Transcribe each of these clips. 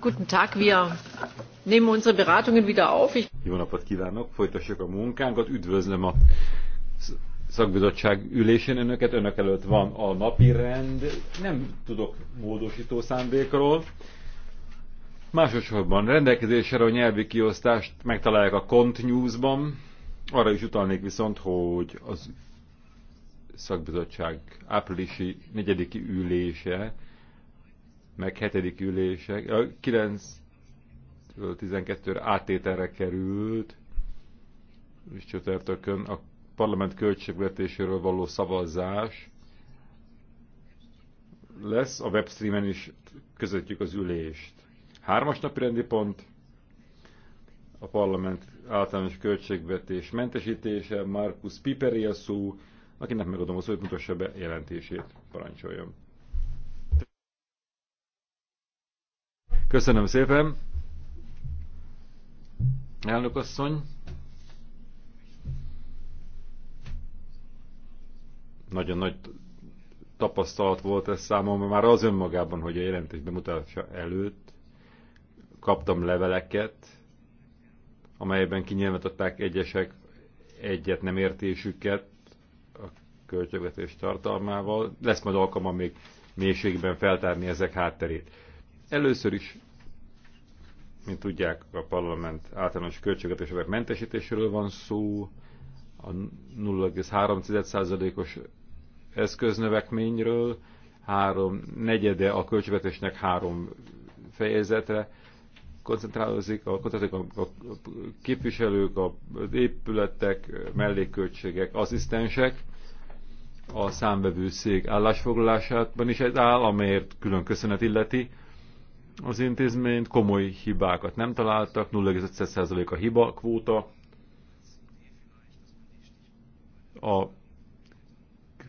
Guten Tag, wir nehmen unsere Beratungen wieder auf. Ich... Jó napot kívánok, folytassuk a munkánkat, üdvözlöm a szakbizottság ülésén önöket, önök előtt van a napi rend, nem tudok módosító szándékról. Másosorban rendelkezésre a nyelvi kiosztást megtalálják a Kont News-ban, arra is utalnék viszont, hogy az szakbizottság áprilisi negyediki ülése meg hetedik ülések, 9-12-re áttételre került, és csütörtökön a parlament költségvetéséről való szavazás lesz, a webstreamen is közöttjük az ülést. Hármas napi rendi pont, a parlament általános költségvetés mentesítése, Markus Piperi a szó, akinek megadom a hogy mutassa be jelentését, parancsoljon. Köszönöm szépen. Elnök asszony. Nagyon nagy tapasztalat volt ez számomra, már az önmagában, hogy a jelentés bemutatása előtt kaptam leveleket, amelyben kinyilvánították egyesek egyet nem értésüket a költségvetés tartalmával. Lesz majd alkalma még mélységben feltárni ezek hátterét. Először is mint tudják, a parlament általános költségvetésének mentesítéséről van szó, a 0,3%-os eszköznövekményről, három negyede a költségvetésnek három fejezetre koncentrálózik, a, a, a képviselők, az épületek, mellékköltségek, asszisztensek, a számbevőszék állásfoglalásában is ez áll, amelyért külön köszönet illeti, az intézményt, komoly hibákat nem találtak, 0,5% a hiba kvóta. A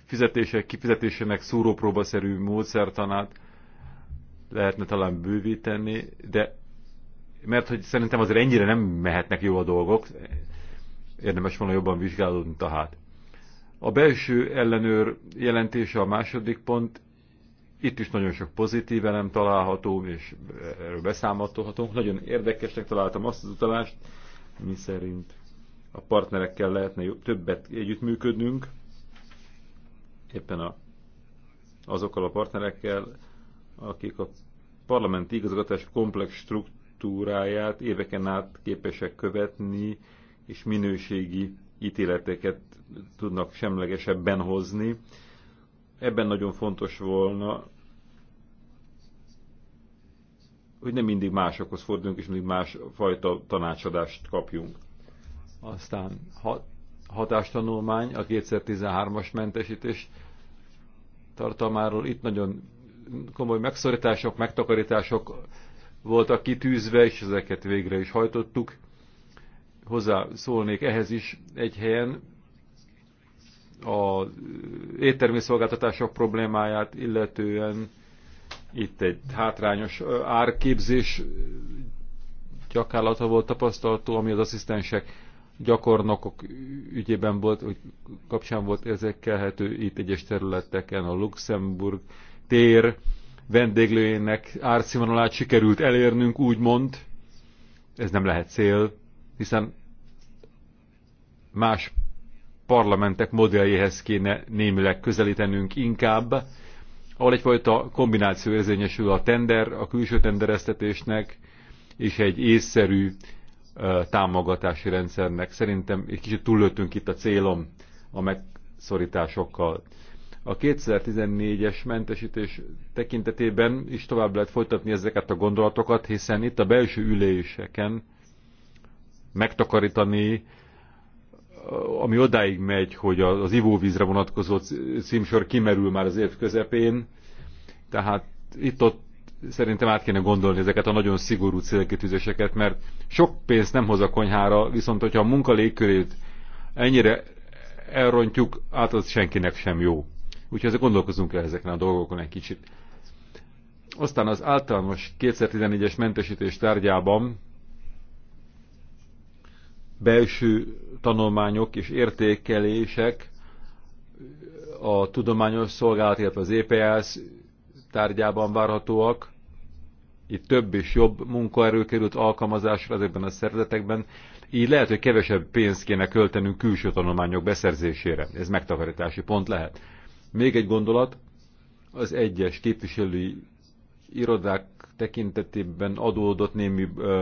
fizetések kifizetésének szúrópróbaszerű módszertanát lehetne talán bővíteni, de mert hogy szerintem azért ennyire nem mehetnek jó a dolgok, érdemes volna jobban vizsgálódni tehát. A belső ellenőr jelentése a második pont, itt is nagyon sok pozitív elem található, és erről beszámolhatunk. Nagyon érdekesnek találtam azt az utalást, mi szerint a partnerekkel lehetne többet együttműködnünk, éppen a, azokkal a partnerekkel, akik a parlamenti igazgatás komplex struktúráját éveken át képesek követni, és minőségi ítéleteket tudnak semlegesebben hozni, Ebben nagyon fontos volna, hogy nem mindig másokhoz fordulunk, és mindig más fajta tanácsadást kapjunk. Aztán hatástanulmány, a 2013-as mentesítés tartalmáról itt nagyon komoly megszorítások, megtakarítások voltak kitűzve, és ezeket végre is hajtottuk. Hozzá szólnék ehhez is egy helyen, a éttermi szolgáltatások problémáját illetően itt egy hátrányos árképzés gyakorlata volt tapasztalható, ami az asszisztensek gyakornokok ügyében volt, hogy kapcsán volt érzékelhető itt egyes területeken a Luxemburg tér vendéglőjének árszínvonalát sikerült elérnünk, úgymond. Ez nem lehet cél, hiszen más parlamentek modelljéhez kéne némileg közelítenünk inkább, ahol egyfajta kombináció érzényesül a tender, a külső tendereztetésnek és egy észszerű támogatási rendszernek. Szerintem egy kicsit túllőttünk itt a célom a megszorításokkal. A 2014-es mentesítés tekintetében is tovább lehet folytatni ezeket a gondolatokat, hiszen itt a belső üléseken megtakarítani ami odáig megy, hogy az ivóvízre vonatkozó címsor kimerül már az év közepén, tehát itt-ott szerintem át kéne gondolni ezeket a nagyon szigorú célkitűzéseket, mert sok pénzt nem hoz a konyhára, viszont hogyha a munka légkörét ennyire elrontjuk, hát az senkinek sem jó. Úgyhogy ezek gondolkozunk el ezeken a dolgokon egy kicsit. Aztán az általános 2014-es mentesítés tárgyában belső tanulmányok és értékelések a tudományos szolgálat, illetve az EPS tárgyában várhatóak. Itt több és jobb munkaerő került alkalmazásra ezekben a szervezetekben, így lehet, hogy kevesebb pénzt kéne költenünk külső tanulmányok beszerzésére. Ez megtakarítási pont lehet. Még egy gondolat, az egyes képviselői irodák tekintetében adódott némi uh,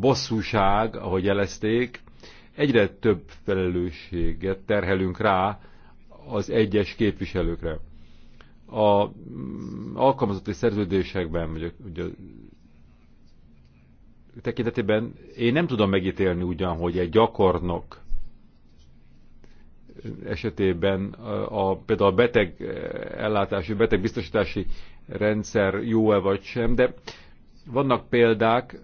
bosszúság, ahogy jelezték, egyre több felelősséget terhelünk rá az egyes képviselőkre. A alkalmazotti szerződésekben, vagy a, ugye, tekintetében én nem tudom megítélni ugyan, hogy egy gyakornok esetében a, a, például a beteg ellátási, beteg biztosítási rendszer jó-e vagy sem, de vannak példák, eh,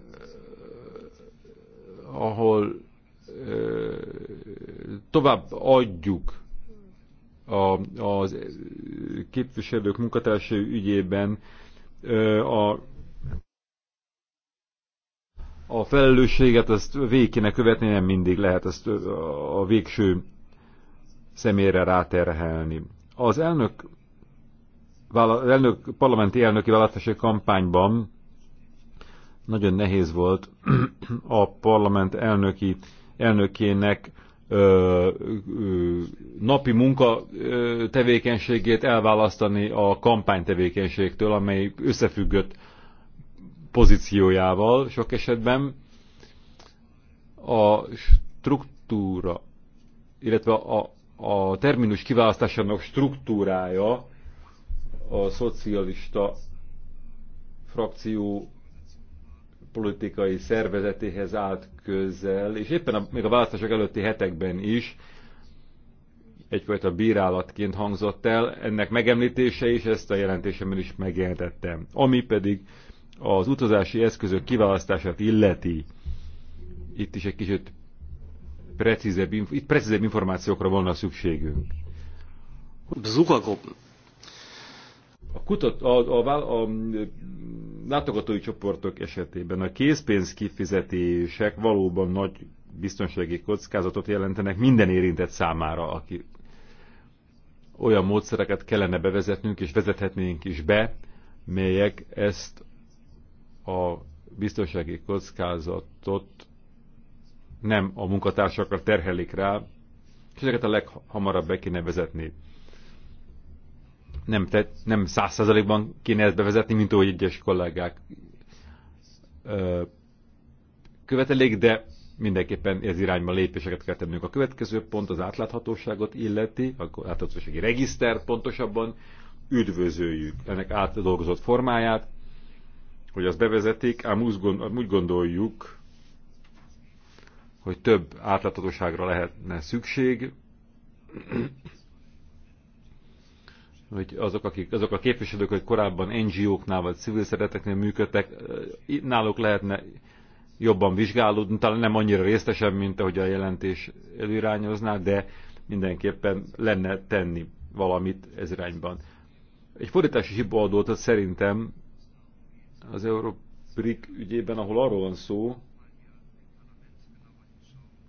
ahol eh, tovább adjuk a, az képviselők munkatársai ügyében eh, a, a felelősséget ezt végkéne követni, nem mindig lehet ezt a végső személyre ráterhelni. Az elnök, az elnök parlamenti elnöki választási kampányban nagyon nehéz volt a parlament elnöki, elnökének ö, ö, napi munka ö, tevékenységét elválasztani a kampánytevékenységtől, amely összefüggött pozíciójával sok esetben. A struktúra, illetve a, a terminus kiválasztásának struktúrája a szocialista frakció politikai szervezetéhez állt közel, és éppen a, még a választások előtti hetekben is egyfajta bírálatként hangzott el, ennek megemlítése is, ezt a jelentésemben is megjelentettem. Ami pedig az utazási eszközök kiválasztását illeti, itt is egy kicsit precízebb, itt precízebb információkra volna szükségünk. Besuchergruppen. A, kutat, a, a, a, a látogatói csoportok esetében a készpénz kifizetések valóban nagy biztonsági kockázatot jelentenek minden érintett számára, aki olyan módszereket kellene bevezetnünk, és vezethetnénk is be, melyek ezt a biztonsági kockázatot nem a munkatársakra terhelik rá, és ezeket a leghamarabb be kéne vezetni nem, te, nem száz százalékban kéne ezt bevezetni, mint ahogy egyes kollégák ö, követelik, de mindenképpen ez irányba lépéseket kell tennünk. A következő pont az átláthatóságot illeti, a átláthatósági regisztert pontosabban üdvözöljük ennek átdolgozott formáját, hogy azt bevezetik, ám úgy gondoljuk, hogy több átláthatóságra lehetne szükség, hogy azok, akik, azok a képviselők, hogy korábban NGO-knál vagy civil szereteknél működtek, náluk lehetne jobban vizsgálódni, talán nem annyira részesen, mint ahogy a jelentés előirányozná, de mindenképpen lenne tenni valamit ez irányban. Egy fordítási hiba adót szerintem az Európrik ügyében, ahol arról van szó,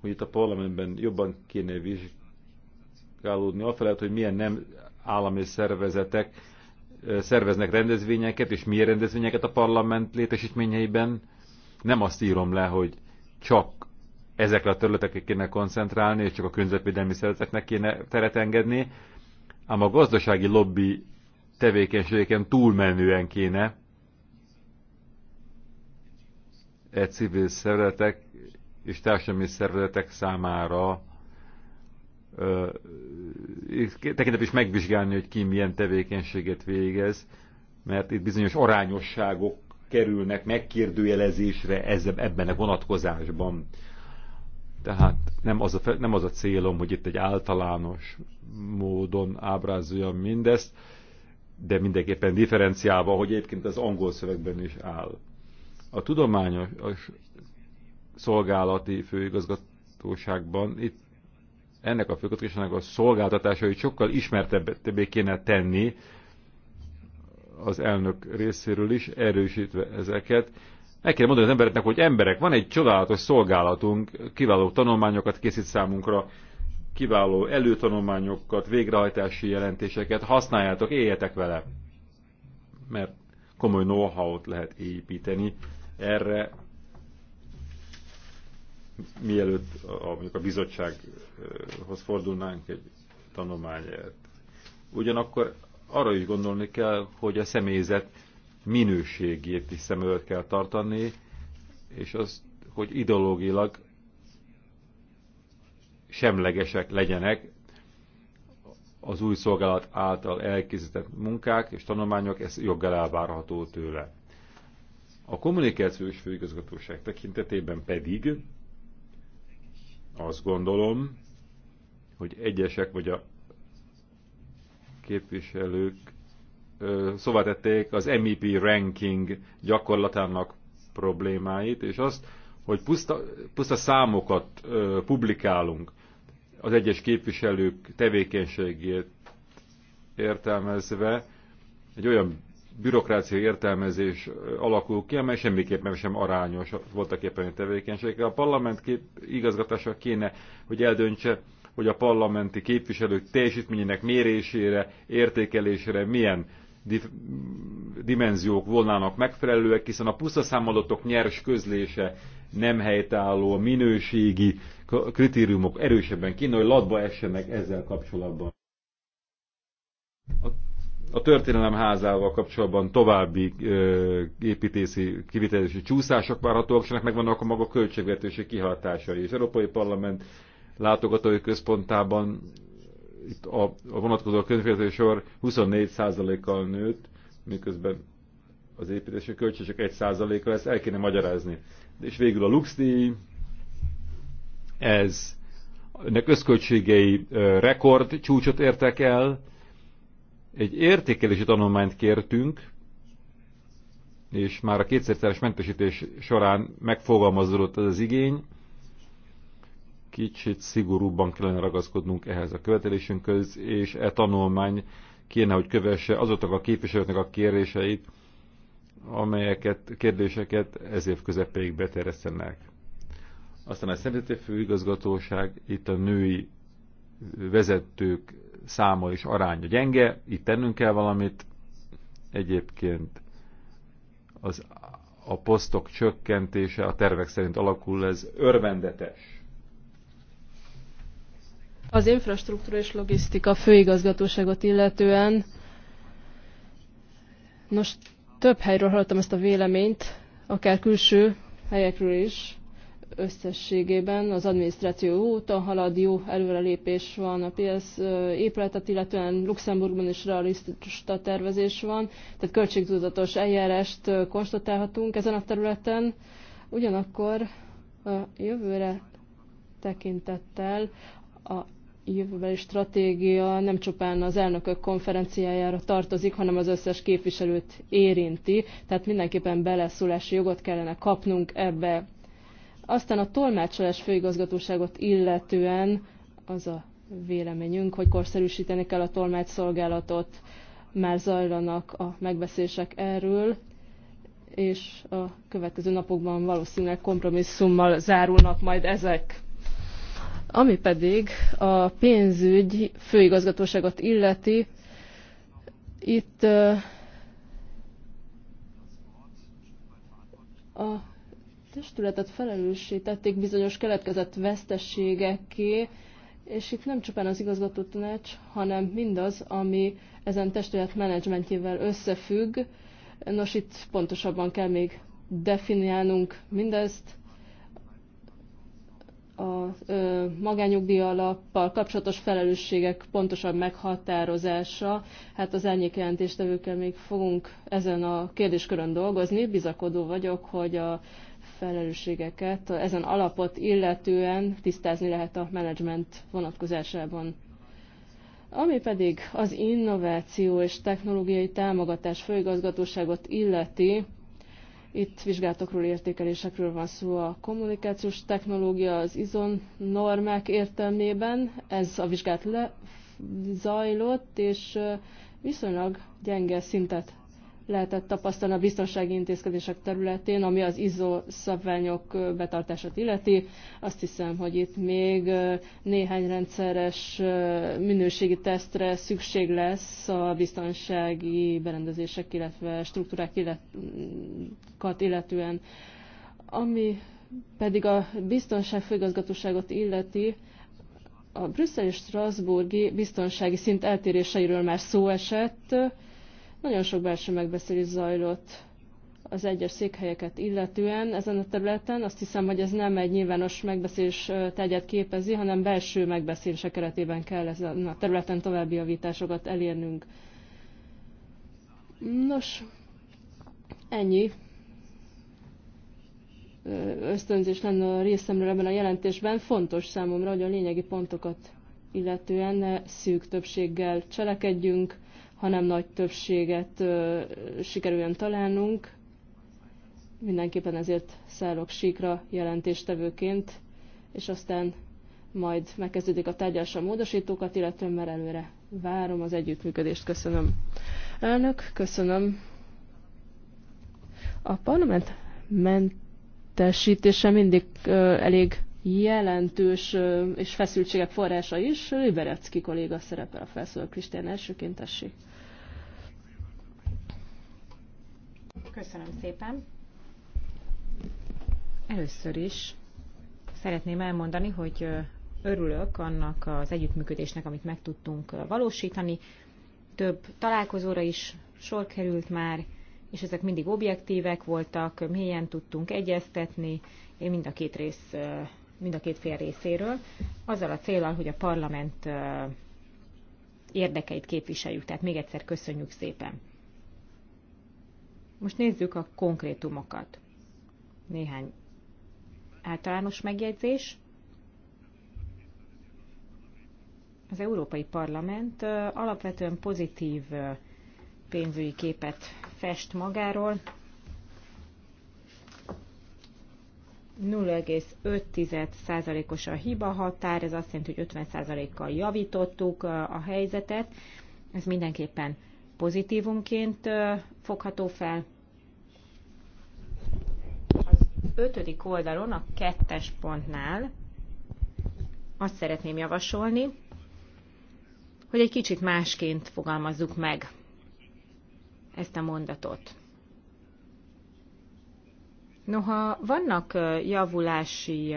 hogy itt a parlamentben jobban kéne vizsgálódni, afelett, hogy milyen nem állami szervezetek szerveznek rendezvényeket, és milyen rendezvényeket a parlament létesítményeiben. Nem azt írom le, hogy csak ezekre a területekre kéne koncentrálni, és csak a környezetvédelmi szervezeteknek kéne teret engedni, ám a gazdasági lobby tevékenységeken túlmenően kéne egy civil szervezetek és társadalmi szervezetek számára tekintet is megvizsgálni, hogy ki milyen tevékenységet végez, mert itt bizonyos arányosságok kerülnek megkérdőjelezésre ebben a vonatkozásban. Tehát nem az, a, nem az a célom, hogy itt egy általános módon ábrázoljam mindezt, de mindenképpen differenciálva, hogy egyébként az angol szövegben is áll. A tudományos a szolgálati főigazgatóságban itt ennek a főkötésnek a szolgáltatása, hogy sokkal ismertebbé kéne tenni az elnök részéről is, erősítve ezeket. Meg kell mondani az embereknek, hogy emberek, van egy csodálatos szolgálatunk, kiváló tanulmányokat készít számunkra, kiváló előtanulmányokat, végrehajtási jelentéseket, használjátok, éljetek vele, mert komoly know-how-t lehet építeni erre mielőtt a, mondjuk a bizottsághoz fordulnánk egy tanulmányért. Ugyanakkor arra is gondolni kell, hogy a személyzet minőségét is szem előtt kell tartani, és az, hogy ideológilag semlegesek legyenek az új szolgálat által elkészített munkák és tanulmányok, ez joggal elvárható tőle. A kommunikációs főigazgatóság tekintetében pedig azt gondolom, hogy egyesek vagy a képviselők szóvá tették az MEP ranking gyakorlatának problémáit, és azt, hogy puszta, puszta számokat ö, publikálunk az egyes képviselők tevékenységét értelmezve, egy olyan bürokrácia értelmezés alakul ki, amely semmiképpen sem arányos voltak éppen a tevékenységek. A parlament kép, igazgatása kéne, hogy eldöntse, hogy a parlamenti képviselők teljesítményének mérésére, értékelésére milyen dimenziók volnának megfelelőek, hiszen a pusztaszámadatok nyers közlése nem helytálló, a minőségi kritériumok erősebben kéne, hogy latba essenek ezzel kapcsolatban. A a történelem házával kapcsolatban további ö, építési, kivitelezési csúszások várhatóak, és ennek megvannak a maga költségvetési kihatásai. És Európai Parlament látogatói központában itt a, a vonatkozó könyvkező sor 24%-kal nőtt, miközben az építési költségek 1%-kal, ezt el kéne magyarázni. És végül a luxdíj, ez ennek összköltségei rekord csúcsot értek el, egy értékelési tanulmányt kértünk, és már a kétszeres mentesítés során megfogalmazódott ez az igény, kicsit szigorúbban kellene ragaszkodnunk ehhez a köz, és e tanulmány kéne, hogy kövesse azoknak a képviselőknek a kéréseit, amelyeket, kérdéseket ez év közepéig beteresztenek. Aztán a Szemzeti Főigazgatóság itt a női vezetők száma és aránya gyenge, itt tennünk kell valamit. Egyébként az, a posztok csökkentése a tervek szerint alakul, ez örvendetes. Az infrastruktúra és logisztika főigazgatóságot illetően, nos, több helyről hallottam ezt a véleményt, akár külső helyekről is, összességében az adminisztráció úton halad, jó előrelépés van a PS épületet, illetően Luxemburgban is realista tervezés van, tehát költségtudatos eljárást konstatálhatunk ezen a területen. Ugyanakkor a jövőre tekintettel a jövőbeli stratégia nem csupán az elnökök konferenciájára tartozik, hanem az összes képviselőt érinti, tehát mindenképpen beleszólási jogot kellene kapnunk ebbe aztán a tolmácsolás főigazgatóságot illetően az a véleményünk, hogy korszerűsíteni kell a szolgálatot, már zajlanak a megbeszések erről, és a következő napokban valószínűleg kompromisszummal zárulnak majd ezek. Ami pedig a pénzügy főigazgatóságot illeti, itt a testületet tették bizonyos keletkezett vesztességeké, és itt nem csupán az igazgató tanács, hanem mindaz, ami ezen testület menedzsmentjével összefügg. Nos, itt pontosabban kell még definiálnunk mindezt. A ö, magányugdíj alappal kapcsolatos felelősségek pontosabb meghatározása. Hát az jelentéstevőkkel még fogunk ezen a kérdéskörön dolgozni. Bizakodó vagyok, hogy a felelősségeket ezen alapot illetően tisztázni lehet a menedzsment vonatkozásában. Ami pedig az innováció és technológiai támogatás főigazgatóságot illeti, itt vizsgálatokról, értékelésekről van szó a kommunikációs technológia az izon normák értelmében. Ez a vizsgát lezajlott, és viszonylag gyenge szintet lehetett tapasztalni a biztonsági intézkedések területén, ami az ISO szabványok betartását illeti. Azt hiszem, hogy itt még néhány rendszeres minőségi tesztre szükség lesz a biztonsági berendezések, illetve struktúrák illetően. Ami pedig a biztonság főigazgatóságot illeti, a brüsszeli és strasburgi biztonsági szint eltéréseiről már szó esett, nagyon sok belső megbeszélés zajlott az egyes székhelyeket illetően ezen a területen. Azt hiszem, hogy ez nem egy nyilvános megbeszélés tegyet képezi, hanem belső megbeszélések keretében kell ezen a területen további javításokat elérnünk. Nos, ennyi ösztönzés lenne a részemről ebben a jelentésben. Fontos számomra, hogy a lényegi pontokat illetően szűk többséggel cselekedjünk, hanem nagy többséget sikerüljön találnunk. Mindenképpen ezért szállok síkra jelentéstevőként, és aztán majd megkezdődik a tárgyalás a módosítókat, illetve már előre várom az együttműködést. Köszönöm. Elnök, köszönöm. A parlament mentesítése mindig ö, elég jelentős és feszültségek forrása is. Liberecki kolléga szerepel a felszóló Krisztián elsőként, tessék. Köszönöm szépen. Először is szeretném elmondani, hogy örülök annak az együttműködésnek, amit meg tudtunk valósítani. Több találkozóra is sor került már, és ezek mindig objektívek voltak, mélyen tudtunk egyeztetni. Én mind a két rész mind a két fél részéről, azzal a célral, hogy a parlament érdekeit képviseljük. Tehát még egyszer köszönjük szépen. Most nézzük a konkrétumokat. Néhány általános megjegyzés. Az Európai Parlament alapvetően pozitív pénzügyi képet fest magáról, 0,5%-os a hiba határ, ez azt jelenti, hogy 50%-kal javítottuk a helyzetet. Ez mindenképpen pozitívumként fogható fel. Az ötödik oldalon, a kettes pontnál azt szeretném javasolni, hogy egy kicsit másként fogalmazzuk meg ezt a mondatot. Noha vannak javulási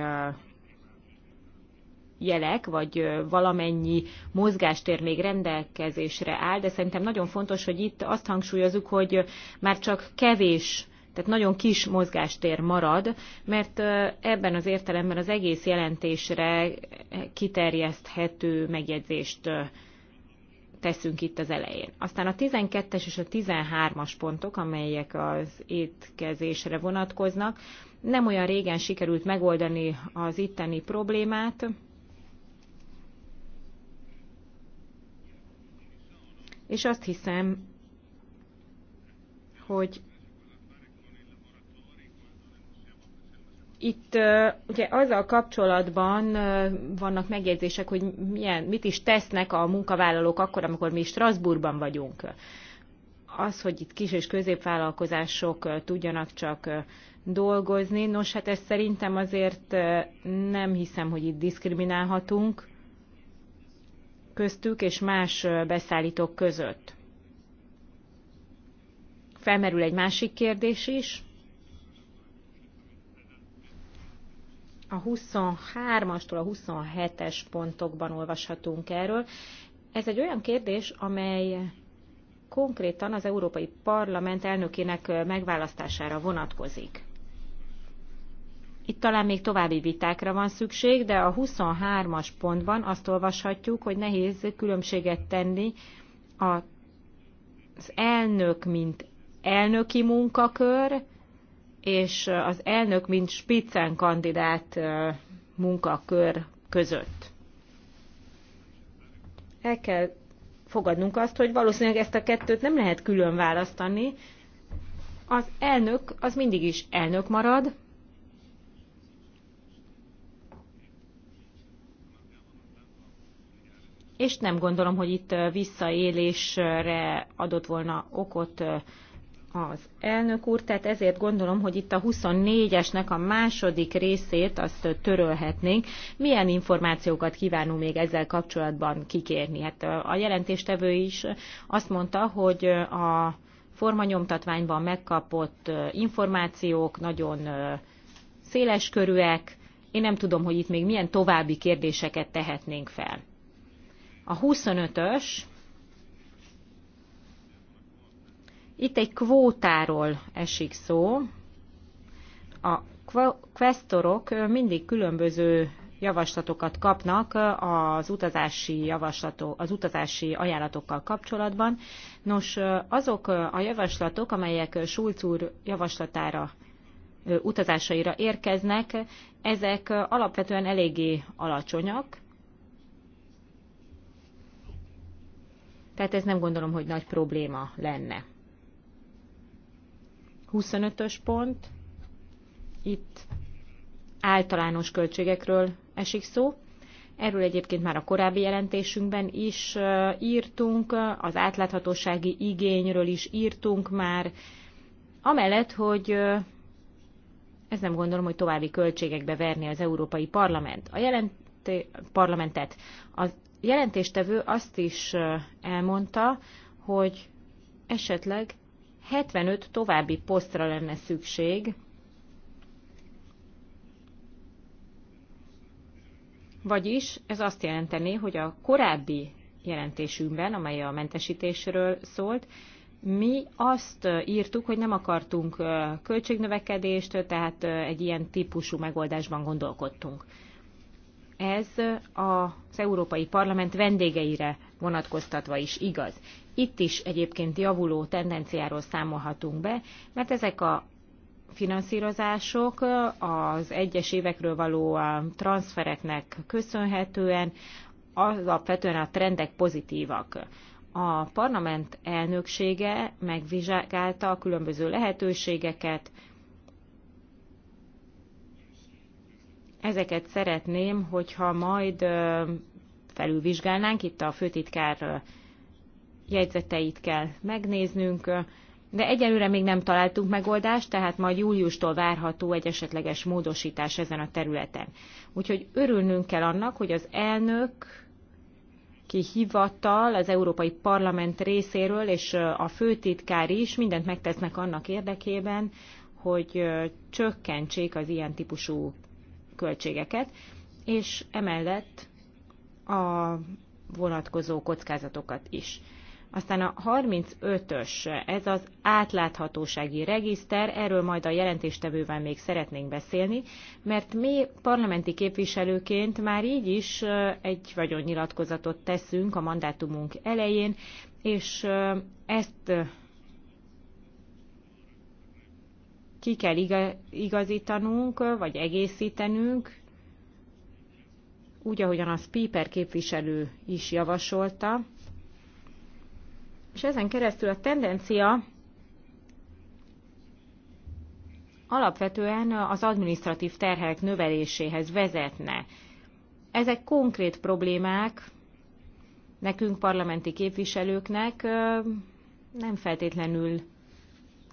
jelek, vagy valamennyi mozgástér még rendelkezésre áll, de szerintem nagyon fontos, hogy itt azt hangsúlyozzuk, hogy már csak kevés tehát nagyon kis mozgástér marad, mert ebben az értelemben az egész jelentésre kiterjeszthető megjegyzést teszünk itt az elején. Aztán a 12-es és a 13-as pontok, amelyek az étkezésre vonatkoznak, nem olyan régen sikerült megoldani az itteni problémát, és azt hiszem, hogy Itt ugye azzal kapcsolatban vannak megjegyzések, hogy milyen, mit is tesznek a munkavállalók akkor, amikor mi Strasbourgban vagyunk. Az, hogy itt kis és középvállalkozások tudjanak csak dolgozni, nos hát ez szerintem azért nem hiszem, hogy itt diszkriminálhatunk köztük és más beszállítók között. Felmerül egy másik kérdés is, a 23-astól a 27-es pontokban olvashatunk erről. Ez egy olyan kérdés, amely konkrétan az Európai Parlament elnökének megválasztására vonatkozik. Itt talán még további vitákra van szükség, de a 23-as pontban azt olvashatjuk, hogy nehéz különbséget tenni az elnök, mint elnöki munkakör, és az elnök, mint spiccen kandidát munkakör között. El kell fogadnunk azt, hogy valószínűleg ezt a kettőt nem lehet külön választani. Az elnök az mindig is elnök marad, és nem gondolom, hogy itt visszaélésre adott volna okot az elnök úr, tehát ezért gondolom, hogy itt a 24-esnek a második részét azt törölhetnénk. Milyen információkat kívánunk még ezzel kapcsolatban kikérni? Hát a jelentéstevő is azt mondta, hogy a formanyomtatványban megkapott információk nagyon széleskörűek. Én nem tudom, hogy itt még milyen további kérdéseket tehetnénk fel. A 25-ös Itt egy kvótáról esik szó. A questorok mindig különböző javaslatokat kapnak az utazási, az utazási ajánlatokkal kapcsolatban. Nos, azok a javaslatok, amelyek Schulz úr javaslatára utazásaira érkeznek, ezek alapvetően eléggé alacsonyak. Tehát ez nem gondolom, hogy nagy probléma lenne. 25-ös pont, itt általános költségekről esik szó. Erről egyébként már a korábbi jelentésünkben is írtunk, az átláthatósági igényről is írtunk már, amellett, hogy ez nem gondolom, hogy további költségekbe verni az Európai Parlament. A jelent, parlamentet. A jelentéstevő azt is elmondta, hogy esetleg 75 további posztra lenne szükség, vagyis ez azt jelenteni, hogy a korábbi jelentésünkben, amely a mentesítésről szólt, mi azt írtuk, hogy nem akartunk költségnövekedést, tehát egy ilyen típusú megoldásban gondolkodtunk ez az Európai Parlament vendégeire vonatkoztatva is igaz. Itt is egyébként javuló tendenciáról számolhatunk be, mert ezek a finanszírozások az egyes évekről való transfereknek köszönhetően alapvetően a trendek pozitívak. A parlament elnöksége megvizsgálta a különböző lehetőségeket, Ezeket szeretném, hogyha majd felülvizsgálnánk, itt a főtitkár jegyzeteit kell megnéznünk, de egyelőre még nem találtunk megoldást, tehát majd júliustól várható egy esetleges módosítás ezen a területen. Úgyhogy örülnünk kell annak, hogy az elnök ki hivatal az Európai Parlament részéről, és a főtitkár is mindent megtesznek annak érdekében, hogy csökkentsék az ilyen típusú költségeket, és emellett a vonatkozó kockázatokat is. Aztán a 35-ös, ez az átláthatósági regiszter, erről majd a jelentéstevővel még szeretnénk beszélni, mert mi parlamenti képviselőként már így is egy vagyonnyilatkozatot teszünk a mandátumunk elején, és ezt ki kell igazítanunk, vagy egészítenünk, úgy, ahogyan az Piper képviselő is javasolta. És ezen keresztül a tendencia alapvetően az administratív terhek növeléséhez vezetne. Ezek konkrét problémák nekünk parlamenti képviselőknek nem feltétlenül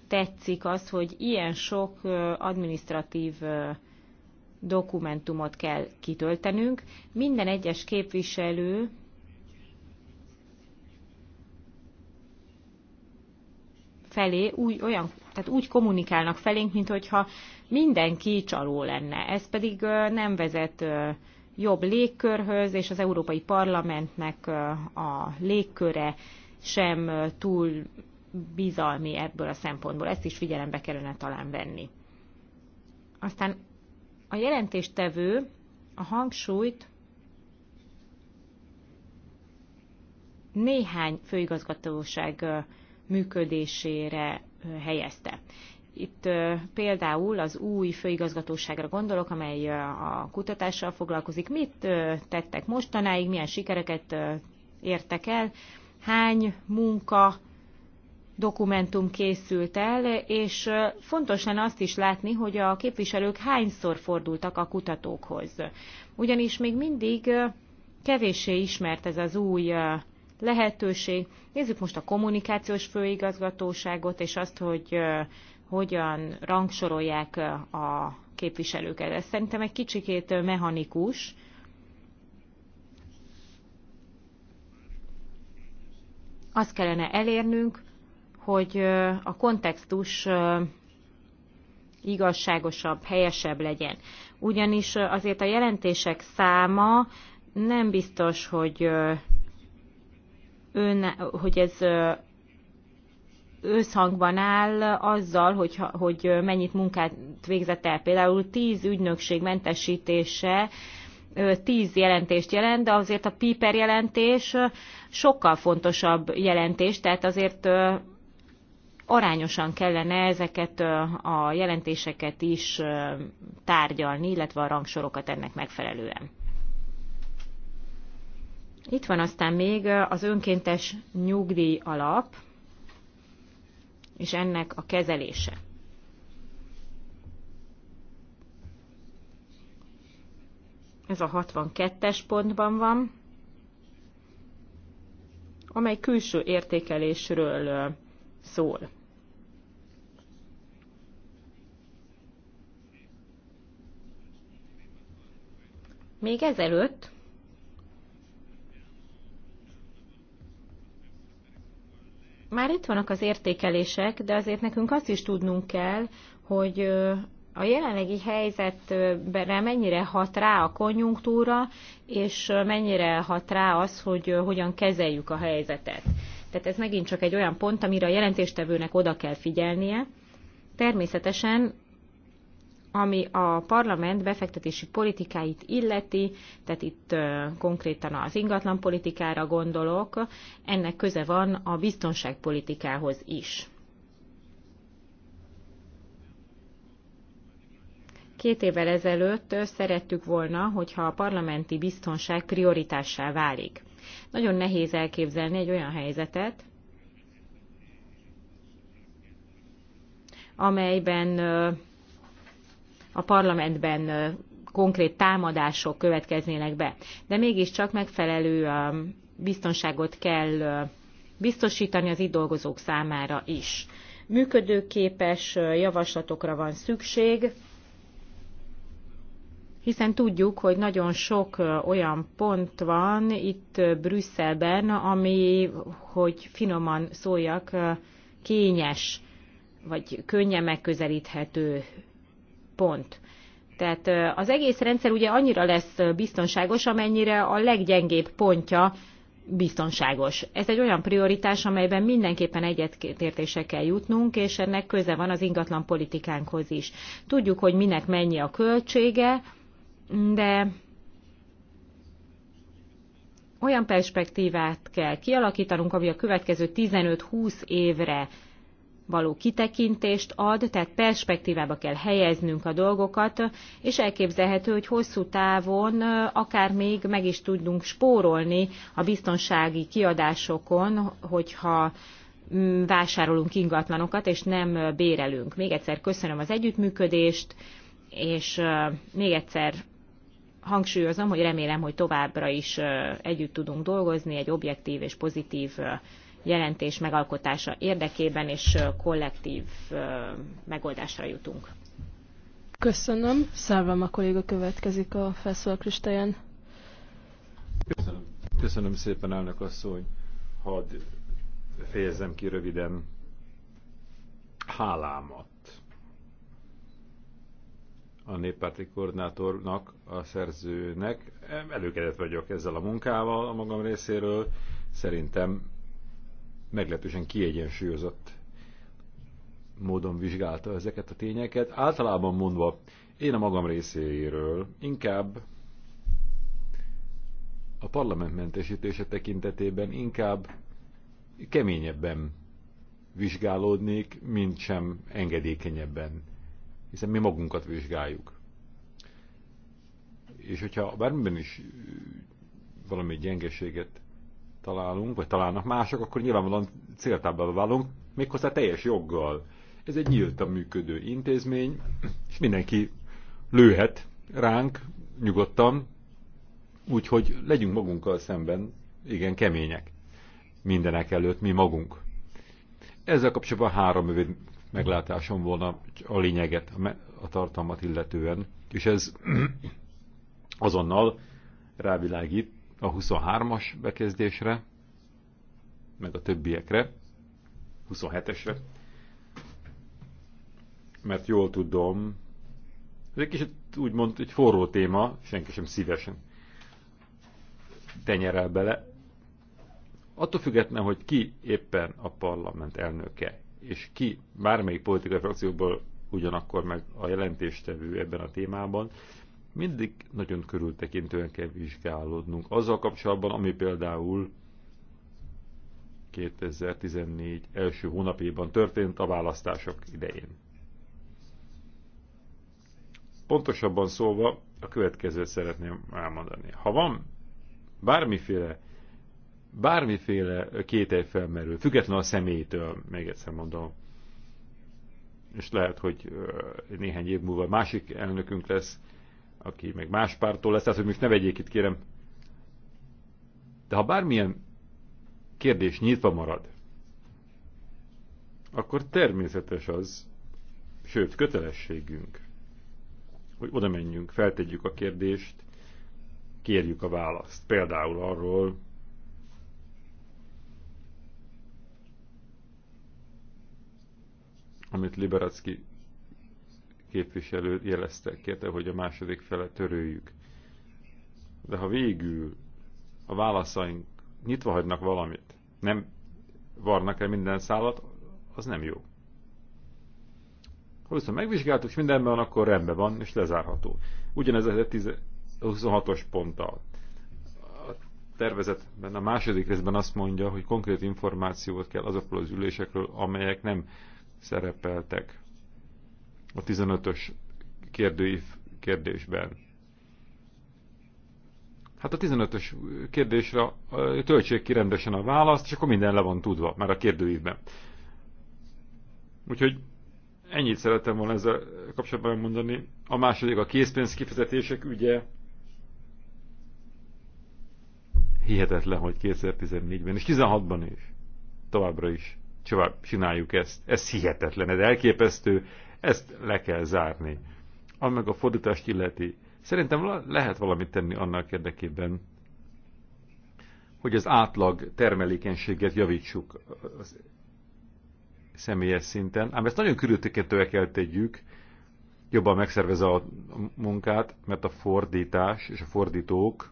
tetszik az, hogy ilyen sok administratív dokumentumot kell kitöltenünk. Minden egyes képviselő felé úgy, olyan, tehát úgy kommunikálnak felénk, mintha mindenki csaló lenne. Ez pedig nem vezet jobb légkörhöz, és az Európai Parlamentnek a légköre sem túl bizalmi ebből a szempontból. Ezt is figyelembe kellene talán venni. Aztán a jelentéstevő a hangsúlyt néhány főigazgatóság működésére helyezte. Itt például az új főigazgatóságra gondolok, amely a kutatással foglalkozik. Mit tettek mostanáig, milyen sikereket értek el, hány munka dokumentum készült el, és fontos lenne azt is látni, hogy a képviselők hányszor fordultak a kutatókhoz. Ugyanis még mindig kevéssé ismert ez az új lehetőség. Nézzük most a kommunikációs főigazgatóságot, és azt, hogy hogyan rangsorolják a képviselőket. Ez szerintem egy kicsikét mechanikus. Azt kellene elérnünk, hogy a kontextus igazságosabb, helyesebb legyen. Ugyanis azért a jelentések száma nem biztos, hogy, ön, hogy ez összhangban áll azzal, hogy, hogy mennyit munkát végzett el. Például 10 ügynökség mentesítése 10 jelentést jelent, de azért a PIPER jelentés sokkal fontosabb jelentés, tehát azért arányosan kellene ezeket a jelentéseket is tárgyalni, illetve a rangsorokat ennek megfelelően. Itt van aztán még az önkéntes nyugdíj alap, és ennek a kezelése. Ez a 62-es pontban van, amely külső értékelésről szól. Még ezelőtt már itt vannak az értékelések, de azért nekünk azt is tudnunk kell, hogy a jelenlegi helyzetben mennyire hat rá a konjunktúra, és mennyire hat rá az, hogy hogyan kezeljük a helyzetet. Tehát ez megint csak egy olyan pont, amire a jelentéstevőnek oda kell figyelnie. Természetesen ami a parlament befektetési politikáit illeti, tehát itt konkrétan az ingatlanpolitikára gondolok, ennek köze van a biztonságpolitikához is. Két évvel ezelőtt szerettük volna, hogyha a parlamenti biztonság prioritássá válik. Nagyon nehéz elképzelni egy olyan helyzetet, amelyben a parlamentben konkrét támadások következnének be. De mégiscsak megfelelő biztonságot kell biztosítani az itt dolgozók számára is. Működőképes javaslatokra van szükség, hiszen tudjuk, hogy nagyon sok olyan pont van itt Brüsszelben, ami, hogy finoman szóljak, kényes vagy könnyen megközelíthető pont. Tehát az egész rendszer ugye annyira lesz biztonságos, amennyire a leggyengébb pontja biztonságos. Ez egy olyan prioritás, amelyben mindenképpen egyetértése kell jutnunk, és ennek köze van az ingatlan politikánkhoz is. Tudjuk, hogy minek mennyi a költsége, de olyan perspektívát kell kialakítanunk, ami a következő 15-20 évre való kitekintést ad, tehát perspektívába kell helyeznünk a dolgokat, és elképzelhető, hogy hosszú távon akár még meg is tudunk spórolni a biztonsági kiadásokon, hogyha mm, vásárolunk ingatlanokat, és nem bérelünk. Még egyszer köszönöm az együttműködést, és még egyszer hangsúlyozom, hogy remélem, hogy továbbra is együtt tudunk dolgozni egy objektív és pozitív jelentés megalkotása érdekében és kollektív megoldásra jutunk. Köszönöm. Szervem a kolléga következik a felszólalk listáján. Köszönöm. Köszönöm szépen, elnök asszony. Hadd fejezem ki röviden hálámat a néppárti koordinátornak, a szerzőnek. Előkedett vagyok ezzel a munkával a magam részéről. Szerintem meglehetősen kiegyensúlyozott módon vizsgálta ezeket a tényeket. Általában mondva, én a magam részéről inkább a parlament mentesítése tekintetében inkább keményebben vizsgálódnék, mint sem engedékenyebben, hiszen mi magunkat vizsgáljuk. És hogyha bármiben is valami gyengeséget találunk, vagy találnak mások, akkor nyilvánvalóan céltáblába válunk, méghozzá teljes joggal. Ez egy nyíltan működő intézmény, és mindenki lőhet ránk nyugodtan, úgyhogy legyünk magunkkal szemben igen kemények. Mindenek előtt mi magunk. Ezzel kapcsolatban három rövid meglátásom volna a lényeget, a tartalmat illetően, és ez azonnal rávilágít a 23-as bekezdésre, meg a többiekre, 27-esre, mert jól tudom, ez egy kicsit úgymond egy forró téma, senki sem szívesen tenyerel bele. Attól független, hogy ki éppen a parlament elnöke, és ki bármelyik politikai frakcióból ugyanakkor meg a jelentéstevő ebben a témában, mindig nagyon körültekintően kell vizsgálódnunk. Azzal kapcsolatban, ami például 2014 első hónapjában történt a választások idején. Pontosabban szólva, a következőt szeretném elmondani. Ha van bármiféle, bármiféle kétel felmerül, függetlenül a személytől, még egyszer mondom, és lehet, hogy néhány év múlva másik elnökünk lesz, aki meg más pártól lesz, tehát hogy most ne vegyék itt, kérem. De ha bármilyen kérdés nyitva marad, akkor természetes az, sőt, kötelességünk, hogy oda menjünk, feltegyük a kérdést, kérjük a választ. Például arról, amit Liberacki képviselő jelezte, kérte, hogy a második fele törőjük. De ha végül a válaszaink nyitva hagynak valamit, nem varnak el minden szállat, az nem jó. Ha viszont megvizsgáltuk, és mindenben van, akkor rendben van, és lezárható. Ugyanez a 26-os ponttal. A tervezetben a második részben azt mondja, hogy konkrét információt kell azokról az ülésekről, amelyek nem szerepeltek a 15-ös kérdőív kérdésben. Hát a 15-ös kérdésre töltsék ki rendesen a választ, és akkor minden le van tudva, már a kérdőívben. Úgyhogy ennyit szerettem volna ezzel kapcsolatban mondani. A második a készpénz kifizetések ügye. Hihetetlen, hogy 2014-ben és 16-ban is, továbbra is tovább csináljuk ezt. Ez hihetetlen, ez elképesztő, ezt le kell zárni. Ami meg a fordítást illeti. Szerintem lehet valamit tenni annak érdekében, hogy az átlag termelékenységet javítsuk az személyes szinten. Ám ezt nagyon körültekintően kell tegyük, jobban megszervez a munkát, mert a fordítás és a fordítók,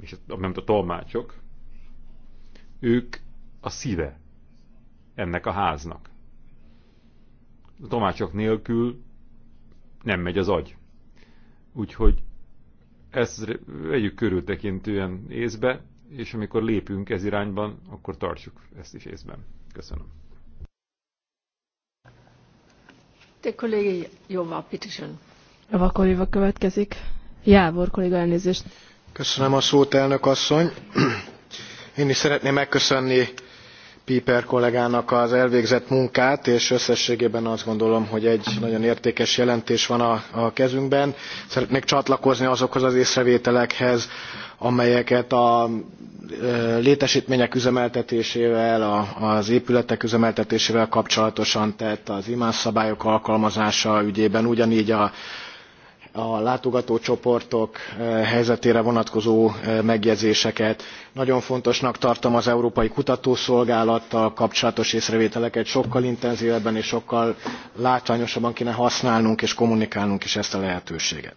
és a, nem a tolmácsok, ők a szíve ennek a háznak a tomácsok nélkül nem megy az agy. Úgyhogy ezt vegyük körültekintően észbe, és amikor lépünk ez irányban, akkor tartsuk ezt is észben. Köszönöm. Te kollégi Jova, petition. Jóval, kolléga következik. Jávor kolléga elnézést. Köszönöm a szót, elnök asszony. Én is szeretném megköszönni Piper kollégának az elvégzett munkát, és összességében azt gondolom, hogy egy nagyon értékes jelentés van a, a kezünkben. Szeretnék csatlakozni azokhoz az észrevételekhez, amelyeket a létesítmények üzemeltetésével, az épületek üzemeltetésével kapcsolatosan tett, az szabályok alkalmazása ügyében, ugyanígy a a látogatócsoportok eh, helyzetére vonatkozó eh, megjegyzéseket. nagyon fontosnak tartom az európai kutatószolgálattal kapcsolatos észrevételeket sokkal intenzvebben és sokkal látványosabban kéne használnunk és kommunikálnunk is ezt a lehetőséget.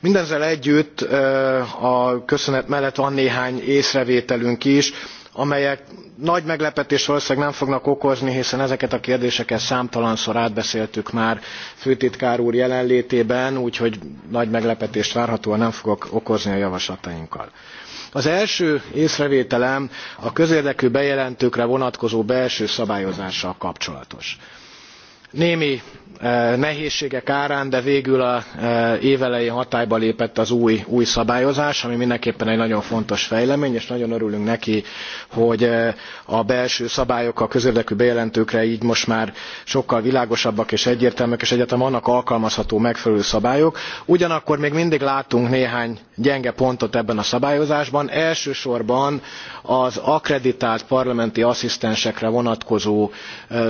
mindezzel együtt eh, a köszönet mellett van néhány észrevételünk is amelyek nagy meglepetést valósznűleg nem fognak okozni hiszen ezeket a kérdéseket számtalanszor átbeszéltük már főtitkár úr jelenlétében úgyhogy nagy meglepetést várhatóan nem fogok okozni a javaslatainkkal. az első észrevételem a közérdekű bejelentőkre vonatkozó belső szabályozással kapcsolatos némi eh, nehézségek árán de végül eh, év elején hatályba lépett az új, új szabályozás ami mindenképpen egy nagyon fontos fejlemény és nagyon örülünk neki hogy eh, a belső szabályok a közérdekű bejelentőkre gy most már sokkal világosabbak és egyértelműek és egyáltalán vannak alkalmazható megfelelő szabályok. ugyanakkor még mindig látunk néhány gyenge pontot ebben a szabályozásban elsősorban az akkreditált parlamenti asszisztensekre vonatkozó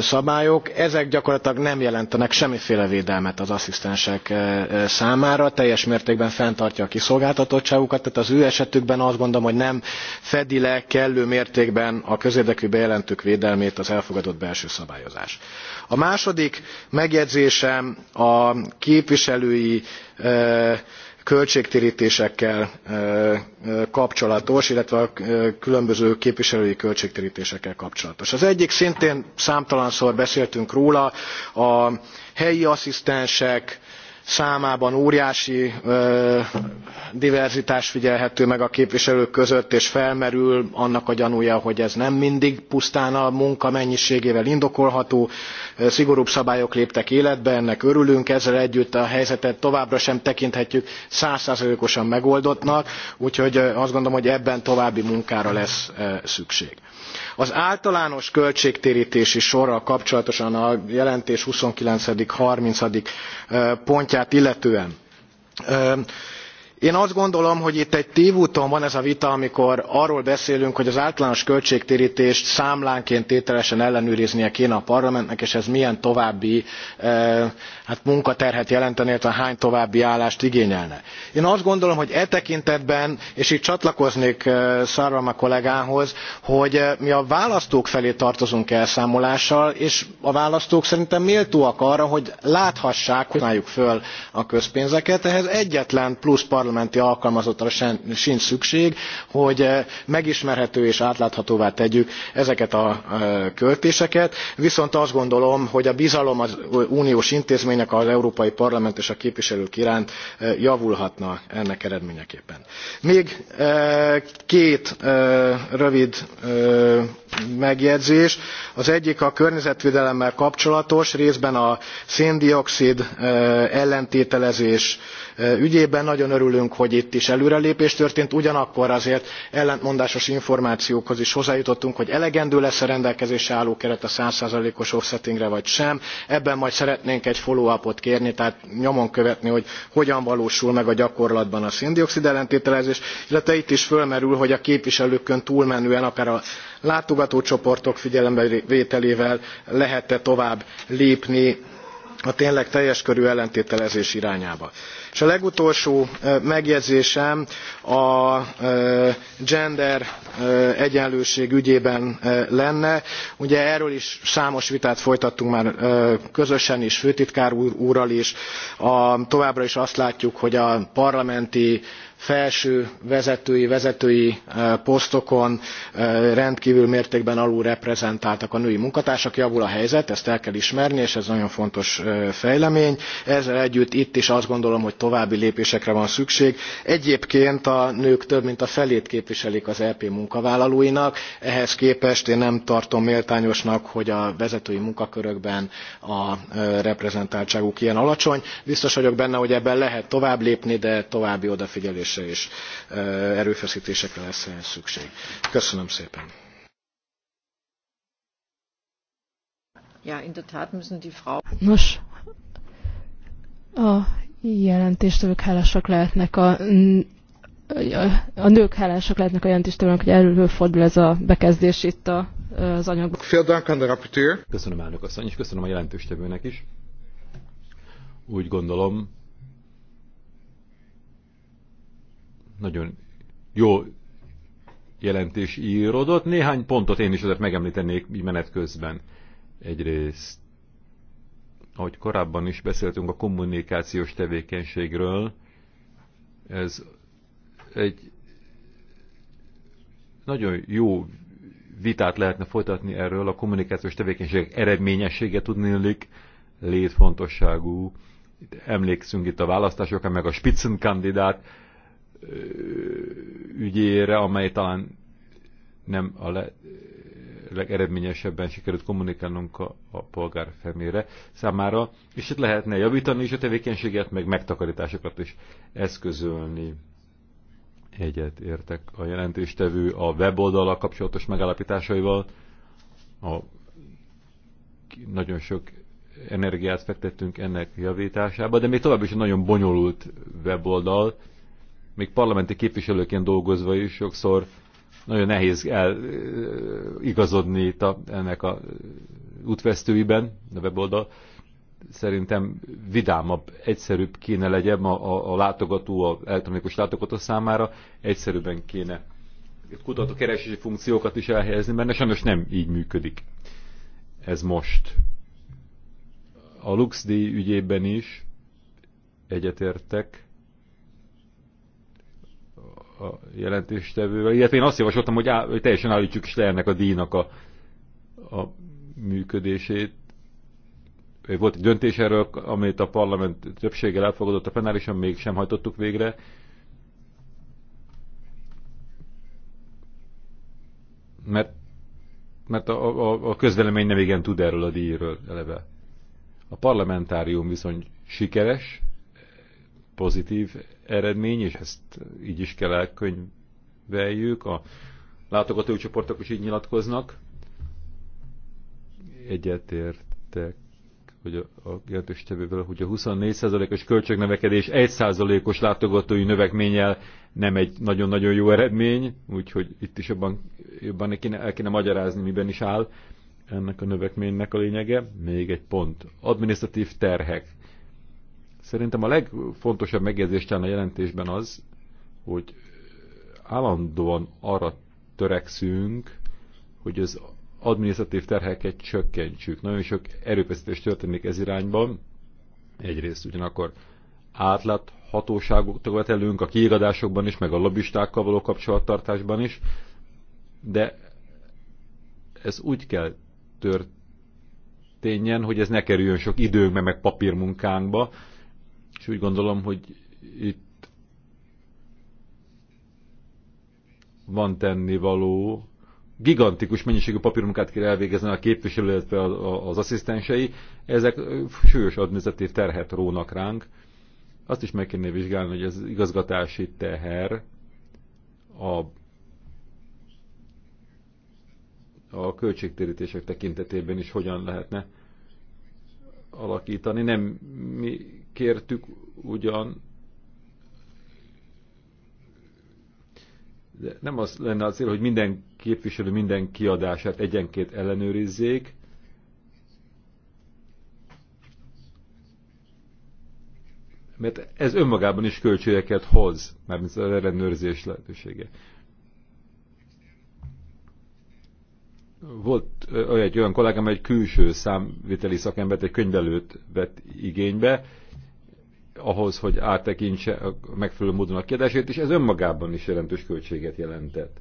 szabályok ezek gyakorlatilag gyakorlatilag nem jelentenek semmiféle védelmet az asszisztensek eh, eh, számára, teljes mértékben fenntartja a kiszolgáltatottságukat, tehát az ő esetükben azt gondolom, hogy nem fedi le kellő mértékben a közérdekű bejelentők védelmét az elfogadott belső szabályozás. A második megjegyzésem a képviselői eh, költségtértésekkel kapcsolatos, illetve a különböző képviselői költségtértésekkel kapcsolatos. Az egyik szintén számtalanszor beszéltünk róla, a helyi asszisztensek, számában óriási diverzitás figyelhető meg a képviselők között és felmerül annak a gyanúja hogy ez nem mindig pusztán a munka mennyiségével indokolható szigorúbb szabályok léptek életbe ennek örülünk ezzel együtt a helyzetet továbbra sem tekinthetjük százszázalékosan megoldottnak úgyhogy azt gondolom hogy ebben további munkára lesz szükség az általános költségtértési sorral kapcsolatosan a jelentés twenty nine thirty pontját illetően én azt gondolom hogy itt egy tévúton van ez a vita amikor arról beszélünk hogy az általános költségtértést számlánként tételesen ellenőriznie kéne a parlamentnek és ez milyen további eh, hát munkaterhet jelentene illetve hány további állást igényelne. én azt gondolom hogy e tekintetben és itt csatlakoznék eh, sarvamaa kollégához hogy eh, mi a választók felé tartozunk elszámolással és a választók szerintem méltóak arra hogy láthassák hogy hogyan használjuk föl a közpénzeket ehhez egyetlen plusz parlamenti alkalmazottra sincs szükség hogy eh, megismerhető és átláthatóvá tegyük ezeket a eh, költéseket viszont azt gondolom hogy a bizalom az uniós intézmények az európai parlament és a képviselők iránt eh, javulhatna ennek eredményeképpen. még két rövid megjegyzés az egyik a környezetvédelemmel kapcsolatos részben a szén dioxid ellentételezés ügyében nagyon örülünk hogy itt is előrelépés történt ugyanakkor azért ellentmondásos információkhoz is hozzájutottunk hogy elegendő lesz e rendelkezésre álló keret a one os offsettingre vagy sem ebben majd szeretnénk egy follow upot kérni tehát nyomon követni hogy hogyan valósul meg a gyakorlatban a szén dioxid ellentételezés illetve itt is fölmerül hogy a képviselőkön túlmenően akár a látogatócsoportok figyelembevételével lehet e tovább lépni a tényleg teljes körű ellentételezés irányába. És a legutolsó megjegyzésem a gender egyenlőség ügyében lenne. Ugye erről is számos vitát folytattunk már közösen is, főtitkár úrral is. A, továbbra is azt látjuk, hogy a parlamenti felső vezetői, vezetői eh, posztokon eh, rendkívül mértékben alulreprezentáltak a női munkatársak. Javul a helyzet, ezt el kell ismerni, és ez nagyon fontos eh, fejlemény. Ezzel együtt itt is azt gondolom, hogy további lépésekre van szükség. Egyébként a nők több mint a felét képviselik az EP munkavállalóinak, ehhez képest én nem tartom méltányosnak, hogy a vezetői munkakörökben a reprezentáltságuk ilyen alacsony. Biztos vagyok benne, hogy ebben lehet tovább lépni, de további odafigyelés lépésre és erőfeszítésekre lesz szükség. Köszönöm szépen! Nos, a jelentéstevők hálásak lehetnek a a nők hálásak lehetnek a jelentéstevőnek, hogy erről fordul ez a bekezdés itt a, az anyagban. Köszönöm elnök asszony, és köszönöm a jelentéstevőnek is. Úgy gondolom, nagyon jó jelentés írodott. Néhány pontot én is azért megemlítenék menet közben. Egyrészt, ahogy korábban is beszéltünk a kommunikációs tevékenységről, ez egy nagyon jó vitát lehetne folytatni erről, a kommunikációs tevékenység eredményessége tudnélik létfontosságú. Emlékszünk itt a választásokra, meg a Spitzenkandidát ügyére, amely talán nem a le, legeredményesebben sikerült kommunikálnunk a, a polgár felmére számára, és itt lehetne javítani is a tevékenységet, meg megtakarításokat is eszközölni. Egyet értek a jelentéstevő a weboldala kapcsolatos megállapításaival. A, nagyon sok energiát fektettünk ennek javításába, de még tovább is egy nagyon bonyolult weboldal, még parlamenti képviselőként dolgozva is sokszor nagyon nehéz eligazodni itt a, ennek a útvesztőiben, a weboldal. Szerintem vidámabb, egyszerűbb kéne legyen a, a, a látogató, a elektronikus látogató számára, egyszerűbben kéne kutatókeresési funkciókat is elhelyezni, mert sajnos nem így működik ez most. A LuxD ügyében is egyetértek, a jelentéstevővel, illetve én azt javasoltam, hogy, á, hogy teljesen állítsuk is le ennek a díjnak a, a működését. Volt egy döntés erről, amit a parlament többséggel elfogadott a penálisan, mégsem hajtottuk végre. Mert, mert a, a, a közvelemény nem igen tud erről a díjról eleve. A parlamentárium viszont sikeres, pozitív eredmény, és ezt így is kell elkönyveljük. A látogató csoportok is így nyilatkoznak. Egyetértek hogy a, a jelentős tevővel, hogy a 24%-os költségnövekedés 1%-os látogatói növekménnyel nem egy nagyon-nagyon jó eredmény, úgyhogy itt is jobban, jobban el kéne, el kéne magyarázni, miben is áll ennek a növekménynek a lényege. Még egy pont. Administratív terhek Szerintem a legfontosabb megjegyzés a jelentésben az, hogy állandóan arra törekszünk, hogy az adminisztratív terheket csökkentsük. Nagyon sok erőfeszítés történik ez irányban. Egyrészt ugyanakkor átláthatóságot követelünk a kiigadásokban is, meg a lobbistákkal való kapcsolattartásban is, de ez úgy kell történjen, hogy ez ne kerüljön sok időnkbe, meg papírmunkánkba, és úgy gondolom, hogy itt van tennivaló. Gigantikus mennyiségű papírmunkát kell elvégezni a képviselő, illetve az asszisztensei. Ezek súlyos adminisztratív terhet rónak ránk. Azt is meg kéne vizsgálni, hogy ez igazgatási teher a a költségtérítések tekintetében is hogyan lehetne alakítani. Nem mi kértük ugyan, de nem az lenne a cél, hogy minden képviselő minden kiadását egyenként ellenőrizzék, mert ez önmagában is költségeket hoz, mármint az ellenőrzés lehetősége. Volt egy olyan kollégám, egy külső számviteli szakembert, egy könyvelőt vett igénybe, ahhoz, hogy áttekintse a megfelelő módon a kérdését és ez önmagában is jelentős költséget jelentett.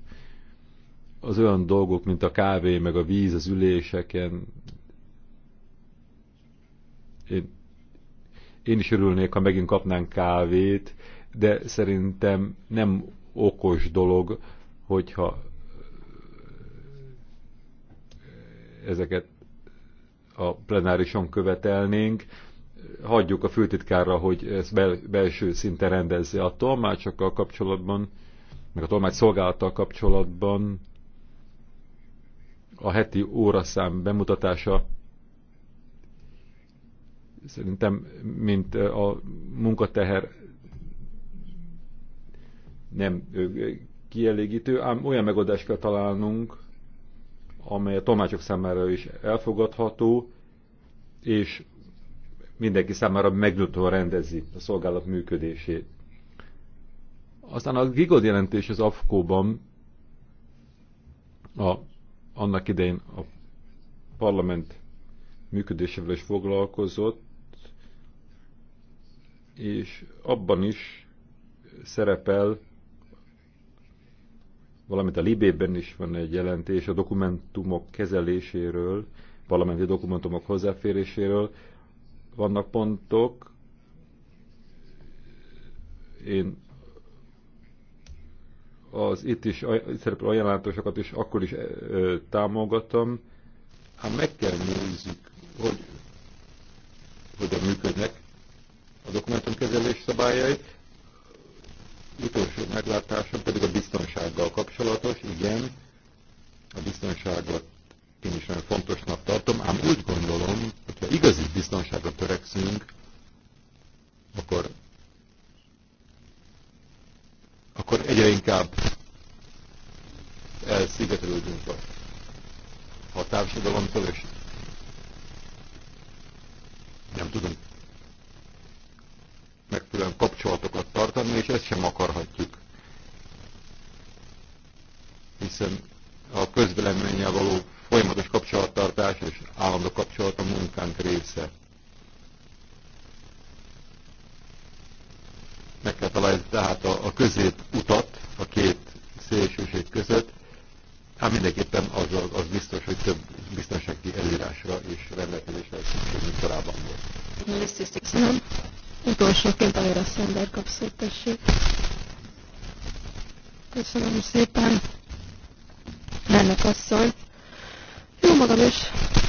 Az olyan dolgok, mint a kávé, meg a víz az üléseken. Én, én is örülnék, ha megint kapnánk kávét, de szerintem nem okos dolog, hogyha ezeket a plenárison követelnénk, hagyjuk a főtitkárra, hogy ezt bel, belső szinten rendezze a tolmácsokkal kapcsolatban, meg a tolmács szolgálattal kapcsolatban a heti óraszám bemutatása szerintem, mint a munkateher nem kielégítő, ám olyan megoldást kell találnunk, amely a tolmácsok számára is elfogadható, és mindenki számára megnyugtató rendezi a szolgálat működését. Aztán a Gigod jelentés az AFKO-ban a, annak idején a parlament működésével is foglalkozott, és abban is szerepel, valamint a Libében is van egy jelentés a dokumentumok kezeléséről, parlamenti dokumentumok hozzáféréséről, vannak pontok, én az itt is szereplő ajánlásokat is akkor is ö, támogatom, hát meg kell nézzük, hogy hogyan működnek a dokumentumkezelés szabályai. Utolsó meglátásom pedig a biztonsággal kapcsolatos, igen, a biztonságot én is nagyon fontosnak tartom, ám úgy gondolom, hogy ha igazi biztonságra törekszünk, akkor, akkor egyre inkább elszigetelődünk a, a társadalomtól, és nem tudunk megfelelően kapcsolatokat tartani, és ezt sem akarhatjuk. Hiszen a közvéleménnyel való folyamatos kapcsolattartás és állandó kapcsolat a munkánk része. Meg kell találni tehát a, a utat a két szélsőség között, hát mindenképpen az, az biztos, hogy több biztonsági előírásra és rendelkezésre szükség, mint korábban volt. Köszönöm. Utolsóként a Szender kapszót, tessék. Köszönöm szépen. Mennek asszony. Jó magam is.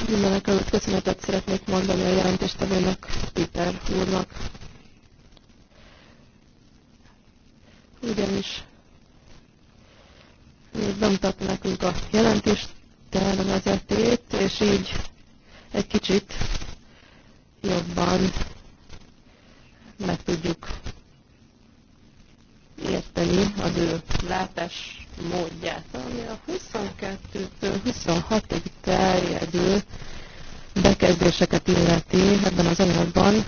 Mindenek előtt köszönetet szeretnék mondani a jelentéstevőnek, Péter úrnak. Ugyanis bemutatta nekünk a jelentést, tervezetét, és így egy kicsit jobban meg tudjuk érteni az ő látás módját, ami a 22-től 26-ig terjedő bekezdéseket illeti ebben az anyagban.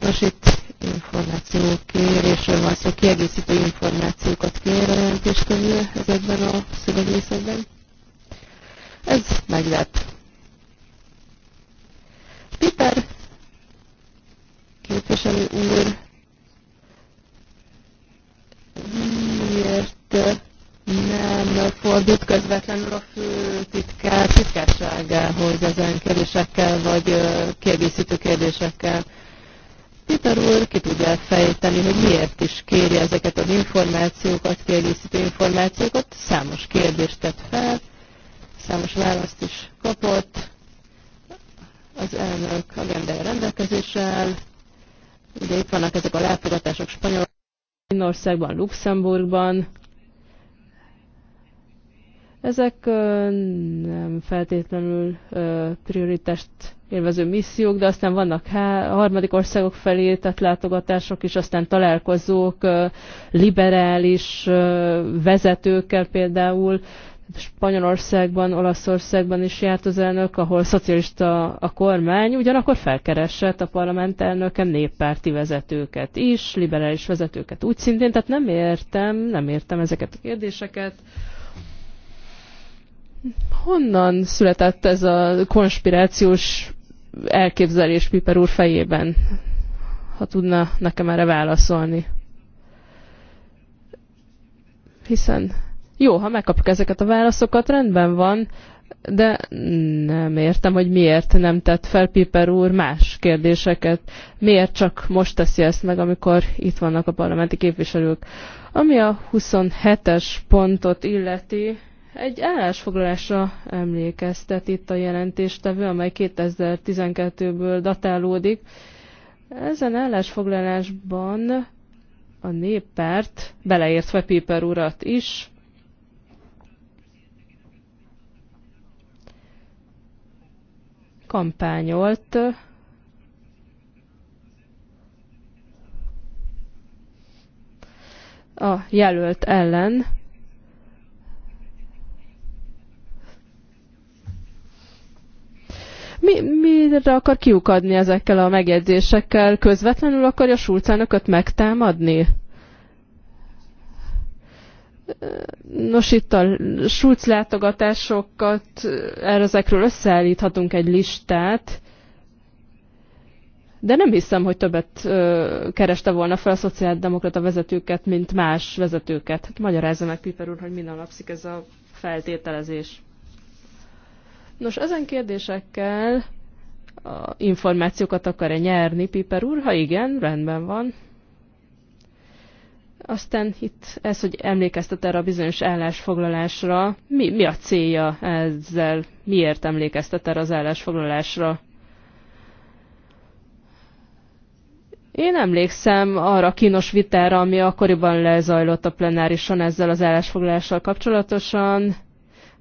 Nos, itt információkérésről van szó, kiegészítő információkat kér a jelentéskönyve ezekben a szövegrészekben. Ez meglep. Piper képviselő úr miért nem fordít közvetlenül a főtitkár hogy ezen kérdésekkel, vagy kiegészítő kérdésekkel. Péter úr ki tudja fejteni, hogy miért is kéri ezeket az információkat, kiegészítő információkat. Számos kérdést tett fel, számos választ is kapott. Az elnök a rendelkezésre áll. Ugye itt vannak ezek a látogatások országban, Luxemburgban, ezek nem feltétlenül prioritást élvező missziók, de aztán vannak há- harmadik országok felé tett látogatások is, aztán találkozók liberális vezetőkkel például, Spanyolországban, Olaszországban is járt az elnök, ahol szocialista a kormány, ugyanakkor felkeresett a parlament elnöke néppárti vezetőket is, liberális vezetőket úgy szintén, tehát nem értem, nem értem ezeket a kérdéseket. Honnan született ez a konspirációs elképzelés Piper úr fejében? Ha tudna nekem erre válaszolni. Hiszen jó, ha megkapjuk ezeket a válaszokat, rendben van, de nem értem, hogy miért nem tett fel Piper úr más kérdéseket. Miért csak most teszi ezt meg, amikor itt vannak a parlamenti képviselők. Ami a 27-es pontot illeti, egy állásfoglalásra emlékeztet itt a jelentéstevő, amely 2012-ből datálódik. Ezen állásfoglalásban a néppárt, beleértve Piper urat is, kampányolt a jelölt ellen, mennyire akar kiukadni ezekkel a megjegyzésekkel? Közvetlenül akarja Schulz megtámadni? Nos, itt a Schulz látogatásokat, erre ezekről összeállíthatunk egy listát, de nem hiszem, hogy többet ö, kereste volna fel a szociáldemokrata vezetőket, mint más vezetőket. Hát magyarázza meg Piper úr, hogy minden alapszik ez a feltételezés. Nos, ezen kérdésekkel a információkat akar-e nyerni, Piper úr? Ha igen, rendben van. Aztán itt ez, hogy emlékeztet erre a bizonyos állásfoglalásra, mi, mi a célja ezzel? Miért emlékeztet erre az állásfoglalásra? Én emlékszem arra a kínos vitára, ami akkoriban lezajlott a plenárison ezzel az állásfoglalással kapcsolatosan.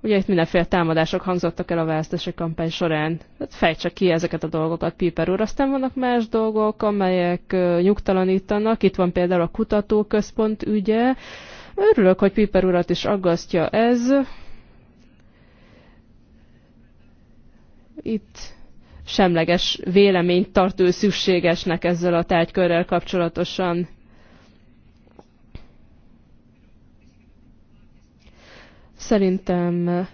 Ugye itt mindenféle támadások hangzottak el a választási kampány során. Hát fejtse ki ezeket a dolgokat, Piper úr. Aztán vannak más dolgok, amelyek nyugtalanítanak. Itt van például a kutatóközpont ügye. Örülök, hogy Piper urat is aggasztja ez. Itt semleges véleményt tart ő szükségesnek ezzel a tárgykörrel kapcsolatosan. Szerintem eh,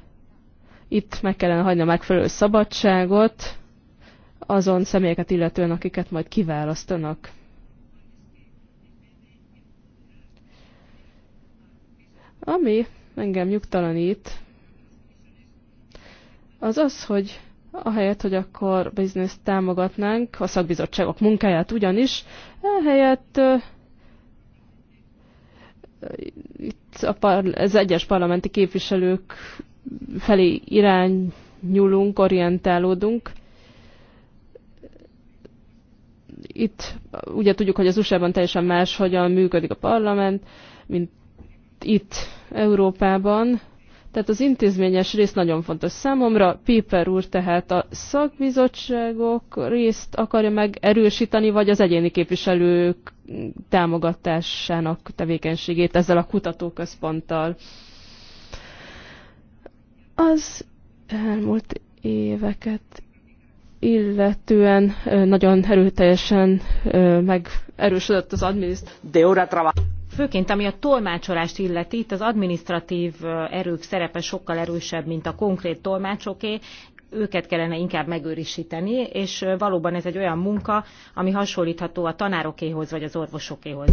itt meg kellene hagyni a megfelelő szabadságot azon személyeket illetően, akiket majd kiválasztanak. Ami engem nyugtalanít, az az, hogy ahelyett, hogy akkor bizniszt támogatnánk, a szakbizottságok munkáját ugyanis, ehelyett eh, itt a par, az egyes parlamenti képviselők felé irányulunk, orientálódunk. Itt ugye tudjuk, hogy az USA-ban teljesen más, hogyan működik a parlament, mint itt Európában. Tehát az intézményes rész nagyon fontos számomra. Piper úr tehát a szakbizottságok részt akarja megerősíteni, vagy az egyéni képviselők támogatásának tevékenységét ezzel a kutatóközponttal. Az elmúlt éveket illetően nagyon erőteljesen megerősödött az adminiszt főként ami a tolmácsolást illeti, itt az administratív erők szerepe sokkal erősebb, mint a konkrét tolmácsoké, őket kellene inkább megőrisíteni, és valóban ez egy olyan munka, ami hasonlítható a tanárokéhoz vagy az orvosokéhoz.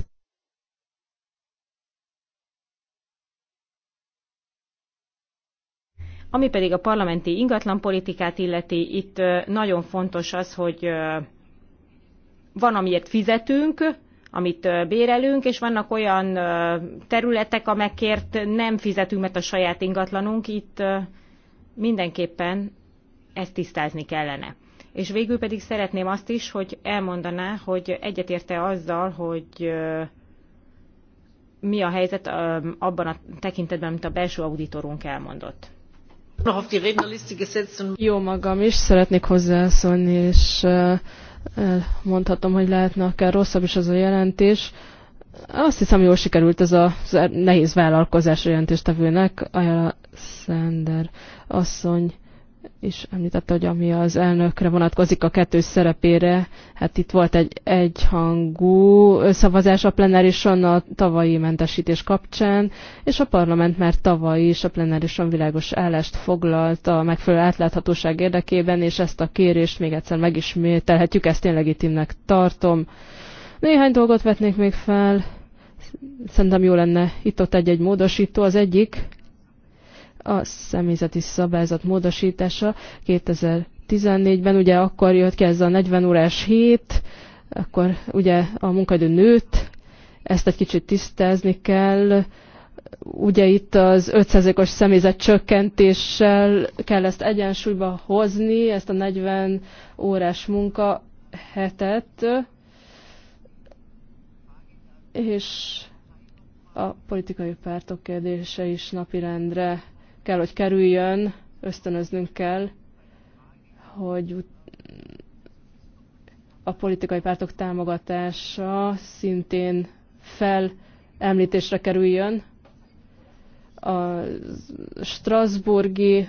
Ami pedig a parlamenti ingatlanpolitikát illeti, itt nagyon fontos az, hogy van, amiért fizetünk, amit bérelünk, és vannak olyan területek, amekért nem fizetünk, mert a saját ingatlanunk itt mindenképpen ezt tisztázni kellene. És végül pedig szeretném azt is, hogy elmondaná, hogy egyetérte azzal, hogy mi a helyzet abban a tekintetben, amit a belső auditorunk elmondott. Jó magam is, szeretnék hozzászólni, és mondhatom, hogy lehetne akár rosszabb is az a jelentés. Azt hiszem, jól sikerült ez a nehéz vállalkozás jelentéstevőnek, Ajala Szender asszony és említette, hogy ami az elnökre vonatkozik a kettős szerepére, hát itt volt egy egyhangú szavazás a plenárison a tavalyi mentesítés kapcsán, és a parlament már tavaly is a plenárison világos állást foglalt a megfelelő átláthatóság érdekében, és ezt a kérést még egyszer megismételhetjük, ezt én legitimnek tartom. Néhány dolgot vetnék még fel, szerintem jó lenne itt-ott egy-egy módosító. Az egyik, a személyzeti szabályzat módosítása 2014-ben, ugye akkor jött ki ez a 40 órás hét, akkor ugye a munkaidő nőtt, ezt egy kicsit tisztázni kell, ugye itt az 5%-os személyzet csökkentéssel kell ezt egyensúlyba hozni, ezt a 40 órás munka hetet, és a politikai pártok kérdése is napirendre kell, hogy kerüljön, ösztönöznünk kell, hogy a politikai pártok támogatása szintén fel említésre kerüljön. A Strasburgi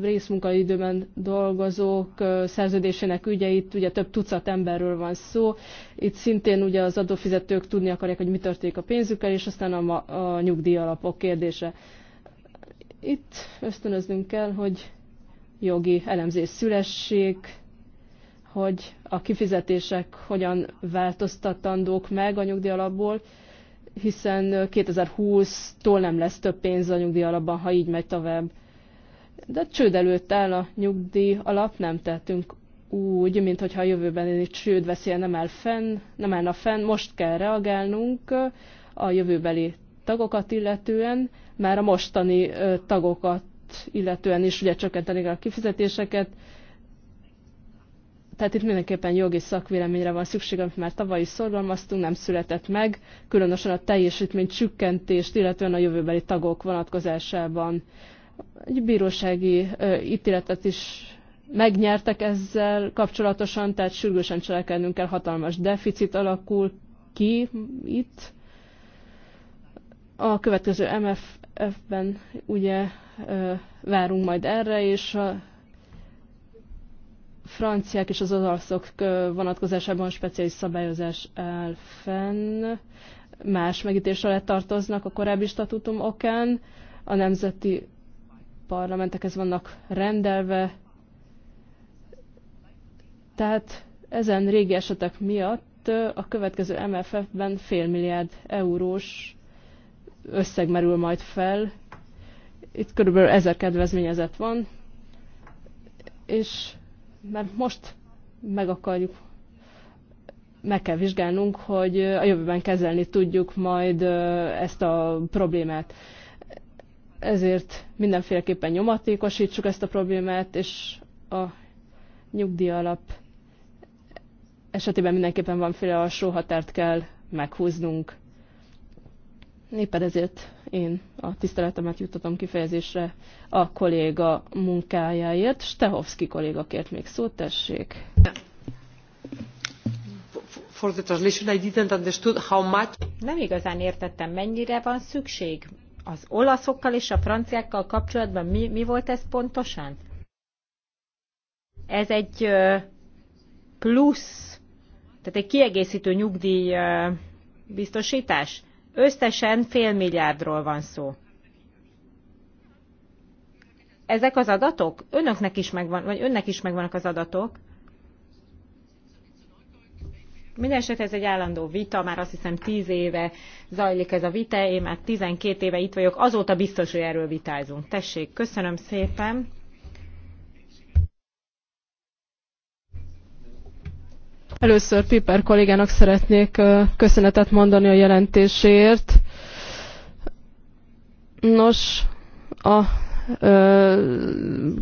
részmunkaidőben dolgozók szerződésének ügyeit, ugye több tucat emberről van szó. Itt szintén ugye az adófizetők tudni akarják, hogy mi történik a pénzükkel, és aztán a, a nyugdíjalapok kérdése. Itt ösztönöznünk kell, hogy jogi elemzés szülessék, hogy a kifizetések hogyan változtatandók meg a nyugdíjalapból, hiszen 2020-tól nem lesz több pénz a nyugdíjalapban, ha így megy tovább. De csőd előtt áll a nyugdíj alap, nem tettünk úgy, mint hogyha a jövőben egy csőd veszélye nem, áll fenn, nem állna fenn. Most kell reagálnunk a jövőbeli tagokat illetően, már a mostani tagokat illetően is ugye csökkenteni a kifizetéseket. Tehát itt mindenképpen jogi szakvéleményre van szükség, amit már tavaly is szorgalmaztunk, nem született meg, különösen a teljesítmény csükkentést, illetően a jövőbeli tagok vonatkozásában. Egy bírósági ö, ítéletet is megnyertek ezzel kapcsolatosan, tehát sürgősen cselekednünk kell, hatalmas deficit alakul ki itt. A következő MF F-ben ugye várunk majd erre, és a franciák és az olaszok vonatkozásában speciális szabályozás áll fenn. Más megítés alá tartoznak a korábbi statutum okán. A nemzeti parlamentekhez vannak rendelve. Tehát ezen régi esetek miatt a következő MFF-ben félmilliárd eurós összeg merül majd fel. Itt körülbelül ezer kedvezményezett van, és mert most meg akarjuk, meg kell vizsgálnunk, hogy a jövőben kezelni tudjuk majd ezt a problémát. Ezért mindenféleképpen nyomatékosítsuk ezt a problémát, és a nyugdíjalap esetében mindenképpen van féle alsó határt kell meghúznunk. Éppen ezért én a tiszteletemet juttatom kifejezésre a kolléga munkájáért. Stehovski kolléga kért még szót, tessék. For the translation, I didn't how much. Nem igazán értettem, mennyire van szükség az olaszokkal és a franciákkal kapcsolatban. Mi, mi volt ez pontosan? Ez egy plusz, tehát egy kiegészítő nyugdíj biztosítás? Összesen fél milliárdról van szó. Ezek az adatok? Önöknek is megvan, vagy önnek is megvannak az adatok. Mindenesetre ez egy állandó vita, már azt hiszem 10 éve zajlik ez a vita, én már 12 éve itt vagyok, azóta biztos, hogy erről vitázunk. Tessék, köszönöm szépen. Először Piper kollégának szeretnék köszönetet mondani a jelentéséért. Nos, a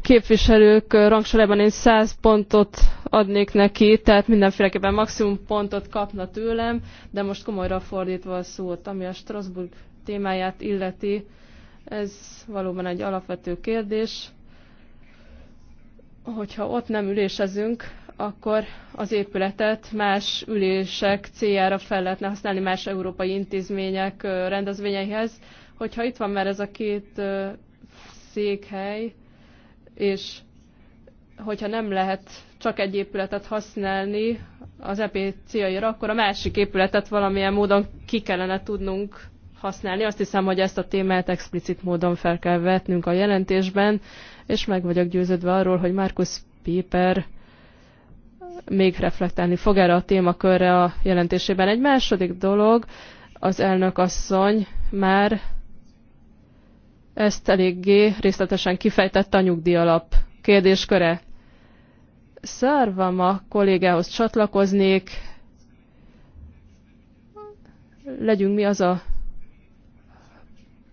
képviselők rangsorában én 100 pontot adnék neki, tehát mindenféleképpen maximum pontot kapna tőlem, de most komolyra fordítva a szót, ami a Strasbourg témáját illeti, ez valóban egy alapvető kérdés. Hogyha ott nem ülésezünk, akkor az épületet más ülések céljára fel lehetne használni más európai intézmények rendezvényeihez. Hogyha itt van már ez a két székhely, és hogyha nem lehet csak egy épületet használni az EP céljaira, akkor a másik épületet valamilyen módon ki kellene tudnunk használni. Azt hiszem, hogy ezt a témát explicit módon fel kell vetnünk a jelentésben, és meg vagyok győződve arról, hogy Markus Piper még reflektálni fog erre a témakörre a jelentésében. Egy második dolog, az elnök asszony már ezt eléggé részletesen kifejtette a nyugdíjalap kérdésköre. Szárvama kollégához csatlakoznék, legyünk mi az a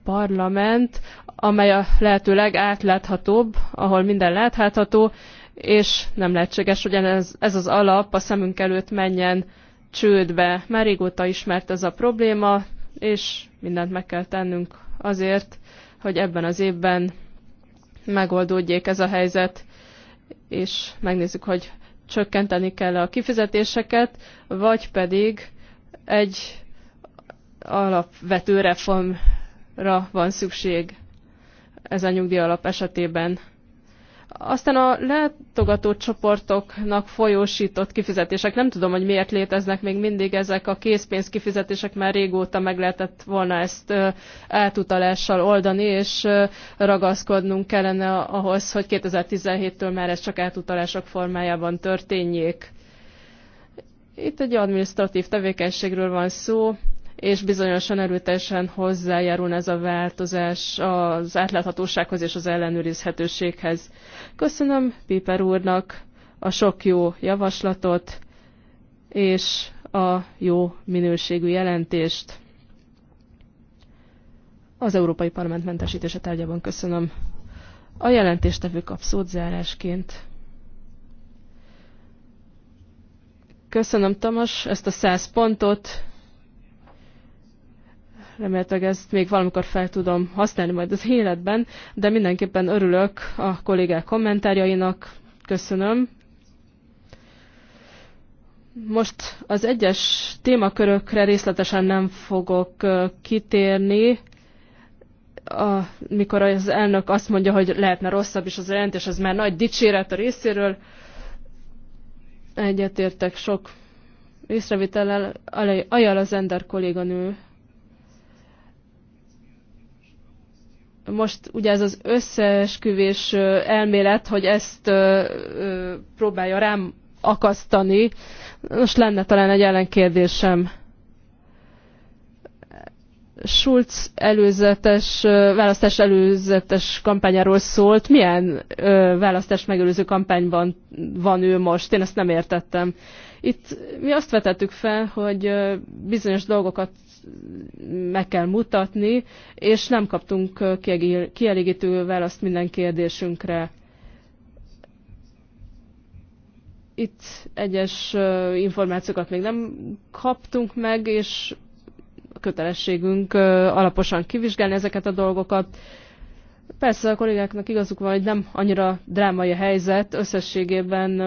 parlament, amely a lehetőleg átláthatóbb, ahol minden látható, és nem lehetséges, hogy ez, ez az alap a szemünk előtt menjen csődbe. Már régóta ismert ez a probléma, és mindent meg kell tennünk azért, hogy ebben az évben megoldódjék ez a helyzet, és megnézzük, hogy csökkenteni kell a kifizetéseket, vagy pedig egy alapvető reformra van szükség ez a nyugdíjalap esetében. Aztán a látogató csoportoknak folyósított kifizetések, nem tudom, hogy miért léteznek még mindig ezek a készpénz kifizetések, mert régóta meg lehetett volna ezt átutalással oldani, és ragaszkodnunk kellene ahhoz, hogy 2017-től már ez csak átutalások formájában történjék. Itt egy administratív tevékenységről van szó, és bizonyosan erőteljesen hozzájárul ez a változás az átláthatósághoz és az ellenőrizhetőséghez. Köszönöm Piper úrnak a sok jó javaslatot és a jó minőségű jelentést. Az Európai Parlament mentesítése tárgyában köszönöm. A jelentéstevő kap szót zárásként. Köszönöm, Tamas, ezt a száz pontot. Remélhetőleg ezt még valamikor fel tudom használni majd az életben, de mindenképpen örülök a kollégák kommentárjainak. Köszönöm. Most az egyes témakörökre részletesen nem fogok kitérni, mikor az elnök azt mondja, hogy lehetne rosszabb is az jelentés, ez már nagy dicséret a részéről. Egyetértek sok észrevétellel, Ajal az Ender kolléganő most ugye ez az összeesküvés elmélet, hogy ezt próbálja rám akasztani. Most lenne talán egy ellenkérdésem. Schulz előzetes, választás előzetes kampányáról szólt. Milyen választás megelőző kampányban van ő most? Én ezt nem értettem. Itt mi azt vetettük fel, hogy bizonyos dolgokat meg kell mutatni, és nem kaptunk kielégítő választ minden kérdésünkre. Itt egyes információkat még nem kaptunk meg, és kötelességünk alaposan kivizsgálni ezeket a dolgokat. Persze a kollégáknak igazuk van, hogy nem annyira drámai a helyzet, összességében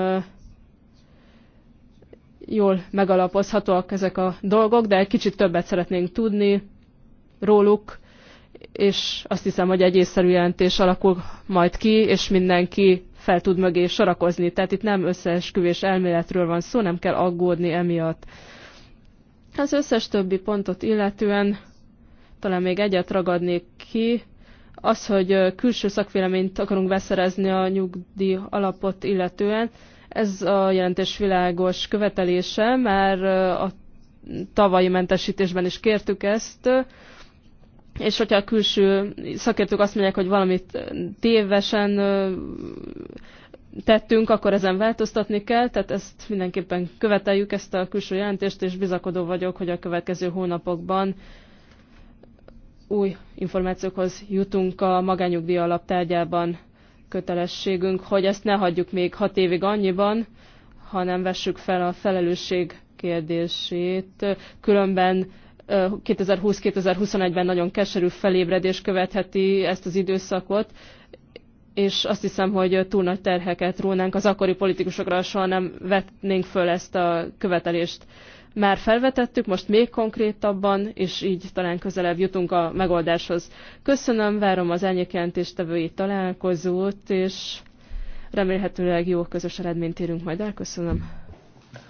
jól megalapozhatóak ezek a dolgok, de egy kicsit többet szeretnénk tudni róluk, és azt hiszem, hogy egy észszerű jelentés alakul majd ki, és mindenki fel tud mögé sorakozni. Tehát itt nem összeesküvés elméletről van szó, nem kell aggódni emiatt. Az összes többi pontot illetően talán még egyet ragadnék ki, az, hogy külső szakvéleményt akarunk beszerezni a nyugdíj alapot illetően, ez a jelentés világos követelése, mert a tavalyi mentesítésben is kértük ezt, és hogyha a külső szakértők azt mondják, hogy valamit tévesen tettünk, akkor ezen változtatni kell, tehát ezt mindenképpen követeljük, ezt a külső jelentést, és bizakodó vagyok, hogy a következő hónapokban új információkhoz jutunk a magányugdíj alaptárgyában kötelességünk, hogy ezt ne hagyjuk még hat évig annyiban, hanem vessük fel a felelősség kérdését. Különben 2020-2021-ben nagyon keserű felébredés követheti ezt az időszakot, és azt hiszem, hogy túl nagy terheket rónánk az akkori politikusokra, soha nem vetnénk föl ezt a követelést már felvetettük, most még konkrétabban, és így talán közelebb jutunk a megoldáshoz. Köszönöm, várom az elnyékjelentéstevői találkozót, és remélhetőleg jó közös eredményt érünk majd el. Köszönöm.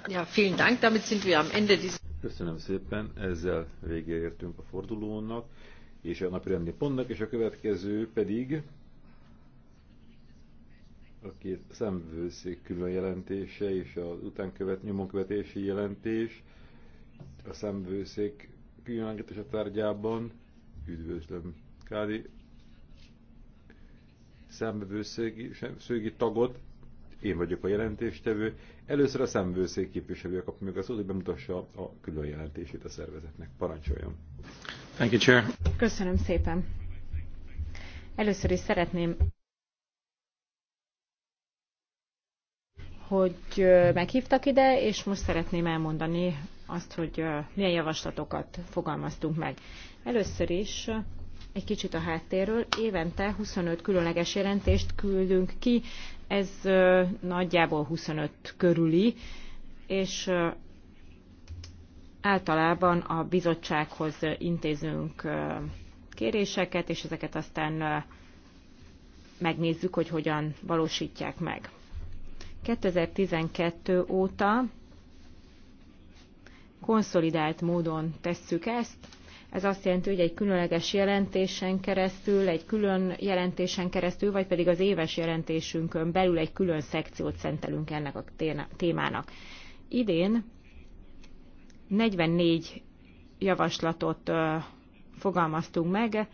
Ja, vielen Dank, damit sind wir am Ende dieses... Köszönöm szépen, ezzel végéértünk a fordulónak, és a napi pontnak, és a következő pedig a két szemvőszék külön jelentése és az utánkövet nyomonkövetési jelentés a szemvőszék külön a tárgyában. Üdvözlöm, Kádi Szemvőszégi, szőgi tagot, én vagyok a jelentéstevő. Először a szemvőszék képviselője kap meg a szót, hogy bemutassa a külön jelentését a szervezetnek. Parancsoljon. Thank you, Chair. Köszönöm szépen. Először is szeretném hogy meghívtak ide, és most szeretném elmondani azt, hogy milyen javaslatokat fogalmaztunk meg. Először is egy kicsit a háttérről. Évente 25 különleges jelentést küldünk ki, ez nagyjából 25 körüli, és általában a bizottsághoz intézünk kéréseket, és ezeket aztán megnézzük, hogy hogyan valósítják meg. 2012 óta konszolidált módon tesszük ezt. Ez azt jelenti, hogy egy különleges jelentésen keresztül, egy külön jelentésen keresztül, vagy pedig az éves jelentésünkön belül egy külön szekciót szentelünk ennek a témának. Idén 44 javaslatot fogalmaztunk meg,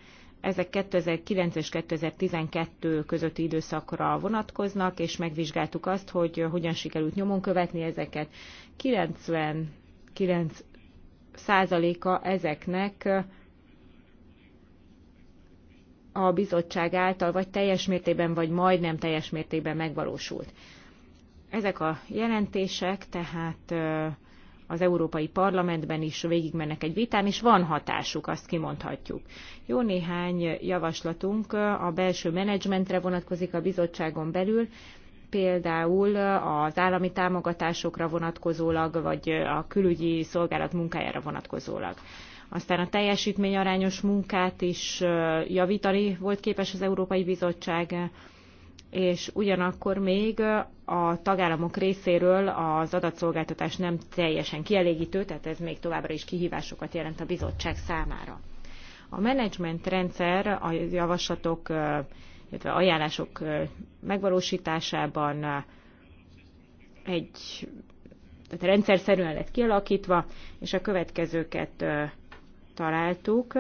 ezek 2009 és 2012 közötti időszakra vonatkoznak, és megvizsgáltuk azt, hogy hogyan sikerült nyomon követni ezeket. 99 százaléka ezeknek a bizottság által vagy teljes mértékben, vagy majdnem teljes mértékben megvalósult. Ezek a jelentések tehát az Európai Parlamentben is végigmennek egy vitán, és van hatásuk, azt kimondhatjuk. Jó néhány javaslatunk a belső menedzsmentre vonatkozik a bizottságon belül, például az állami támogatásokra vonatkozólag, vagy a külügyi szolgálat munkájára vonatkozólag. Aztán a teljesítményarányos munkát is javítani volt képes az Európai Bizottság, és ugyanakkor még a tagállamok részéről az adatszolgáltatás nem teljesen kielégítő, tehát ez még továbbra is kihívásokat jelent a bizottság számára. A menedzsment rendszer a javaslatok, illetve ajánlások megvalósításában egy tehát rendszer szerűen lett kialakítva, és a következőket találtuk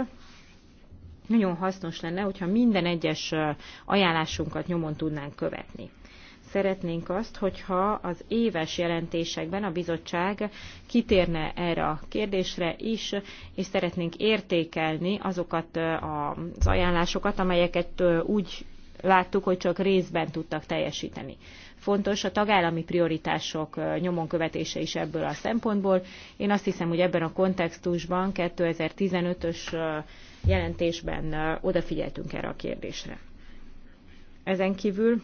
nagyon hasznos lenne, hogyha minden egyes ajánlásunkat nyomon tudnánk követni. Szeretnénk azt, hogyha az éves jelentésekben a bizottság kitérne erre a kérdésre is, és szeretnénk értékelni azokat az ajánlásokat, amelyeket úgy láttuk, hogy csak részben tudtak teljesíteni. Fontos a tagállami prioritások nyomon követése is ebből a szempontból. Én azt hiszem, hogy ebben a kontextusban 2015-ös jelentésben odafigyeltünk erre a kérdésre. Ezen kívül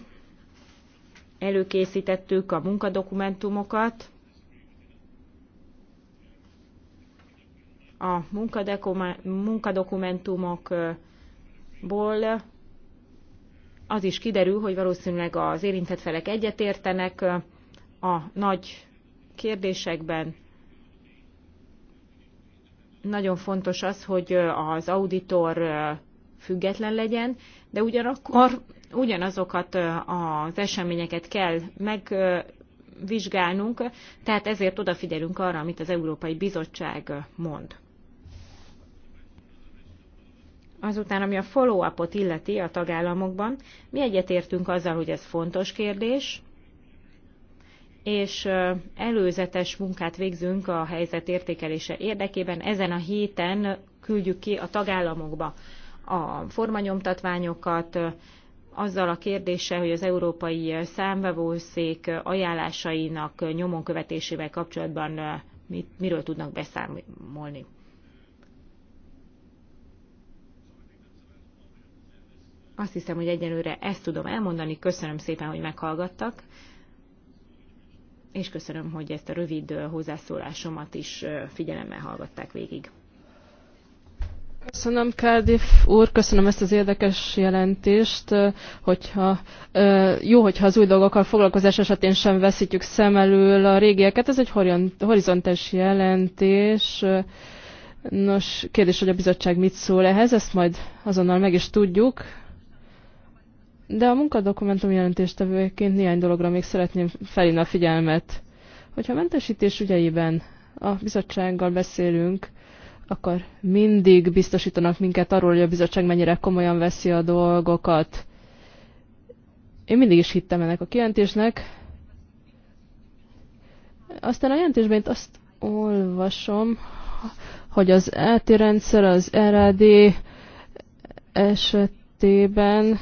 előkészítettük a munkadokumentumokat, a munkadokumentumokból az is kiderül, hogy valószínűleg az érintett felek egyetértenek a nagy kérdésekben, nagyon fontos az, hogy az auditor független legyen, de ugyanakkor ugyanazokat az eseményeket kell megvizsgálnunk, tehát ezért odafigyelünk arra, amit az Európai Bizottság mond. Azután, ami a follow-upot illeti a tagállamokban, mi egyetértünk azzal, hogy ez fontos kérdés, és előzetes munkát végzünk a helyzet értékelése érdekében. Ezen a héten küldjük ki a tagállamokba a formanyomtatványokat, azzal a kérdéssel, hogy az európai számvevőszék ajánlásainak nyomon követésével kapcsolatban mit, miről tudnak beszámolni. Azt hiszem, hogy egyenlőre ezt tudom elmondani. Köszönöm szépen, hogy meghallgattak és köszönöm, hogy ezt a rövid hozzászólásomat is figyelemmel hallgatták végig. Köszönöm, Kádif úr, köszönöm ezt az érdekes jelentést, hogyha jó, hogyha az új dolgokkal foglalkozás esetén sem veszítjük szem elől a régieket. Ez egy horizontális jelentés. Nos, kérdés, hogy a bizottság mit szól ehhez, ezt majd azonnal meg is tudjuk. De a munkadokumentum jelentéstevőként néhány dologra még szeretném felhívni a figyelmet. Hogyha mentesítés ügyeiben a bizottsággal beszélünk, akkor mindig biztosítanak minket arról, hogy a bizottság mennyire komolyan veszi a dolgokat. Én mindig is hittem ennek a kijelentésnek. Aztán a jelentésben itt azt olvasom, hogy az LT e rendszer, az RAD esetében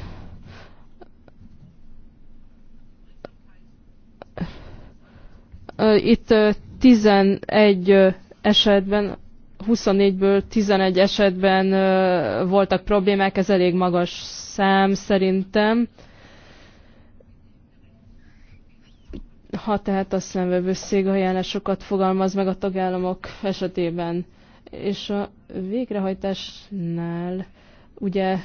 Itt 11 esetben, 24-ből 11 esetben voltak problémák, ez elég magas szám szerintem. ha tehát a szemvevőszég ajánlásokat fogalmaz meg a tagállamok esetében. És a végrehajtásnál ugye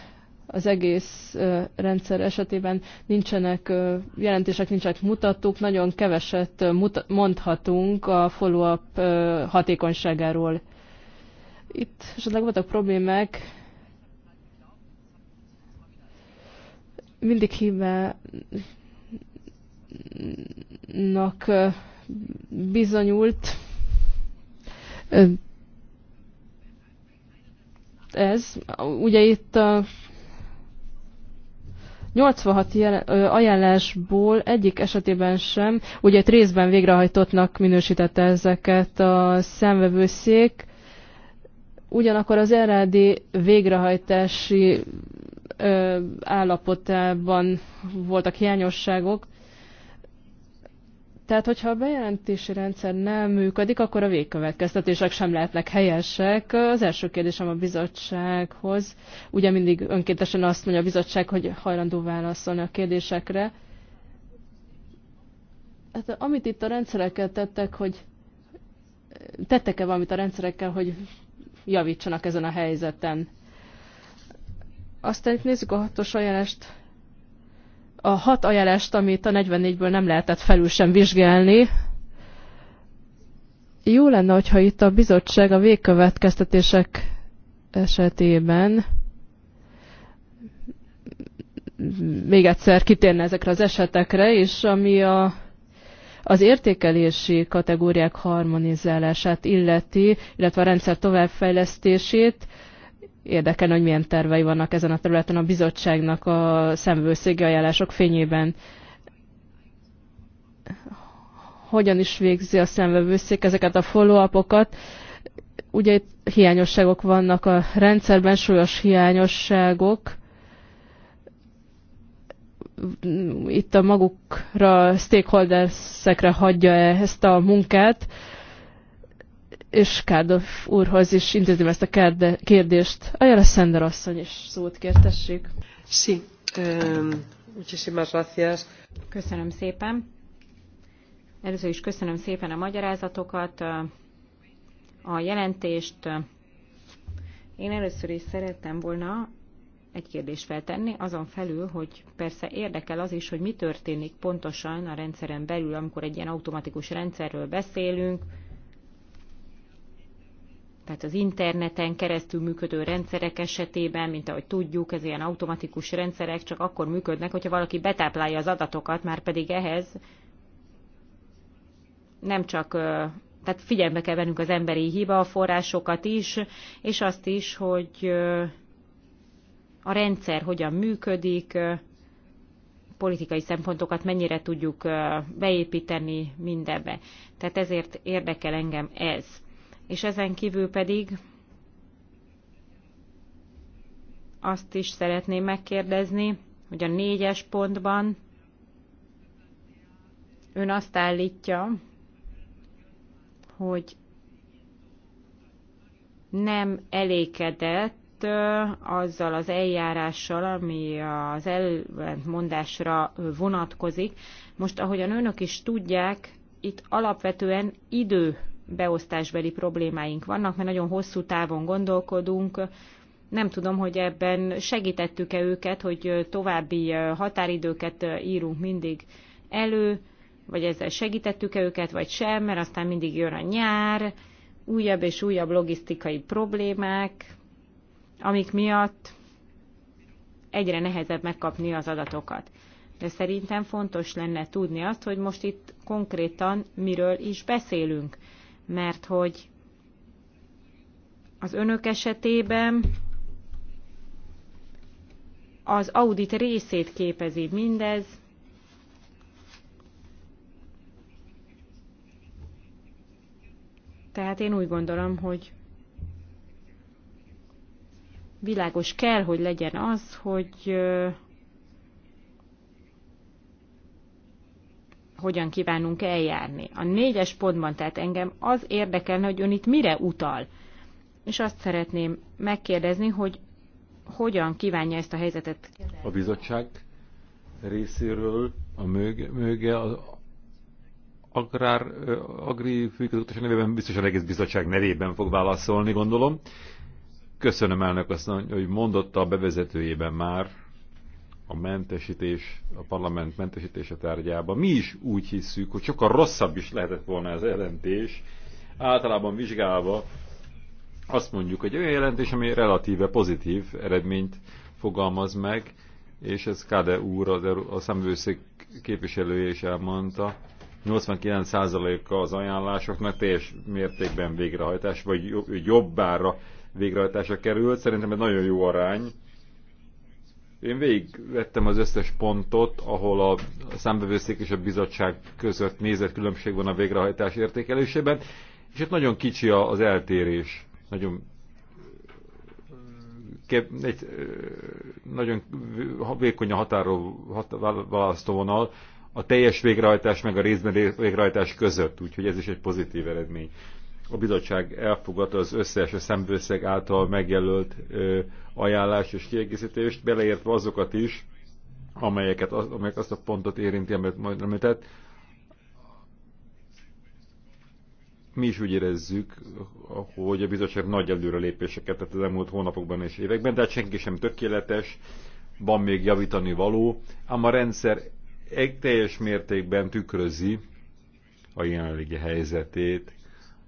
az egész rendszer esetében nincsenek jelentések, nincsenek mutatók, nagyon keveset mondhatunk a follow-up hatékonyságáról. Itt esetleg voltak problémák, mindig hibának bizonyult ez. Ugye itt a 86 ajánlásból egyik esetében sem, ugye egy részben végrehajtottnak minősítette ezeket a szemvevőszék, ugyanakkor az RAD végrehajtási állapotában voltak hiányosságok, tehát, hogyha a bejelentési rendszer nem működik, akkor a végkövetkeztetések sem lehetnek helyesek. Az első kérdésem a bizottsághoz. Ugye mindig önkéntesen azt mondja a bizottság, hogy hajlandó válaszolni a kérdésekre. Hát, amit itt a rendszerekkel tettek, hogy tettek-e valamit a rendszerekkel, hogy javítsanak ezen a helyzeten? Aztán itt nézzük a hatos ajánlást a hat ajánlást, amit a 44-ből nem lehetett felül sem vizsgálni, jó lenne, hogyha itt a bizottság a végkövetkeztetések esetében még egyszer kitérne ezekre az esetekre, és ami a, az értékelési kategóriák harmonizálását illeti, illetve a rendszer továbbfejlesztését, érdekelne, hogy milyen tervei vannak ezen a területen a bizottságnak a szemvőszégi ajánlások fényében. Hogyan is végzi a szemvőszék ezeket a follow-upokat? Ugye itt hiányosságok vannak a rendszerben, súlyos hiányosságok itt a magukra, stakeholders-ekre hagyja -e ezt a munkát, és Kárdov úrhoz is intézném ezt a kérdést. Ajala Szender asszony is szót kértessék. Sí. Um, gracias. Köszönöm szépen. Először is köszönöm szépen a magyarázatokat, a jelentést. Én először is szerettem volna egy kérdést feltenni, azon felül, hogy persze érdekel az is, hogy mi történik pontosan a rendszeren belül, amikor egy ilyen automatikus rendszerről beszélünk, tehát az interneten keresztül működő rendszerek esetében, mint ahogy tudjuk, ez ilyen automatikus rendszerek csak akkor működnek, hogyha valaki betáplálja az adatokat, már pedig ehhez nem csak, tehát figyelme kell vennünk az emberi hiba forrásokat is, és azt is, hogy a rendszer hogyan működik, politikai szempontokat mennyire tudjuk beépíteni mindebbe. Tehát ezért érdekel engem ez és ezen kívül pedig azt is szeretném megkérdezni, hogy a négyes pontban ön azt állítja, hogy nem elégedett azzal az eljárással, ami az ellentmondásra vonatkozik. Most, ahogyan önök is tudják, itt alapvetően idő beosztásbeli problémáink vannak, mert nagyon hosszú távon gondolkodunk. Nem tudom, hogy ebben segítettük-e őket, hogy további határidőket írunk mindig elő, vagy ezzel segítettük-e őket, vagy sem, mert aztán mindig jön a nyár, újabb és újabb logisztikai problémák, amik miatt egyre nehezebb megkapni az adatokat. De szerintem fontos lenne tudni azt, hogy most itt konkrétan miről is beszélünk mert hogy az önök esetében az audit részét képezi mindez, Tehát én úgy gondolom, hogy világos kell, hogy legyen az, hogy hogyan kívánunk eljárni. A négyes pontban, tehát engem az érdekelne, hogy ön itt mire utal. És azt szeretném megkérdezni, hogy hogyan kívánja ezt a helyzetet. A bizottság részéről a mög, möge az agrár, agri főigazgatás nevében, biztosan egész bizottság nevében fog válaszolni, gondolom. Köszönöm elnök azt, hogy mondotta a bevezetőjében már, a mentesítés, a parlament mentesítése tárgyában. Mi is úgy hisszük, hogy sokkal rosszabb is lehetett volna ez a jelentés. Általában vizsgálva azt mondjuk, hogy olyan jelentés, ami relatíve pozitív eredményt fogalmaz meg, és ez Kade úr, az, a szemvőszék képviselője is elmondta, 89%-a az ajánlásoknak teljes mértékben végrehajtás, vagy jobbára végrehajtásra került. Szerintem egy nagyon jó arány, én végigvettem az összes pontot, ahol a számbevőszék és a bizottság között nézett különbség van a végrehajtás értékelésében, és itt nagyon kicsi az eltérés. Nagyon egy, nagyon vékony a határó választóvonal a teljes végrehajtás meg a részben végrehajtás között, úgyhogy ez is egy pozitív eredmény a bizottság elfogadta az összes a szemvőszeg által megjelölt ö, ajánlást és kiegészítést, beleértve azokat is, amelyeket, az, amelyek azt a pontot érinti, amit majd említett. Mi is úgy érezzük, hogy a bizottság nagy előrelépéseket tett az elmúlt hónapokban és években, de hát senki sem tökéletes, van még javítani való, ám a rendszer egy teljes mértékben tükrözi a jelenlegi helyzetét,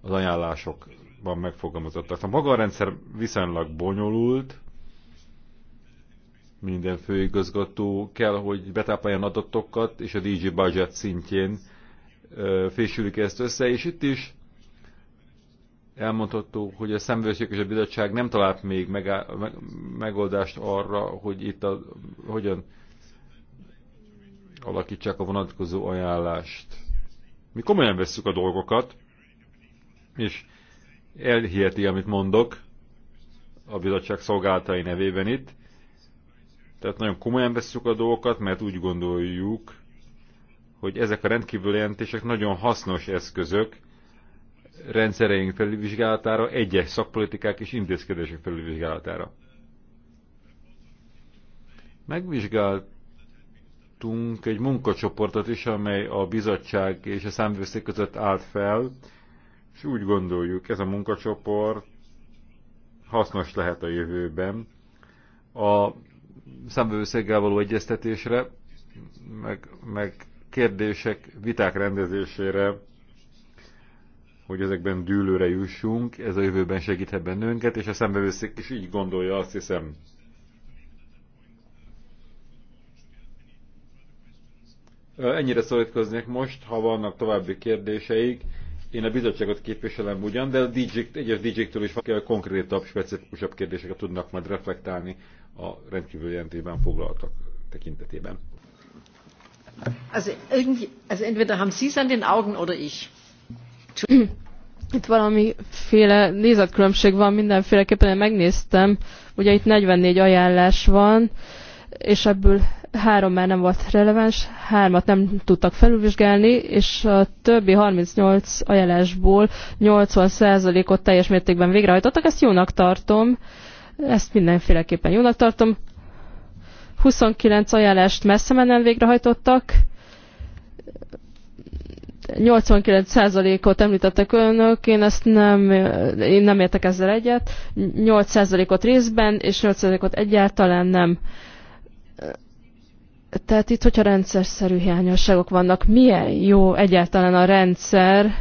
az ajánlásokban megfogalmazottak. A maga a rendszer viszonylag bonyolult, minden főigazgató kell, hogy betápáljon adatokat, és a DJ budget szintjén fésülik ezt össze, és itt is elmondható, hogy a szemvőszék és a bizottság nem talált még megoldást arra, hogy itt a, hogyan alakítsák a vonatkozó ajánlást. Mi komolyan vesszük a dolgokat, és elhiheti, amit mondok a bizottság szolgálatai nevében itt. Tehát nagyon komolyan veszük a dolgokat, mert úgy gondoljuk, hogy ezek a rendkívül jelentések nagyon hasznos eszközök rendszereink felülvizsgálatára, egyes szakpolitikák és intézkedések felülvizsgálatára. Megvizsgáltunk egy munkacsoportot is, amely a bizottság és a számvőszék között állt fel, és úgy gondoljuk, ez a munkacsoport hasznos lehet a jövőben a számbevőszeggel való egyeztetésre, meg, meg kérdések, viták rendezésére, hogy ezekben dűlőre jussunk, ez a jövőben segíthet bennünket, és a számbevőszék is így gondolja, azt hiszem. Ennyire szólítkoznék most, ha vannak további kérdéseik, én a bizottságot képviselem ugyan, de a DG, egyes dj től is konkrétabb, specifikusabb kérdéseket tudnak majd reflektálni a rendkívül jelentében foglaltak tekintetében. Also, also entweder haben Sie es an den Augen oder ich. Itt valamiféle nézetkülönbség van, mindenféleképpen én megnéztem, ugye itt 44 ajánlás van, és ebből három már nem volt releváns, hármat nem tudtak felülvizsgálni, és a többi 38 ajánlásból 80%-ot teljes mértékben végrehajtottak, ezt jónak tartom, ezt mindenféleképpen jónak tartom. 29 ajánlást messze menen végrehajtottak, 89%-ot említettek önök, én ezt nem, én nem értek ezzel egyet, 8%-ot részben, és 8%-ot egyáltalán nem tehát itt, hogyha rendszerszerű hiányosságok vannak, milyen jó egyáltalán a rendszer,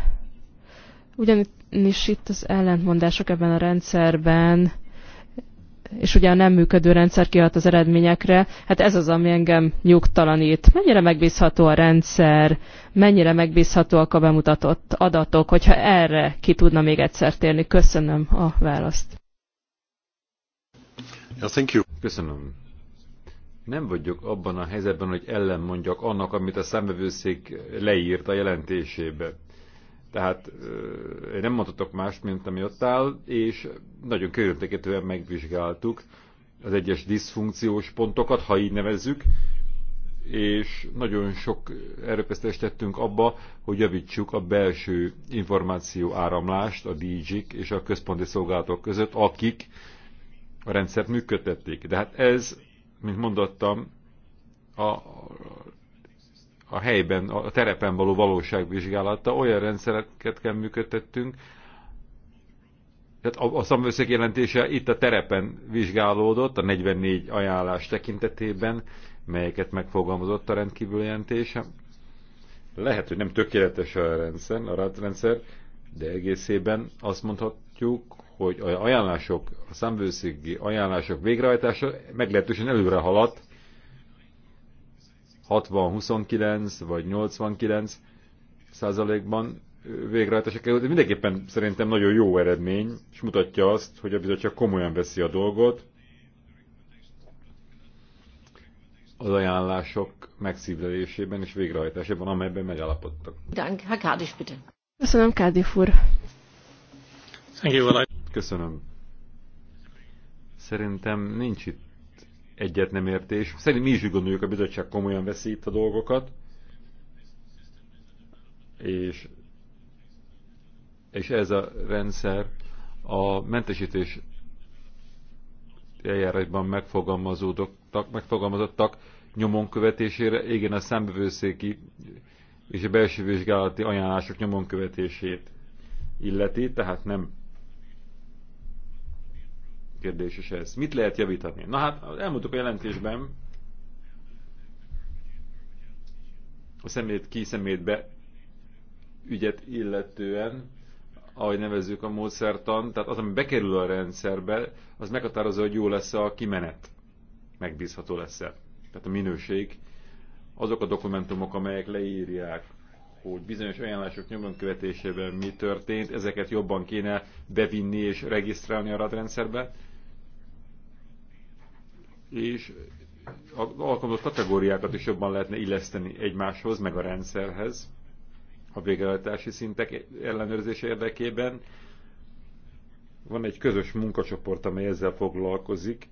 ugyanis itt az ellentmondások ebben a rendszerben, és ugye a nem működő rendszer kihat az eredményekre, hát ez az, ami engem nyugtalanít. Mennyire megbízható a rendszer, mennyire megbízhatóak a bemutatott adatok, hogyha erre ki tudna még egyszer térni. Köszönöm a választ. Yeah, thank you. Köszönöm nem vagyok abban a helyzetben, hogy ellen mondjak annak, amit a szemvevőszék leírt a jelentésébe. Tehát én nem mondhatok más, mint ami ott áll, és nagyon körültekintően megvizsgáltuk az egyes diszfunkciós pontokat, ha így nevezzük, és nagyon sok erőfeszítést tettünk abba, hogy javítsuk a belső információ áramlást a dj és a központi szolgálatok között, akik a rendszert működtették. De hát ez mint mondottam, a, a helyben, a terepen való valóságvizsgálata, olyan rendszereket kell működtettünk, tehát a, a számvőszék jelentése itt a terepen vizsgálódott, a 44 ajánlás tekintetében, melyeket megfogalmazott a rendkívül jelentése. Lehet, hogy nem tökéletes a rendszer, a rendszer, de egészében azt mondhatjuk, hogy a ajánlások, a számvőszégi ajánlások végrehajtása meglehetősen előre haladt, 60-29 vagy 89 százalékban végrehajtása került. Ez mindenképpen szerintem nagyon jó eredmény, és mutatja azt, hogy a bizottság komolyan veszi a dolgot. Az ajánlások megszívlelésében és végrehajtásában, amelyben megállapodtak. Dank, Herr úr. Thank Köszönöm, well, I... Köszönöm. Szerintem nincs itt egyet nem értés. Szerintem mi is úgy gondoljuk, a bizottság komolyan veszi itt a dolgokat. És, és ez a rendszer a mentesítés eljárásban megfogalmazódottak, megfogalmazottak nyomon követésére, igen, a szembevőszéki és a belső vizsgálati ajánlások nyomon követését illeti, tehát nem kérdés is ez. Mit lehet javítani? Na hát, elmondtuk a jelentésben, a szemét ki szemétbe ügyet illetően, ahogy nevezzük a módszertan, tehát az, ami bekerül a rendszerbe, az meghatározza, hogy jó lesz a kimenet. Megbízható lesz-e. Tehát a minőség. Azok a dokumentumok, amelyek leírják, hogy bizonyos ajánlások nyomon követésében mi történt, ezeket jobban kéne bevinni és regisztrálni a radrendszerbe és az alkalmazott kategóriákat is jobban lehetne illeszteni egymáshoz, meg a rendszerhez a végrehajtási szintek ellenőrzése érdekében. Van egy közös munkacsoport, amely ezzel foglalkozik,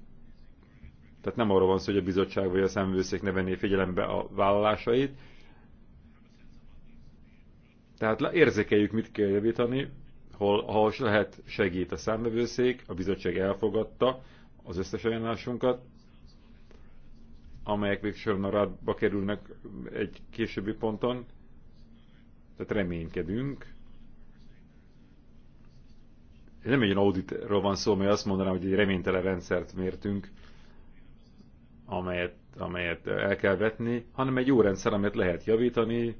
tehát nem arról van szó, hogy a bizottság vagy a szemvőszék ne venné figyelembe a vállalásait. Tehát érzékeljük, mit kell javítani, hol, ha lehet segít a számvevőszék, a bizottság elfogadta az összes ajánlásunkat, amelyek végsősorban a rádba kerülnek egy későbbi ponton. Tehát reménykedünk. Nem egy olyan auditról van szó, mert azt mondanám, hogy egy reménytelen rendszert mértünk, amelyet, amelyet el kell vetni, hanem egy jó rendszer, amelyet lehet javítani,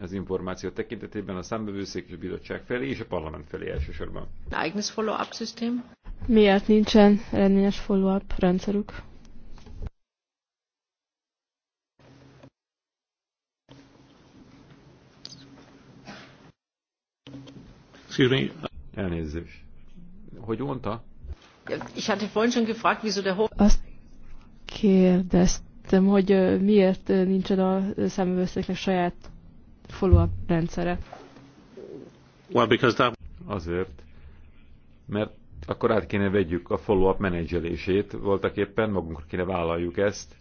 az információ tekintetében a számbevőszék és bizottság felé és a parlament felé elsősorban. follow-up system? Miért nincsen eredményes follow-up rendszerük? Excuse me. Elnézést. Hogy mondta? Ich hatte vorhin schon gefragt, wieso der Hof... Azt kérdeztem, hogy miért nincsen a számövőszéknek saját follow-up rendszere. Well, because that... Azért, mert akkor át kéne vegyük a follow-up menedzselését, voltak éppen magunkra kéne vállaljuk ezt.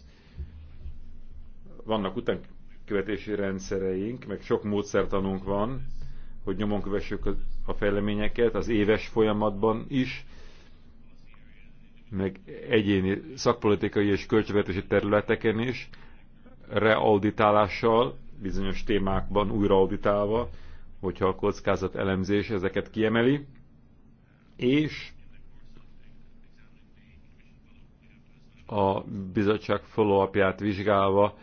Vannak utánkövetési rendszereink, meg sok módszertanunk van, hogy nyomon kövessük az a fejleményeket az éves folyamatban is, meg egyéni szakpolitikai és költségvetési területeken is, reauditálással, bizonyos témákban újraauditálva, hogyha a kockázat elemzés ezeket kiemeli, és a bizottság follow vizsgálva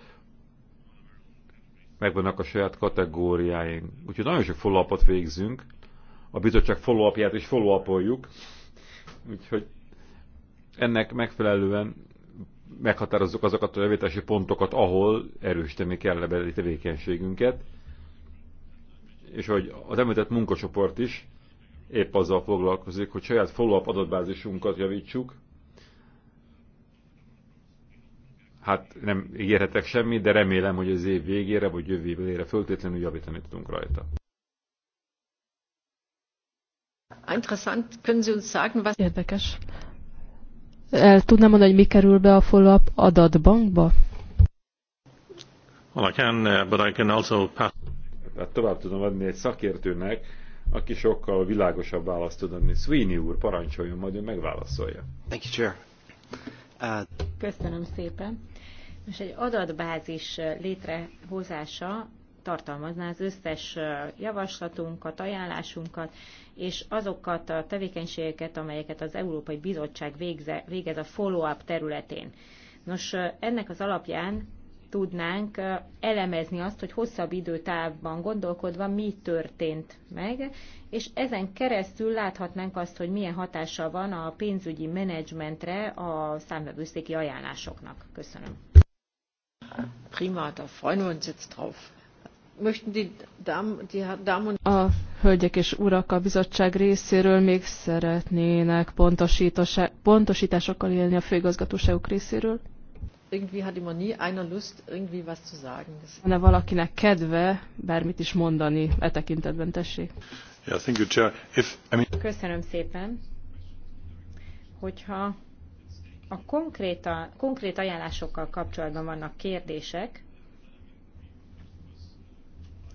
megvannak a saját kategóriáink. Úgyhogy nagyon sok follow végzünk, a bizottság follow-upját is follow Úgyhogy ennek megfelelően meghatározzuk azokat a javítási pontokat, ahol erősíteni kell a tevékenységünket, és hogy az említett munkacsoport is épp azzal foglalkozik, hogy saját follow-up adatbázisunkat javítsuk. Hát nem ígérhetek semmit, de remélem, hogy az év végére vagy jövő évére föltétlenül javítani tudunk rajta. Interessant, können Sie uns sagen, was... Érdekes. El tudnám mondani, hogy mi kerül be a follow-up adatbankba? Well, I can, uh, but I can also pass... Hát tovább tudom adni egy szakértőnek, aki sokkal világosabb választ tud adni. Sweeney úr, parancsoljon, majd ő megválaszolja. Thank you, Chair. Uh... Köszönöm szépen. Most egy adatbázis uh, létrehozása tartalmazná az összes javaslatunkat, ajánlásunkat, és azokat a tevékenységeket, amelyeket az Európai Bizottság végze, végez a follow-up területén. Nos, ennek az alapján tudnánk elemezni azt, hogy hosszabb időtávban gondolkodva mi történt meg, és ezen keresztül láthatnánk azt, hogy milyen hatása van a pénzügyi menedzsmentre a számvevőszéki ajánlásoknak. Köszönöm. Prima, da freuen wir uns jetzt drauf. A hölgyek és urak a bizottság részéről még szeretnének pontosításokkal élni a főigazgatóságok részéről. Irgendwie valakinek kedve bármit is mondani e tekintetben, tessék. Köszönöm szépen. Hogyha a konkrét, a, konkrét ajánlásokkal kapcsolatban vannak kérdések,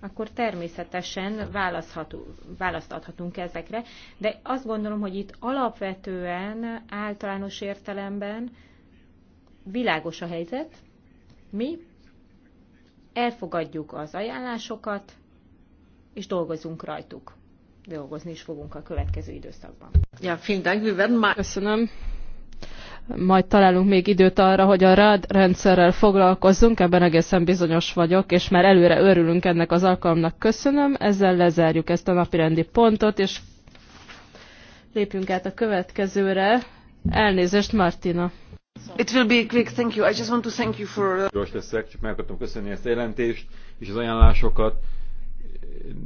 akkor természetesen választ adhatunk ezekre. De azt gondolom, hogy itt alapvetően, általános értelemben világos a helyzet. Mi elfogadjuk az ajánlásokat, és dolgozunk rajtuk. Dolgozni is fogunk a következő időszakban. Ja, vielen Dank, wir werden mal... Köszönöm majd találunk még időt arra, hogy a RAD rendszerrel foglalkozzunk, ebben egészen bizonyos vagyok, és már előre örülünk ennek az alkalomnak. Köszönöm, ezzel lezárjuk ezt a napirendi pontot, és lépjünk át a következőre. Elnézést, Martina. It will be quick, thank you. I just want to thank you for... Uh, Gyors leszek, csak meg akartam köszönni ezt a jelentést, és az ajánlásokat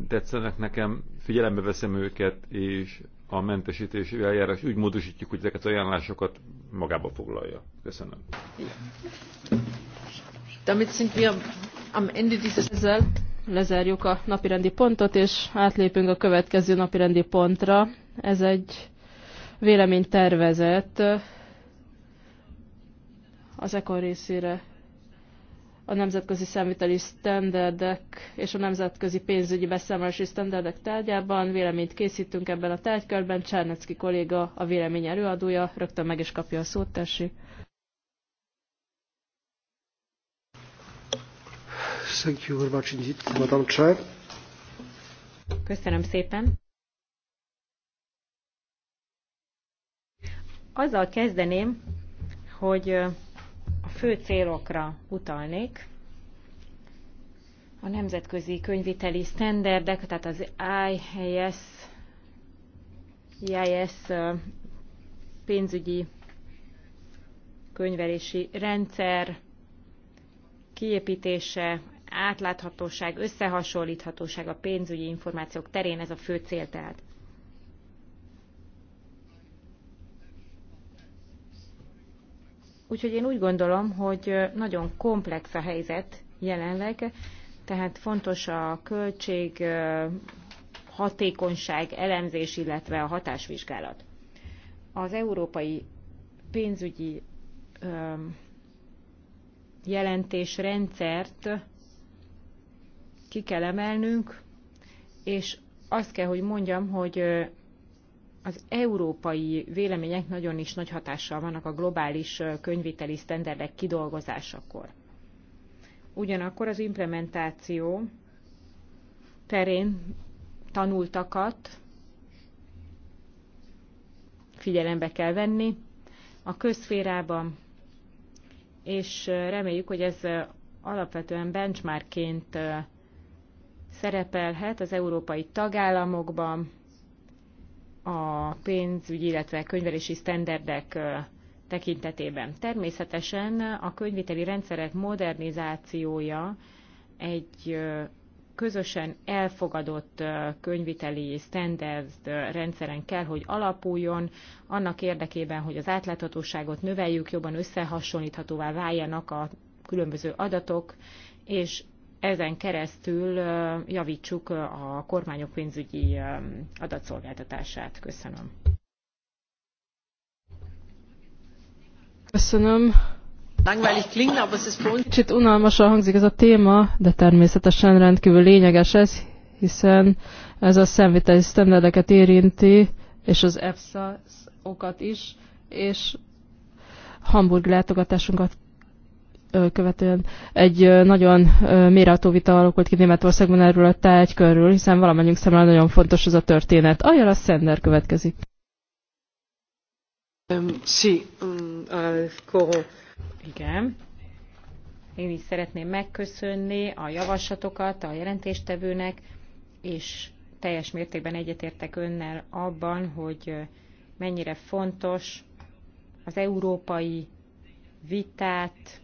tetszenek nekem, figyelembe veszem őket, és a mentesítési eljárás úgy módosítjuk, hogy ezeket az ajánlásokat magába foglalja. Köszönöm. Damit sind wir am Ende dieses lezárjuk a napirendi pontot, és átlépünk a következő napirendi pontra. Ez egy véleménytervezet az ECON részére a nemzetközi számviteli standardek és a nemzetközi pénzügyi beszámolási standardek tárgyában. Véleményt készítünk ebben a tárgykörben. Csárnecki kolléga a vélemény előadója. Rögtön meg is kapja a szót, tessék. Thank you very much indeed, Madam Chair. Köszönöm szépen. Azzal kezdeném, hogy fő célokra utalnék. A nemzetközi könyviteli sztenderdek, tehát az IHS, IHS pénzügyi könyvelési rendszer kiépítése, átláthatóság, összehasonlíthatóság a pénzügyi információk terén, ez a fő cél tehát. Úgyhogy én úgy gondolom, hogy nagyon komplex a helyzet jelenleg, tehát fontos a költség hatékonyság elemzés, illetve a hatásvizsgálat. Az európai pénzügyi jelentésrendszert ki kell emelnünk, és azt kell, hogy mondjam, hogy az európai vélemények nagyon is nagy hatással vannak a globális könyviteli sztenderdek kidolgozásakor. Ugyanakkor az implementáció terén tanultakat figyelembe kell venni a közférában, és reméljük, hogy ez alapvetően benchmarkként szerepelhet az európai tagállamokban, a pénzügyi, illetve könyvelési sztenderdek tekintetében. Természetesen a könyviteli rendszerek modernizációja egy közösen elfogadott könyviteli standard rendszeren kell, hogy alapuljon, annak érdekében, hogy az átláthatóságot növeljük, jobban összehasonlíthatóvá váljanak a különböző adatok, és ezen keresztül javítsuk a kormányok pénzügyi adatszolgáltatását. Köszönöm. Köszönöm. Kicsit unalmasan hangzik ez a téma, de természetesen rendkívül lényeges ez, hiszen ez a szemviteli sztenderdeket érinti, és az EFSA-okat is, és Hamburg látogatásunkat követően egy nagyon méreható vita alakult ki Németországban erről a körül, hiszen valamennyiünk számára nagyon fontos ez a történet. Ajala Szender következik. Um, sí, um, uh, Igen. Én is szeretném megköszönni a javaslatokat a jelentéstevőnek, és teljes mértékben egyetértek önnel abban, hogy mennyire fontos az európai vitát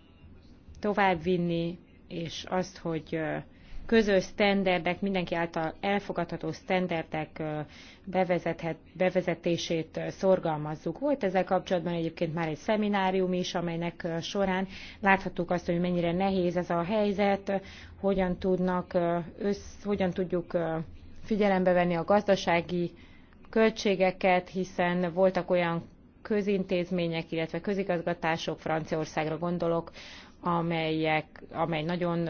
továbbvinni, és azt, hogy közös sztenderdek, mindenki által elfogadható sztenderdek bevezetését szorgalmazzuk. Volt ezzel kapcsolatban egyébként már egy szeminárium is, amelynek során láthattuk azt, hogy mennyire nehéz ez a helyzet, hogyan, tudnak, össz, hogyan tudjuk figyelembe venni a gazdasági költségeket, hiszen voltak olyan közintézmények, illetve közigazgatások, Franciaországra gondolok, amelyek, amely nagyon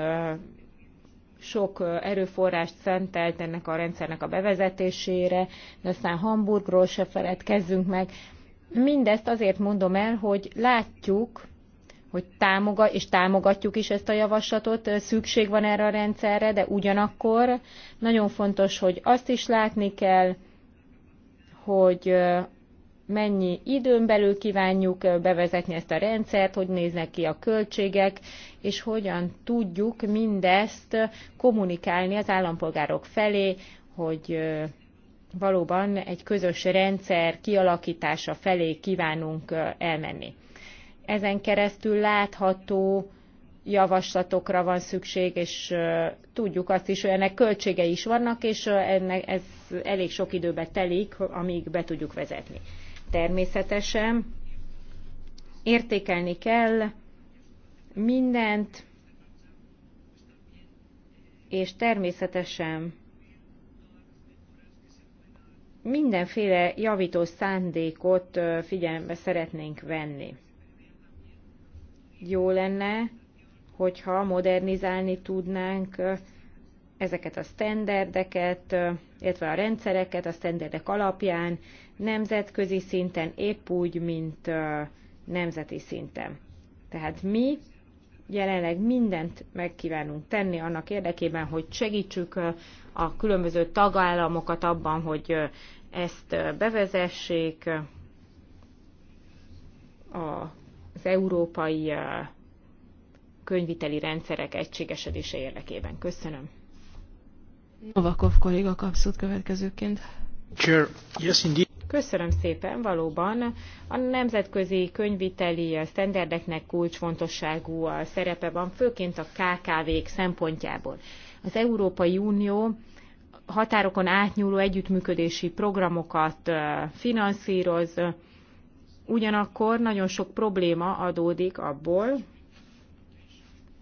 sok erőforrást szentelt ennek a rendszernek a bevezetésére, de aztán Hamburgról se feledkezzünk meg. Mindezt azért mondom el, hogy látjuk, hogy támogat, és támogatjuk is ezt a javaslatot, szükség van erre a rendszerre, de ugyanakkor nagyon fontos, hogy azt is látni kell, hogy mennyi időn belül kívánjuk bevezetni ezt a rendszert, hogy néznek ki a költségek, és hogyan tudjuk mindezt kommunikálni az állampolgárok felé, hogy valóban egy közös rendszer kialakítása felé kívánunk elmenni. Ezen keresztül látható javaslatokra van szükség, és tudjuk azt is, hogy ennek költségei is vannak, és ennek ez elég sok időbe telik, amíg be tudjuk vezetni. Természetesen értékelni kell mindent, és természetesen mindenféle javító szándékot figyelembe szeretnénk venni. Jó lenne, hogyha modernizálni tudnánk ezeket a standardeket, illetve a rendszereket a standardek alapján, nemzetközi szinten, épp úgy, mint nemzeti szinten. Tehát mi jelenleg mindent megkívánunk tenni annak érdekében, hogy segítsük a különböző tagállamokat abban, hogy ezt bevezessék az európai könyviteli rendszerek egységesedése érdekében. Köszönöm. Novakov kolléga kapszott következőként. Sure. Yes, indeed. Köszönöm szépen, valóban a nemzetközi könyviteli sztenderdeknek kulcsfontosságú szerepe van, főként a KKV-k szempontjából. Az Európai Unió határokon átnyúló együttműködési programokat finanszíroz, ugyanakkor nagyon sok probléma adódik abból,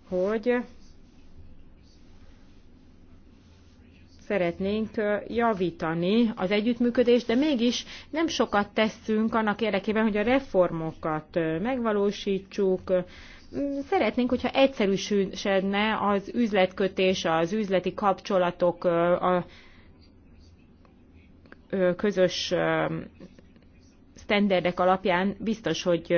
hogy szeretnénk javítani az együttműködést, de mégis nem sokat tesszünk annak érdekében, hogy a reformokat megvalósítsuk. Szeretnénk, hogyha egyszerűsödne az üzletkötés, az üzleti kapcsolatok, a közös sztenderdek alapján biztos, hogy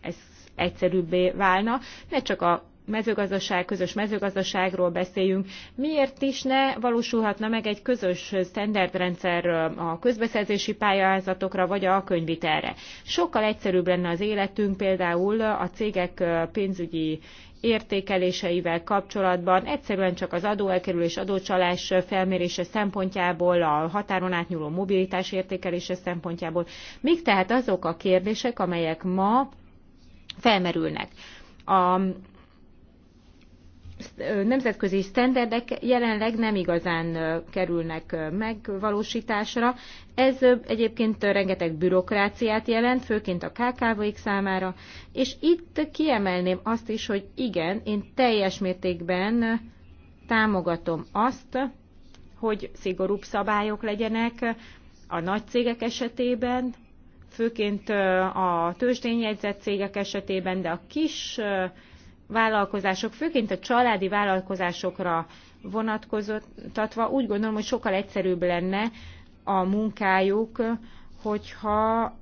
ez egyszerűbbé válna, ne csak a mezőgazdaság, közös mezőgazdaságról beszéljünk, miért is ne valósulhatna meg egy közös standardrendszer a közbeszerzési pályázatokra vagy a könyvitelre. Sokkal egyszerűbb lenne az életünk például a cégek pénzügyi értékeléseivel kapcsolatban egyszerűen csak az adóelkerülés, adócsalás felmérése szempontjából, a határon átnyúló mobilitás értékelése szempontjából. Mik tehát azok a kérdések, amelyek ma felmerülnek? A nemzetközi sztenderdek jelenleg nem igazán kerülnek megvalósításra. Ez egyébként rengeteg bürokráciát jelent, főként a KKV-ik számára, és itt kiemelném azt is, hogy igen, én teljes mértékben támogatom azt, hogy szigorúbb szabályok legyenek a nagy cégek esetében, főként a tőzsdényjegyzett cégek esetében, de a kis vállalkozások, főként a családi vállalkozásokra vonatkozottatva úgy gondolom, hogy sokkal egyszerűbb lenne a munkájuk, hogyha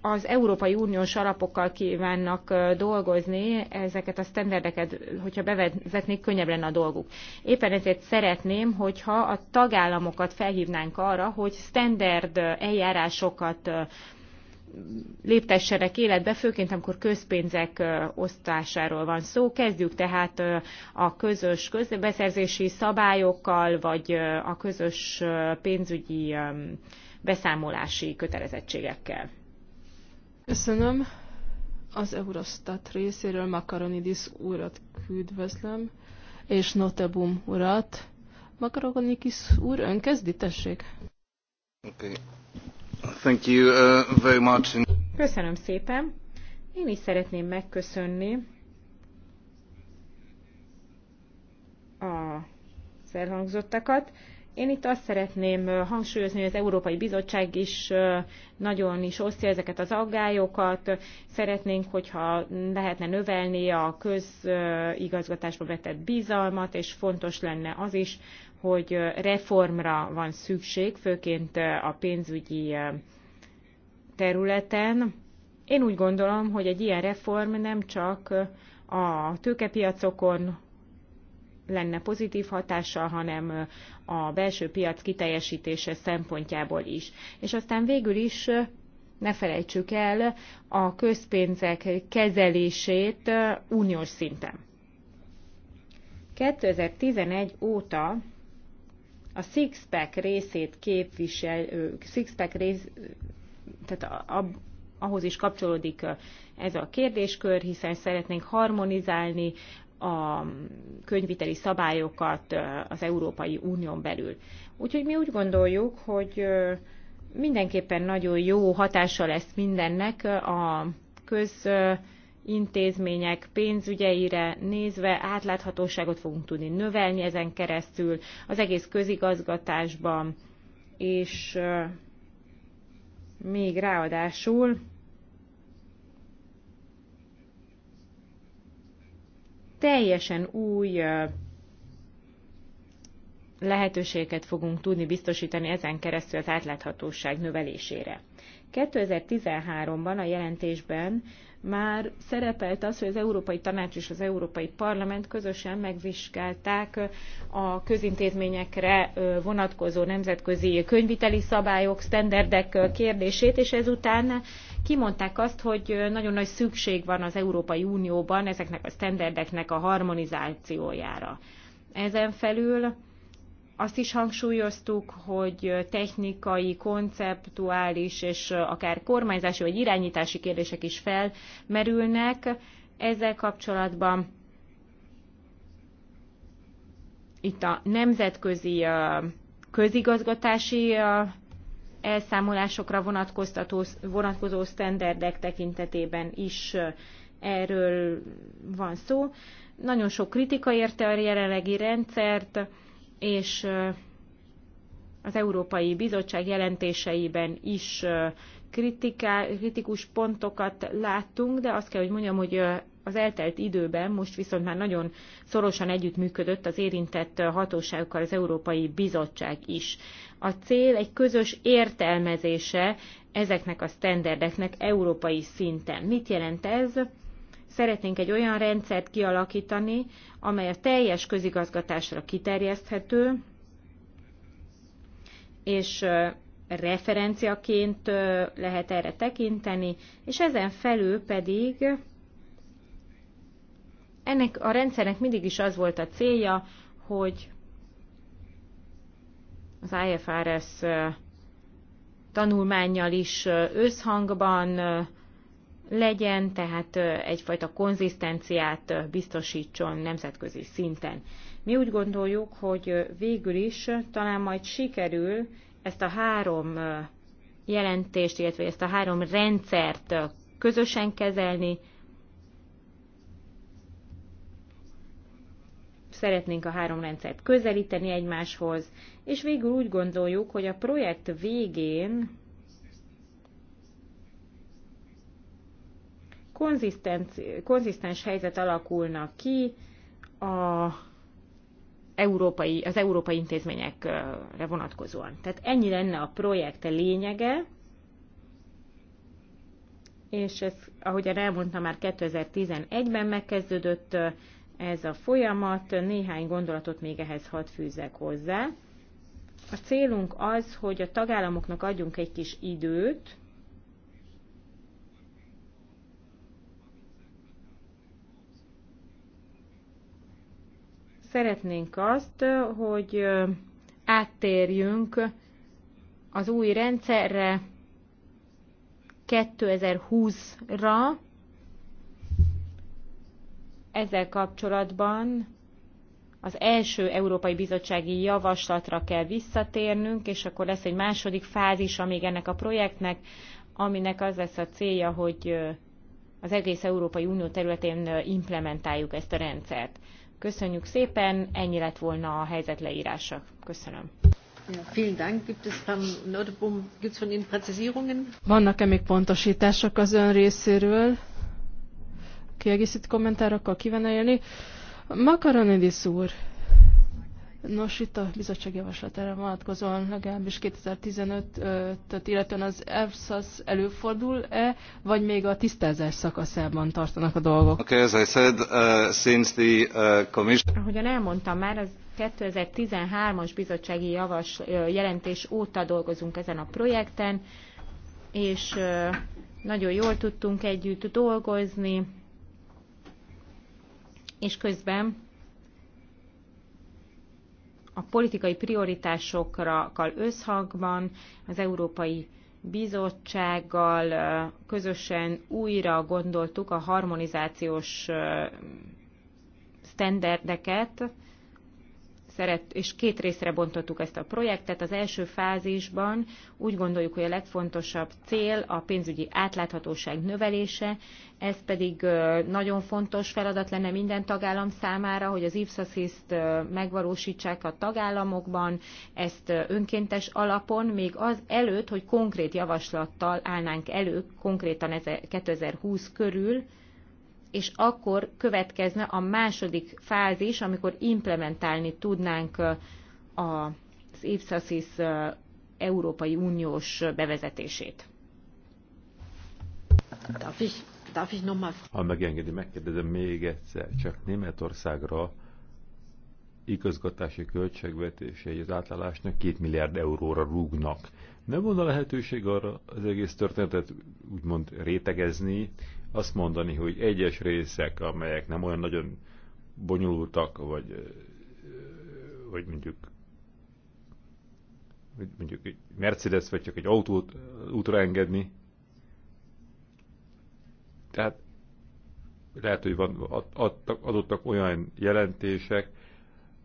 az Európai Uniós alapokkal kívánnak dolgozni, ezeket a sztenderdeket, hogyha bevezetnék, könnyebb lenne a dolguk. Éppen ezért szeretném, hogyha a tagállamokat felhívnánk arra, hogy standard eljárásokat léptessenek életbe, főként amikor közpénzek osztásáról van szó. Kezdjük tehát a közös közbeszerzési szabályokkal, vagy a közös pénzügyi beszámolási kötelezettségekkel. Köszönöm. Az Eurostat részéről Makaronidis úrat küldvözlöm, és Notebum urat. Makaronikis úr, önkezdítessék. Okay. Uh, Köszönöm szépen. Én is szeretném megköszönni a elhangzottakat. Én itt azt szeretném uh, hangsúlyozni, hogy az Európai Bizottság is uh, nagyon is osztja ezeket az aggályokat. Szeretnénk, hogyha lehetne növelni a közigazgatásba vetett bizalmat, és fontos lenne az is, hogy reformra van szükség, főként a pénzügyi területen. Én úgy gondolom, hogy egy ilyen reform nem csak a tőkepiacokon lenne pozitív hatása, hanem a belső piac kiteljesítése szempontjából is. És aztán végül is ne felejtsük el a közpénzek kezelését uniós szinten. 2011 óta a six-pack részét képvisel, six-pack rész, tehát a, a, ahhoz is kapcsolódik ez a kérdéskör, hiszen szeretnénk harmonizálni a könyviteli szabályokat az Európai Unión belül. Úgyhogy mi úgy gondoljuk, hogy mindenképpen nagyon jó hatása lesz mindennek a köz intézmények pénzügyeire nézve átláthatóságot fogunk tudni növelni ezen keresztül az egész közigazgatásban, és még ráadásul teljesen új lehetőséget fogunk tudni biztosítani ezen keresztül az átláthatóság növelésére. 2013-ban a jelentésben már szerepelt az, hogy az Európai Tanács és az Európai Parlament közösen megvizsgálták a közintézményekre vonatkozó nemzetközi könyviteli szabályok, sztenderdek kérdését, és ezután kimondták azt, hogy nagyon nagy szükség van az Európai Unióban ezeknek a sztenderdeknek a harmonizációjára. Ezen felül azt is hangsúlyoztuk, hogy technikai, konceptuális és akár kormányzási vagy irányítási kérdések is felmerülnek. Ezzel kapcsolatban itt a nemzetközi közigazgatási elszámolásokra vonatkoztató, vonatkozó sztenderdek tekintetében is erről van szó. Nagyon sok kritika érte a jelenlegi rendszert, és az Európai Bizottság jelentéseiben is kritiká, kritikus pontokat láttunk, de azt kell, hogy mondjam, hogy az eltelt időben most viszont már nagyon szorosan együttműködött az érintett hatóságokkal az Európai Bizottság is. A cél egy közös értelmezése ezeknek a sztenderdeknek európai szinten. Mit jelent ez? Szeretnénk egy olyan rendszert kialakítani, amely a teljes közigazgatásra kiterjeszthető, és referenciaként lehet erre tekinteni, és ezen felül pedig ennek a rendszernek mindig is az volt a célja, hogy az IFRS tanulmányjal is összhangban legyen, tehát egyfajta konzisztenciát biztosítson nemzetközi szinten. Mi úgy gondoljuk, hogy végül is talán majd sikerül ezt a három jelentést, illetve ezt a három rendszert közösen kezelni. Szeretnénk a három rendszert közelíteni egymáshoz, és végül úgy gondoljuk, hogy a projekt végén konzisztens helyzet alakulna ki a európai, az európai intézményekre vonatkozóan. Tehát ennyi lenne a projekt lényege, és ez, ahogyan elmondtam, már 2011-ben megkezdődött ez a folyamat. Néhány gondolatot még ehhez hadd fűzek hozzá. A célunk az, hogy a tagállamoknak adjunk egy kis időt, Szeretnénk azt, hogy áttérjünk az új rendszerre 2020-ra. Ezzel kapcsolatban az első Európai Bizottsági Javaslatra kell visszatérnünk, és akkor lesz egy második fázis, amíg ennek a projektnek, aminek az lesz a célja, hogy az egész Európai Unió területén implementáljuk ezt a rendszert. Köszönjük szépen, ennyi lett volna a helyzet leírása. Köszönöm. Vannak-e még pontosítások az ön részéről? Kiegészít kommentárokkal kívánna élni? Makaronidis úr, Nos, itt a bizottság javaslatára vonatkozóan legalábbis 2015 t illetően az EFSAS előfordul-e, vagy még a tisztázás szakaszában tartanak a dolgok? Okay, as I said, uh, since the, uh, commission... Ahogyan elmondtam már, az 2013-as bizottsági javas, jelentés óta dolgozunk ezen a projekten, és uh, nagyon jól tudtunk együtt dolgozni, és közben a politikai prioritásokkal összhangban az Európai Bizottsággal közösen újra gondoltuk a harmonizációs standardeket, szeret, és két részre bontottuk ezt a projektet. Az első fázisban úgy gondoljuk, hogy a legfontosabb cél a pénzügyi átláthatóság növelése, ez pedig nagyon fontos feladat lenne minden tagállam számára, hogy az IPSASZ-t megvalósítsák a tagállamokban, ezt önkéntes alapon, még az előtt, hogy konkrét javaslattal állnánk elő, konkrétan 2020 körül, és akkor következne a második fázis, amikor implementálni tudnánk az IPSASIS Európai Uniós bevezetését. Darf ich, darf ich Ha megengedi, megkérdezem még egyszer, csak Németországra igazgatási költségvetései az átállásnak két milliárd euróra rúgnak. Nem volna lehetőség arra az egész történetet úgymond rétegezni, azt mondani, hogy egyes részek, amelyek nem olyan nagyon bonyolultak, vagy, vagy mondjuk mondjuk egy Mercedes, vagy csak egy autót útra engedni. Tehát lehet, hogy van, adtak, adottak olyan jelentések,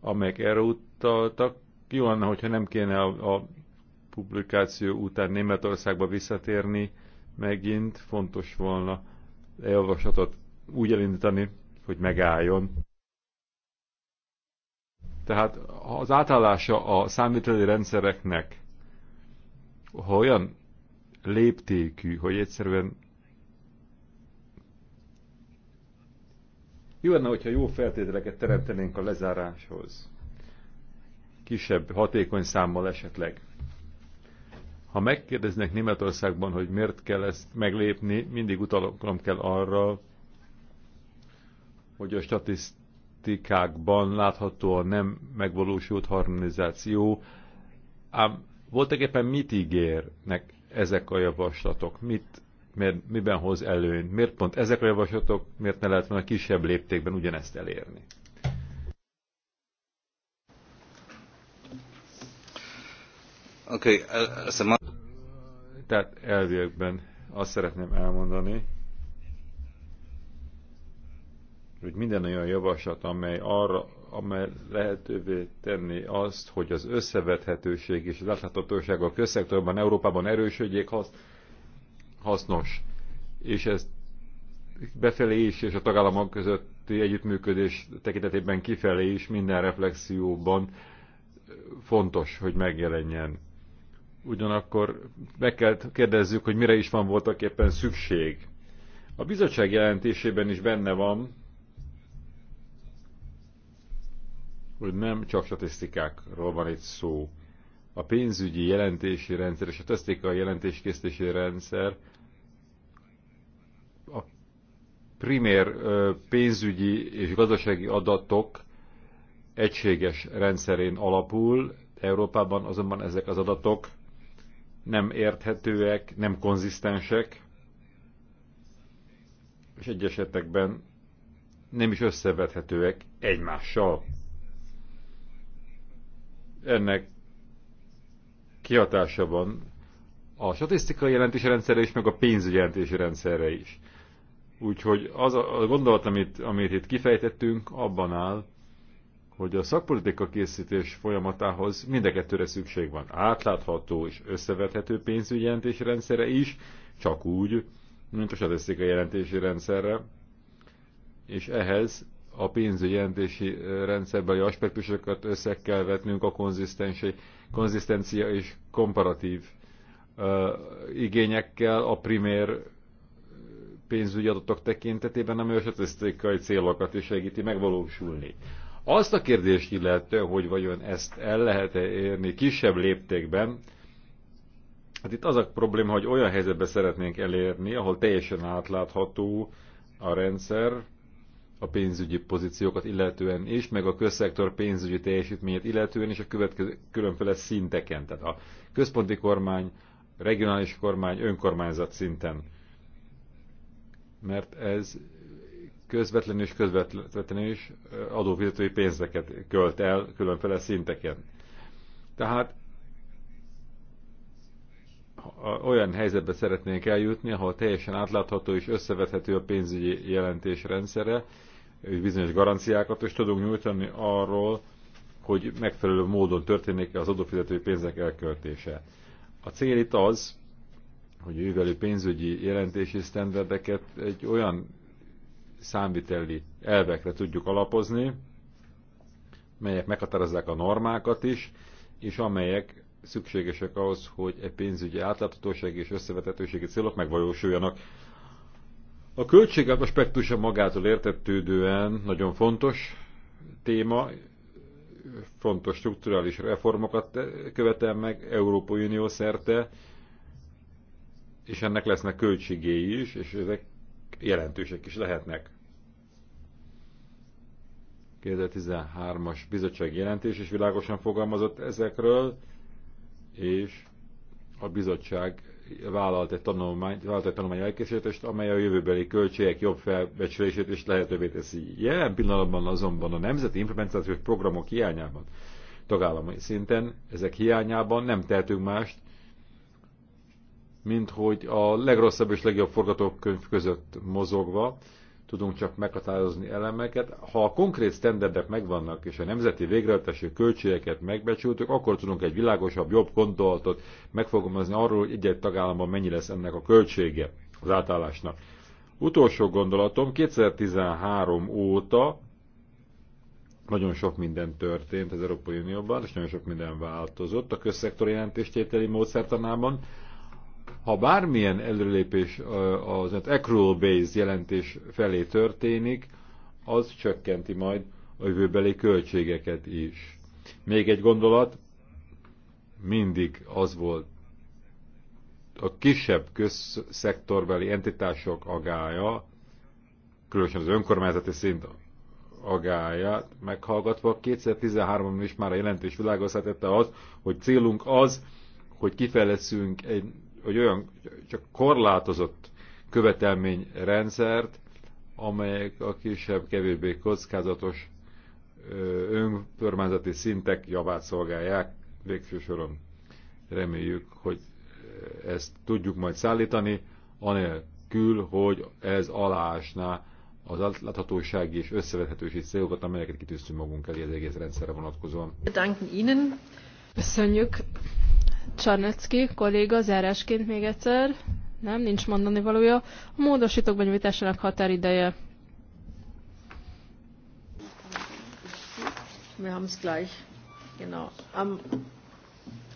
amelyek erre utaltak. Jó lenne, hogyha nem kéne a, a publikáció után Németországba visszatérni, megint fontos volna, javaslatot úgy elindítani, hogy megálljon. Tehát az átállása a számviteli rendszereknek, ha olyan léptékű, hogy egyszerűen jó lenne, hogyha jó feltételeket teremtenénk a lezáráshoz. Kisebb, hatékony számmal esetleg. Ha megkérdeznek Németországban, hogy miért kell ezt meglépni, mindig utalom kell arra, hogy a statisztikákban a nem megvalósult harmonizáció, ám voltak éppen mit ígérnek ezek a javaslatok, mit, miért, miben hoz előny, miért pont ezek a javaslatok, miért ne lehet volna kisebb léptékben ugyanezt elérni. Okay, uh, Tehát elviekben azt szeretném elmondani, hogy minden olyan javaslat, amely arra, amely lehetővé tenni azt, hogy az összevethetőség és az átláthatóság a közszektorban, Európában erősödjék, hasz, hasznos. És ez befelé is, és a tagállamok közötti együttműködés tekintetében kifelé is minden reflexióban fontos, hogy megjelenjen ugyanakkor meg kell kérdezzük, hogy mire is van voltak éppen szükség. A bizottság jelentésében is benne van, hogy nem csak statisztikákról van itt szó. A pénzügyi jelentési rendszer és a statisztikai jelentéskészítési rendszer a primér pénzügyi és gazdasági adatok egységes rendszerén alapul, Európában azonban ezek az adatok nem érthetőek, nem konzisztensek, és egy esetekben nem is összevethetőek egymással. Ennek kihatása van a statisztikai jelentési rendszerre is, meg a pénzügyi jelentési rendszerre is. Úgyhogy az a, a gondolat, amit, amit itt kifejtettünk, abban áll, hogy a szakpolitika készítés folyamatához mindekettőre szükség van. Átlátható és összevethető pénzügyjelentési rendszere is, csak úgy, mint a statisztikai jelentési rendszerre, és ehhez a pénzügyjelentési rendszerbeli aspektusokat össze kell vetnünk a konzisztencia és komparatív uh, igényekkel a primér pénzügyi adatok tekintetében, ami a statisztikai célokat is segíti megvalósulni. Azt a kérdést illető, hogy vajon ezt el lehet-e érni kisebb léptékben, hát itt az a probléma, hogy olyan helyzetbe szeretnénk elérni, ahol teljesen átlátható a rendszer, a pénzügyi pozíciókat illetően is, meg a közszektor pénzügyi teljesítményét illetően is a következő különféle szinteken, tehát a központi kormány, regionális kormány, önkormányzat szinten. Mert ez közvetlenül és közvetlenül is adófizetői pénzeket költ el különféle szinteken. Tehát olyan helyzetbe szeretnénk eljutni, ahol teljesen átlátható és összevethető a pénzügyi jelentés rendszere, és bizonyos garanciákat is tudunk nyújtani arról, hogy megfelelő módon történik az adófizetői pénzek elköltése. A cél itt az, hogy a jövőlő pénzügyi jelentési sztenderdeket egy olyan számviteli elvekre tudjuk alapozni, melyek meghatározzák a normákat is, és amelyek szükségesek ahhoz, hogy e pénzügyi átláthatóság és összevetetőségi célok megvalósuljanak. A költségek aspektusa magától értetődően nagyon fontos téma, fontos strukturális reformokat követel meg Európai Unió szerte, és ennek lesznek költségéi is, és ezek jelentősek is lehetnek. 2013-as bizottság jelentés is világosan fogalmazott ezekről, és a bizottság vállalt egy tanulmány, vállalt egy tanulmány elkészítést, amely a jövőbeli költségek jobb felbecsülését is lehetővé teszi. Jelen pillanatban azonban a nemzeti implementációs programok hiányában tagállami szinten, ezek hiányában nem tehetünk mást, mint hogy a legrosszabb és legjobb forgatókönyv között mozogva tudunk csak meghatározni elemeket. Ha a konkrét standardek megvannak, és a nemzeti végrehajtási költségeket megbecsültük, akkor tudunk egy világosabb, jobb gondolatot megfogalmazni arról, hogy egy-egy tagállamban mennyi lesz ennek a költsége az átállásnak. Utolsó gondolatom, 2013 óta nagyon sok minden történt az Európai Unióban, és nagyon sok minden változott a közszektor jelentéstételi módszertanában. Ha bármilyen előlépés az hát accrual base jelentés felé történik, az csökkenti majd a jövőbeli költségeket is. Még egy gondolat, mindig az volt a kisebb közszektorbeli entitások agája, különösen az önkormányzati szint agáját meghallgatva, 2013-ban is már a jelentés világosá tette az, hogy célunk az, hogy kifejleszünk egy hogy olyan csak korlátozott követelményrendszert, amelyek a kisebb, kevésbé kockázatos önkormányzati szintek javát szolgálják végső soron. Reméljük, hogy ezt tudjuk majd szállítani, anélkül, hogy ez aláásná az láthatósági és összevethetősi célokat, amelyeket kitűztünk magunk elé az egész rendszerre vonatkozóan. Köszönjük. Csarnecki kolléga zárásként még egyszer, nem, nincs mondani valója, a módosítók benyújtásának határideje. Wir haben es gleich. Genau. Am,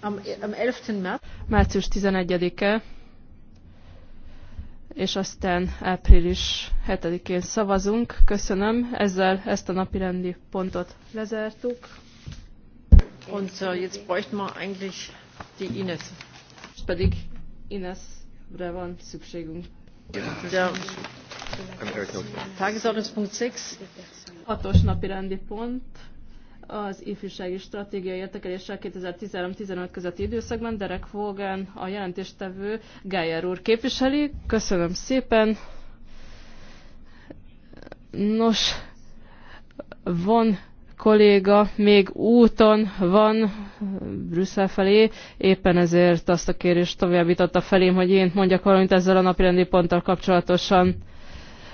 am, am 11. März. Március 11-e, és aztán április 7-én szavazunk. Köszönöm. Ezzel ezt a napirendi pontot lezártuk. Und uh, jetzt bräuchten wir eigentlich Die Ines. És pedig Inesre van szükségünk. Ja. Tagesordnungspunkt 6. Hatos napi rendi pont az ifjúsági stratégiai értekeléssel 2013-15 közötti időszakban Derek Vogan, a jelentéstevő Geyer úr képviseli. Köszönöm szépen. Nos, van kolléga még úton van Brüsszel felé, éppen ezért azt a kérést továbbította felém, hogy én mondjak valamit ezzel a napirendi ponttal kapcsolatosan.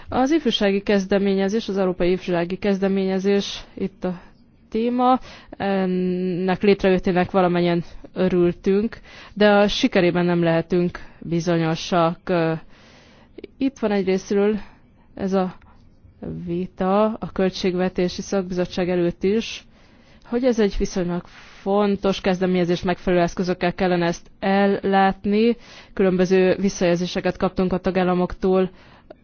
Az ifjúsági kezdeményezés, az európai ifjúsági kezdeményezés itt a téma, ennek létrejöttének valamennyien örültünk, de a sikerében nem lehetünk bizonyosak. Itt van egy részről ez a vita a Költségvetési Szakbizottság előtt is, hogy ez egy viszonylag fontos kezdeményezés, megfelelő eszközökkel kellene ezt ellátni. Különböző visszajelzéseket kaptunk a tagállamoktól,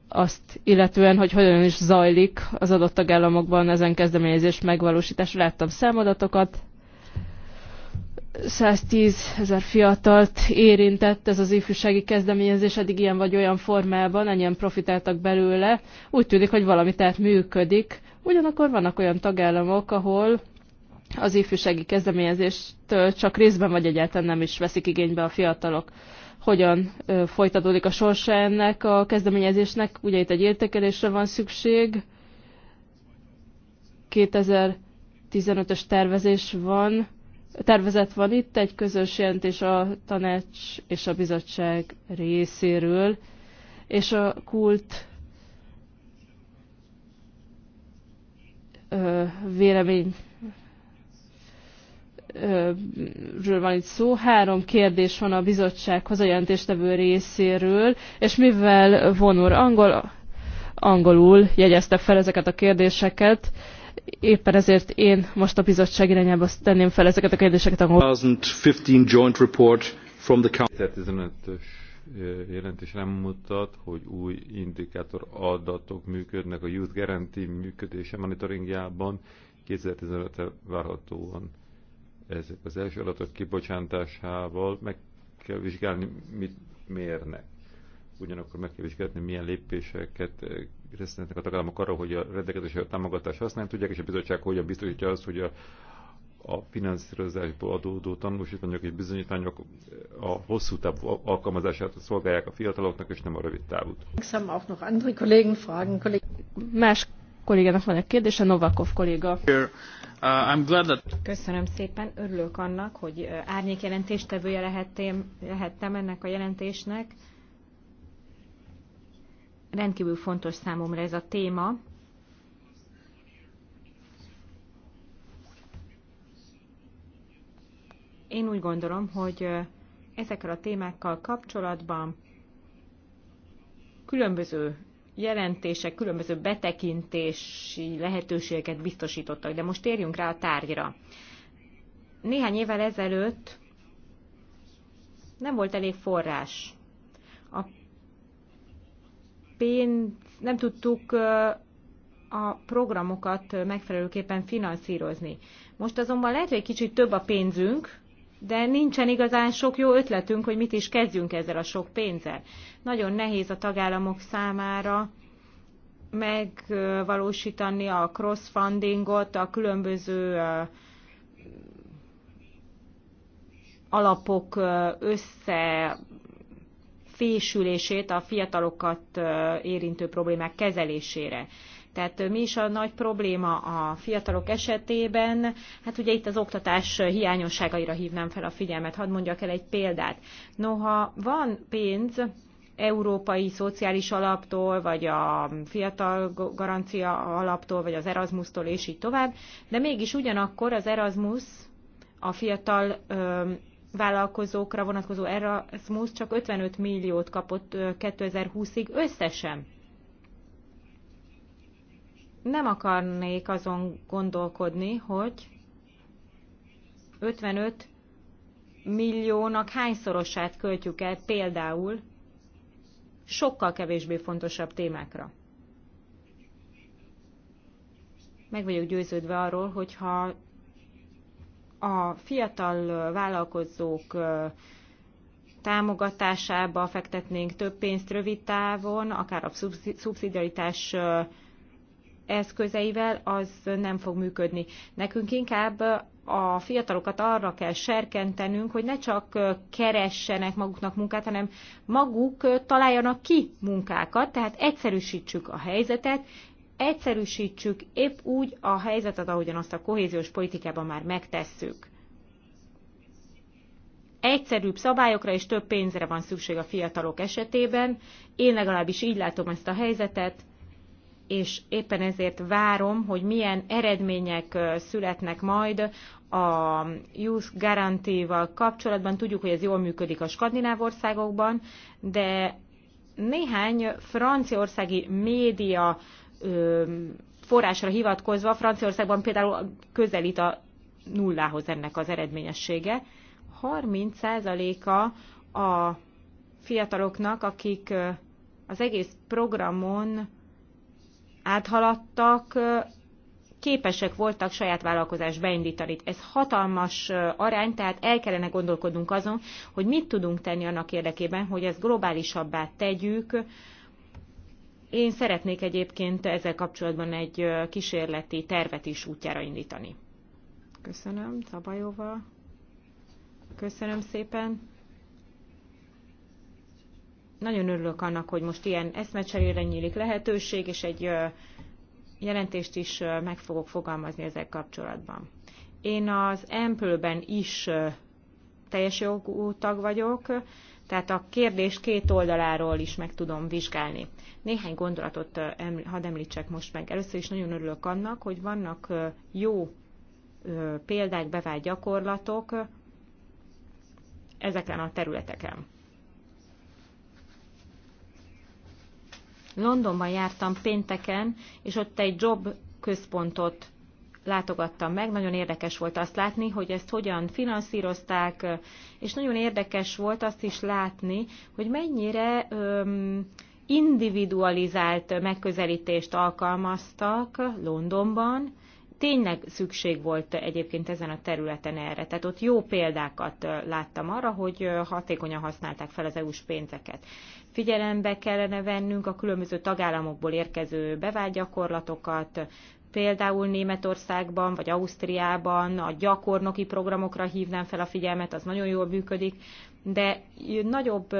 azt illetően, hogy hogyan is zajlik az adott tagállamokban ezen kezdeményezés megvalósítás. Láttam számadatokat, 110 ezer fiatalt érintett ez az ifjúsági kezdeményezés, eddig ilyen vagy olyan formában, ennyien profitáltak belőle. Úgy tűnik, hogy valami tehát működik. Ugyanakkor vannak olyan tagállamok, ahol az ifjúsági kezdeményezést csak részben vagy egyáltalán nem is veszik igénybe a fiatalok. Hogyan folytatódik a sorsa ennek a kezdeményezésnek? Ugye itt egy értékelésre van szükség. 2015-ös tervezés van tervezet van itt, egy közös jelentés a tanács és a bizottság részéről, és a kult vélemény ről van itt szó. Három kérdés van a bizottsághoz a jelentéstevő részéről, és mivel vonul angol, angolul jegyezte fel ezeket a kérdéseket, éppen ezért én most a bizottság irányába tenném fel ezeket a kérdéseket. A 2015 joint report from the ös jelentés nem mutat, hogy új indikátor adatok működnek a Youth Guarantee működése monitoringjában. 2015-re várhatóan ezek az első adatok kibocsátásával meg kell vizsgálni, mit mérnek. Ugyanakkor meg kell vizsgálni, milyen lépéseket részletnek a tagállamok arra, hogy a rendelkezésre támogatást használni tudják, és a bizottság hogyan biztosítja azt, hogy a, a finanszírozásból adódó tanúsítványok és bizonyítványok a hosszú távú alkalmazását szolgálják a fiataloknak, és nem a rövid távút. Más kollégának van egy kérdése, Novakov kolléga. Uh, Köszönöm szépen, örülök annak, hogy uh, árnyék jelentéstevője lehettem ennek a jelentésnek Rendkívül fontos számomra ez a téma. Én úgy gondolom, hogy ezekkel a témákkal kapcsolatban különböző jelentések, különböző betekintési lehetőségeket biztosítottak, de most térjünk rá a tárgyra. Néhány évvel ezelőtt nem volt elég forrás pénz, nem tudtuk a programokat megfelelőképpen finanszírozni. Most azonban lehet, hogy egy kicsit több a pénzünk, de nincsen igazán sok jó ötletünk, hogy mit is kezdjünk ezzel a sok pénzzel. Nagyon nehéz a tagállamok számára megvalósítani a crossfundingot, a különböző alapok össze fésülését a fiatalokat érintő problémák kezelésére. Tehát mi is a nagy probléma a fiatalok esetében? Hát ugye itt az oktatás hiányosságaira hívnám fel a figyelmet. Hadd mondjak el egy példát. Noha van pénz, európai szociális alaptól, vagy a fiatal garancia alaptól, vagy az Erasmus-tól, és így tovább, de mégis ugyanakkor az Erasmus a fiatal vállalkozókra vonatkozó Erasmus csak 55 milliót kapott 2020-ig összesen. Nem akarnék azon gondolkodni, hogy 55 milliónak hányszorosát költjük el például sokkal kevésbé fontosabb témákra. Meg vagyok győződve arról, hogy ha a fiatal vállalkozók támogatásába fektetnénk több pénzt rövid távon, akár a szubszidiaritás eszközeivel, az nem fog működni. Nekünk inkább a fiatalokat arra kell serkentenünk, hogy ne csak keressenek maguknak munkát, hanem maguk találjanak ki munkákat, tehát egyszerűsítsük a helyzetet, egyszerűsítsük épp úgy a helyzetet, ahogyan azt a kohéziós politikában már megtesszük. Egyszerűbb szabályokra és több pénzre van szükség a fiatalok esetében. Én legalábbis így látom ezt a helyzetet, és éppen ezért várom, hogy milyen eredmények születnek majd a Youth Guarantee-val kapcsolatban. Tudjuk, hogy ez jól működik a skandináv országokban, de néhány franciaországi média forrásra hivatkozva, Franciaországban például közelít a nullához ennek az eredményessége. 30%-a a fiataloknak, akik az egész programon áthaladtak, képesek voltak saját vállalkozást beindítani. Ez hatalmas arány, tehát el kellene gondolkodnunk azon, hogy mit tudunk tenni annak érdekében, hogy ezt globálisabbá tegyük én szeretnék egyébként ezzel kapcsolatban egy kísérleti tervet is útjára indítani. Köszönöm, Szabajóval. Köszönöm szépen. Nagyon örülök annak, hogy most ilyen eszmecserére nyílik lehetőség, és egy jelentést is meg fogok fogalmazni ezzel kapcsolatban. Én az Ample-ben is teljes jogú tag vagyok, tehát a kérdés két oldaláról is meg tudom vizsgálni. Néhány gondolatot hadd említsek most meg. Először is nagyon örülök annak, hogy vannak jó példák, bevált gyakorlatok ezeken a területeken. Londonban jártam pénteken, és ott egy jobb központot látogattam meg, nagyon érdekes volt azt látni, hogy ezt hogyan finanszírozták, és nagyon érdekes volt azt is látni, hogy mennyire öm, individualizált megközelítést alkalmaztak Londonban. Tényleg szükség volt egyébként ezen a területen erre. Tehát ott jó példákat láttam arra, hogy hatékonyan használták fel az EU-s pénzeket. Figyelembe kellene vennünk a különböző tagállamokból érkező bevágyakorlatokat, például Németországban vagy Ausztriában a gyakornoki programokra hívnám fel a figyelmet, az nagyon jól működik, de nagyobb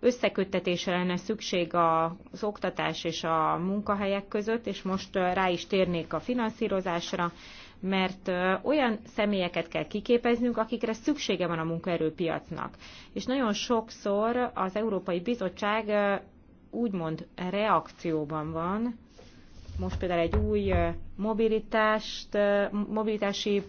összeköttetése lenne szükség az oktatás és a munkahelyek között, és most rá is térnék a finanszírozásra, mert olyan személyeket kell kiképeznünk, akikre szüksége van a munkaerőpiacnak. És nagyon sokszor az Európai Bizottság úgymond reakcióban van, most például egy új mobilitást, mobilitási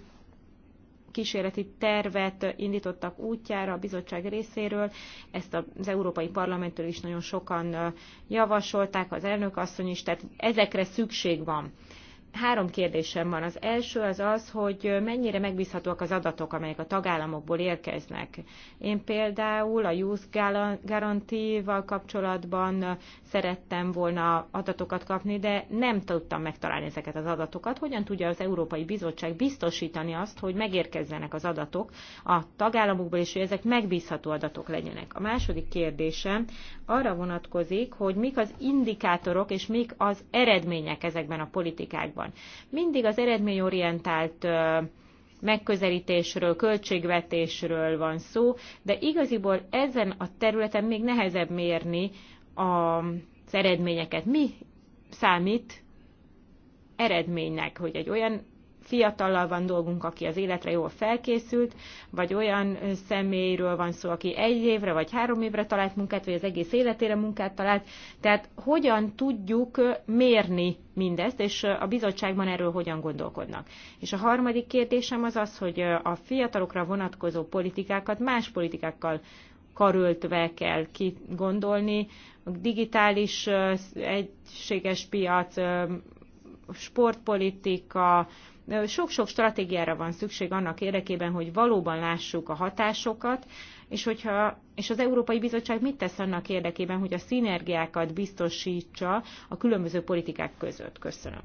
kísérleti tervet indítottak útjára a bizottság részéről. Ezt az Európai Parlamenttől is nagyon sokan javasolták, az elnök asszony is, tehát ezekre szükség van. Három kérdésem van. Az első az az, hogy mennyire megbízhatóak az adatok, amelyek a tagállamokból érkeznek. Én például a Youth Guarantee-val kapcsolatban szerettem volna adatokat kapni, de nem tudtam megtalálni ezeket az adatokat. Hogyan tudja az Európai Bizottság biztosítani azt, hogy megérkezzenek az adatok a tagállamokból, és hogy ezek megbízható adatok legyenek? A második kérdésem arra vonatkozik, hogy mik az indikátorok és mik az eredmények ezekben a politikákban van. Mindig az eredményorientált megközelítésről, költségvetésről van szó, de igaziból ezen a területen még nehezebb mérni az eredményeket. Mi számít eredménynek, hogy egy olyan fiatallal van dolgunk, aki az életre jól felkészült, vagy olyan személyről van szó, aki egy évre vagy három évre talált munkát, vagy az egész életére munkát talált. Tehát hogyan tudjuk mérni mindezt, és a bizottságban erről hogyan gondolkodnak. És a harmadik kérdésem az az, hogy a fiatalokra vonatkozó politikákat más politikákkal karöltve kell kigondolni. A digitális egységes piac, sportpolitika, sok-sok stratégiára van szükség annak érdekében, hogy valóban lássuk a hatásokat, és, hogyha, és az Európai Bizottság mit tesz annak érdekében, hogy a szinergiákat biztosítsa a különböző politikák között. Köszönöm.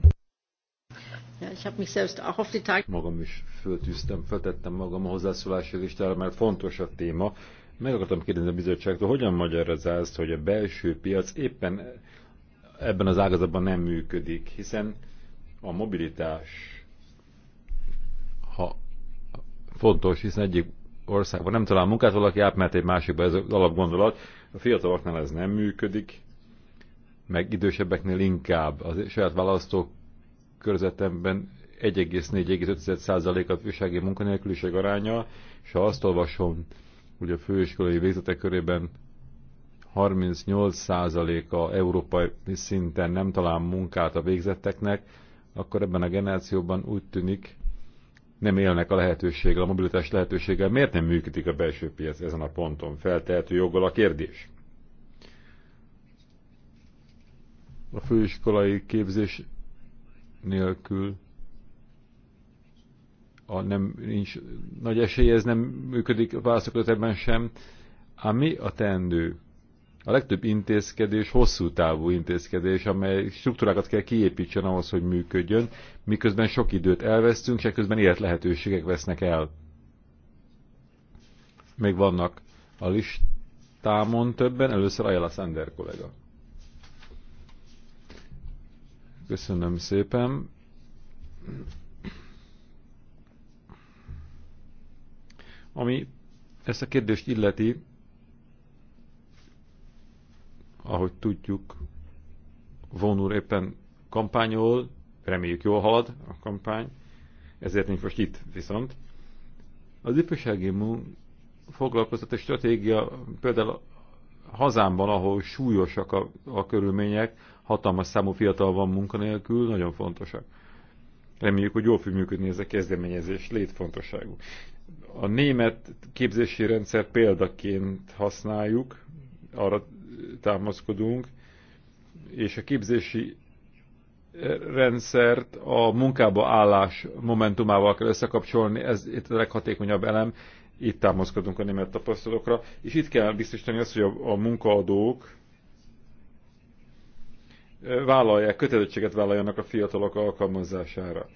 Magam is föltűztem, feltettem magam a hozzászólási listára, mert fontos a téma. Meg akartam kérdezni a bizottságtól, hogyan magyarázza hogy a belső piac éppen ebben az ágazatban nem működik, hiszen a mobilitás fontos, hiszen egyik országban nem talál munkát, valaki átmehet egy másikba, ez az alapgondolat. A fiataloknál ez nem működik, meg idősebbeknél inkább. a saját választó körzetemben 1,4-1,5%-at újsági munkanélküliség aránya, és ha azt olvasom, hogy a főiskolai végzetek körében 38%-a európai szinten nem talál munkát a végzetteknek, akkor ebben a generációban úgy tűnik, nem élnek a lehetőséggel, a mobilitás lehetőséggel, miért nem működik a belső piac ezen a ponton? Feltehető joggal a kérdés. A főiskolai képzés nélkül a nem, nincs nagy esély, ez nem működik a ebben sem. Ami mi a teendő? A legtöbb intézkedés hosszú távú intézkedés, amely struktúrákat kell kiépítsen ahhoz, hogy működjön, miközben sok időt elvesztünk, és közben élet lehetőségek vesznek el. Még vannak a listámon többen, először Ajala Sander kollega. Köszönöm szépen. Ami ezt a kérdést illeti, ahogy tudjuk, Von úr éppen kampányol, reméljük jól halad a kampány, ezért nincs most itt viszont. Az ifjúsági foglalkoztató stratégia például hazámban, ahol súlyosak a, a körülmények, hatalmas számú fiatal van munkanélkül, nagyon fontosak. Reméljük, hogy jól fog működni ez a kezdeményezés, létfontosságú. A német képzési rendszer példaként használjuk, arra támaszkodunk, és a képzési rendszert a munkába állás momentumával kell összekapcsolni, ez itt a leghatékonyabb elem, itt támaszkodunk a német tapasztalatokra, és itt kell biztosítani azt, hogy a, a munkaadók vállalják, kötelezettséget vállaljanak a fiatalok alkalmazására.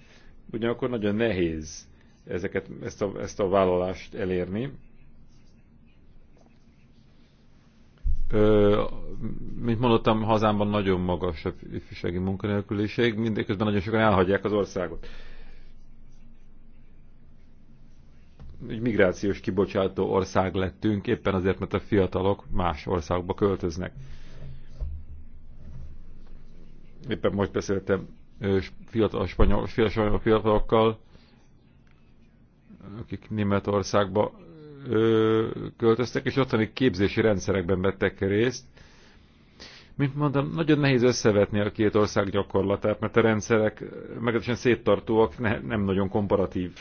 Ugyanakkor nagyon nehéz ezeket, ezt, a, ezt a vállalást elérni, mint mondottam, hazámban nagyon magas a ifjúsági munkanélküliség, mindeközben nagyon sokan elhagyják az országot. Egy migrációs kibocsátó ország lettünk, éppen azért, mert a fiatalok más országba költöznek. Éppen most beszéltem fiatal spanyol, fiatal spanyol fiatalokkal, akik Németországba ö, költöztek, és ottani képzési rendszerekben vettek részt. Mint mondom, nagyon nehéz összevetni a két ország gyakorlatát, mert a rendszerek meglehetősen széttartóak, ne, nem nagyon komparatív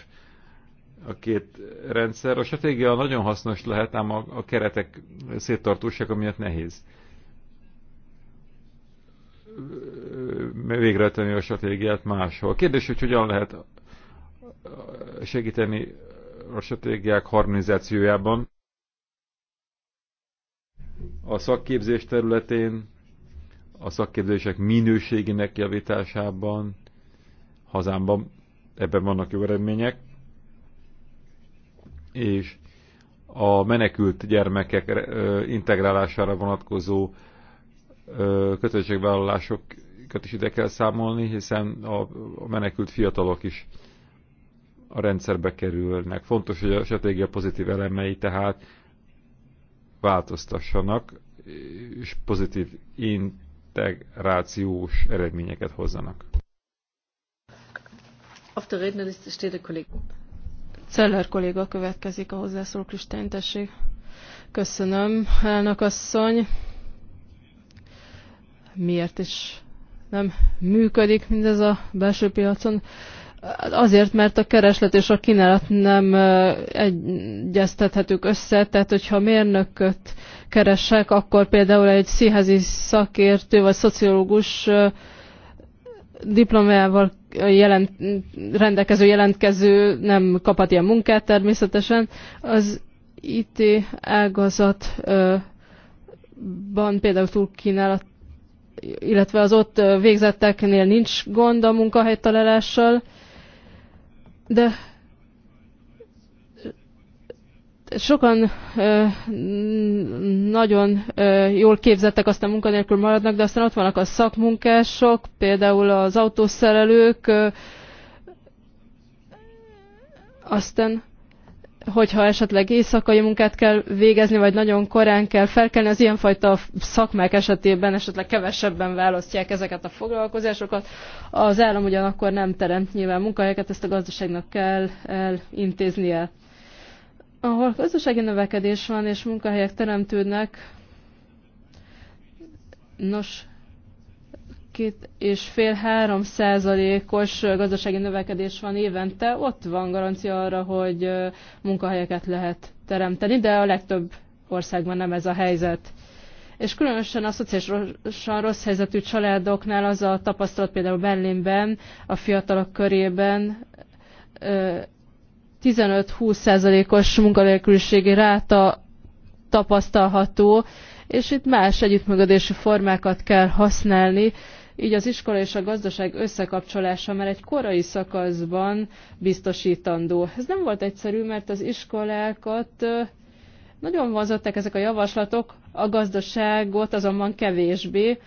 a két rendszer. A stratégia nagyon hasznos lehet, ám a, a keretek széttartósága miatt nehéz végrehajtani a stratégiát máshol. Kérdés, hogy hogyan lehet segíteni a stratégiák harmonizációjában, a szakképzés területén, a szakképzések minőségének javításában, hazámban ebben vannak jó eredmények, és a menekült gyermekek integrálására vonatkozó kötelezettségvállalásokat is ide kell számolni, hiszen a menekült fiatalok is a rendszerbe kerülnek. Fontos, hogy a stratégia pozitív elemei tehát változtassanak, és pozitív integrációs eredményeket hozzanak. Auf der Rednerliste steht der Kollege. Celler kolléga következik a hozzászóló Kristány, tessék. Köszönöm, elnök asszony. Miért is nem működik mindez a belső piacon? Azért, mert a kereslet és a kínálat nem egyeztethetők össze, tehát hogyha mérnököt keresek, akkor például egy színházi szakértő vagy szociológus diplomával jelent, rendelkező jelentkező nem kaphat ilyen munkát természetesen. Az IT ágazatban például túl kínálat, illetve az ott végzetteknél nincs gond a munkahelytalálással, de sokan ö, nagyon ö, jól képzettek, aztán munkanélkül maradnak, de aztán ott vannak a szakmunkások, például az autószerelők, ö, aztán hogyha esetleg éjszakai munkát kell végezni, vagy nagyon korán kell felkelni, az ilyenfajta szakmák esetében esetleg kevesebben választják ezeket a foglalkozásokat. Az állam ugyanakkor nem teremt nyilván munkahelyeket, ezt a gazdaságnak kell elintéznie. Ahol gazdasági növekedés van és munkahelyek teremtődnek, nos, két és fél három százalékos gazdasági növekedés van évente, ott van garancia arra, hogy munkahelyeket lehet teremteni, de a legtöbb országban nem ez a helyzet. És különösen a szociálisan rossz helyzetű családoknál az a tapasztalat például Berlinben, a fiatalok körében 15-20 százalékos munkanélküliségi ráta tapasztalható, és itt más együttműködési formákat kell használni, így az iskola és a gazdaság összekapcsolása már egy korai szakaszban biztosítandó. Ez nem volt egyszerű, mert az iskolákat nagyon vonzották ezek a javaslatok, a gazdaságot azonban kevésbé.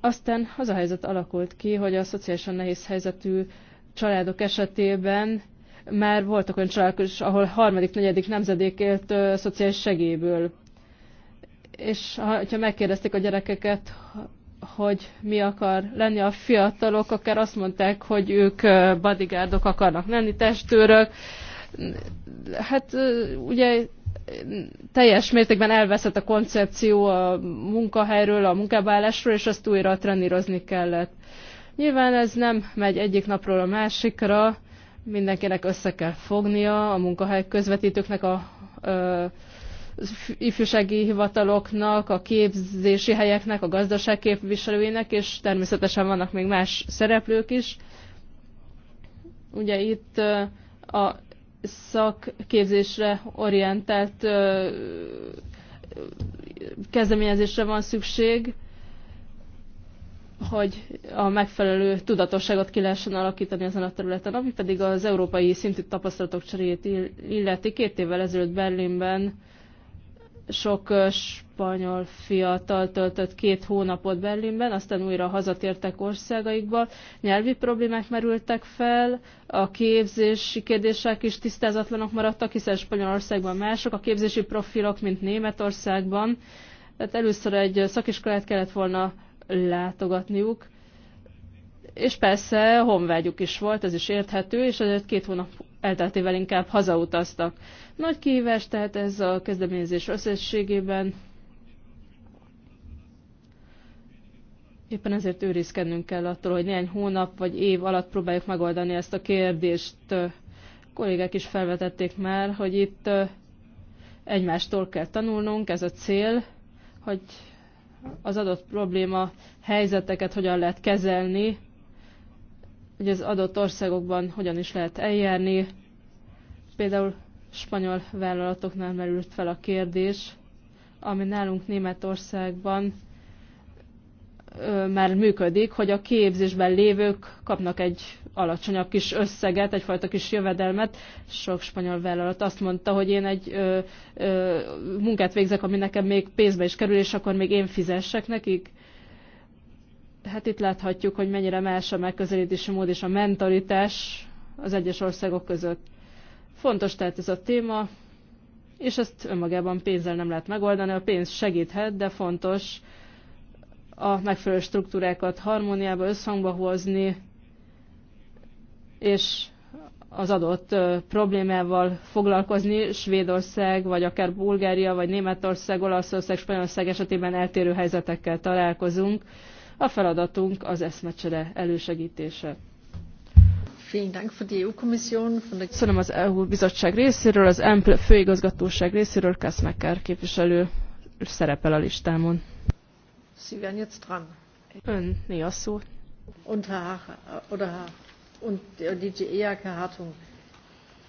Aztán az a helyzet alakult ki, hogy a szociálisan nehéz helyzetű családok esetében már voltak olyan családok is, ahol harmadik, negyedik nemzedék élt ö, szociális segélyből. És ha, ha megkérdezték a gyerekeket, hogy mi akar lenni a fiatalok, akár azt mondták, hogy ők bodyguardok akarnak lenni, testőrök. Hát ugye teljes mértékben elveszett a koncepció a munkahelyről, a munkávállásról, és azt újra trenírozni kellett. Nyilván ez nem megy egyik napról a másikra, mindenkinek össze kell fognia, a munkahely közvetítőknek a, a ifjúsági hivataloknak, a képzési helyeknek, a gazdaság képviselőinek, és természetesen vannak még más szereplők is. Ugye itt a szakképzésre orientált kezdeményezésre van szükség, hogy a megfelelő tudatosságot ki lehessen alakítani ezen a területen, ami pedig az európai szintű tapasztalatok cseréjét illeti. Két évvel ezelőtt Berlinben sok spanyol fiatal töltött két hónapot Berlinben, aztán újra hazatértek országaikba, nyelvi problémák merültek fel, a képzési kérdések is tisztázatlanok maradtak, hiszen Spanyolországban mások, a képzési profilok, mint Németországban. Tehát először egy szakiskolát kellett volna látogatniuk, és persze honvágyuk is volt, ez is érthető, és ezért két hónap elteltével inkább hazautaztak. Nagy kihívás tehát ez a kezdeményezés összességében. Éppen ezért őrizkednünk kell attól, hogy néhány hónap vagy év alatt próbáljuk megoldani ezt a kérdést. A kollégák is felvetették már, hogy itt egymástól kell tanulnunk, ez a cél, hogy az adott probléma helyzeteket hogyan lehet kezelni, hogy az adott országokban hogyan is lehet eljárni. Például spanyol vállalatoknál merült fel a kérdés, ami nálunk Németországban már működik, hogy a képzésben lévők kapnak egy alacsonyabb kis összeget, egyfajta kis jövedelmet. Sok spanyol vállalat azt mondta, hogy én egy ö, ö, munkát végzek, ami nekem még pénzbe is kerül, és akkor még én fizessek nekik. Hát itt láthatjuk, hogy mennyire más a megközelítési mód és a mentalitás az egyes országok között. Fontos tehát ez a téma, és ezt önmagában pénzzel nem lehet megoldani. A pénz segíthet, de fontos a megfelelő struktúrákat harmóniába, összhangba hozni, és az adott problémával foglalkozni. Svédország, vagy akár Bulgária, vagy Németország, Olaszország, Spanyolország esetében eltérő helyzetekkel találkozunk. A feladatunk az eszmecsere elősegítése. E Köszönöm az EU bizottság részéről, az EMPL főigazgatóság részéről, Kaszmekker képviselő szerepel a listámon. Sie werden jetzt dran. Ön, mi a szó? Und Herr, oder Herr, und DJ Eak, Herr Hartung.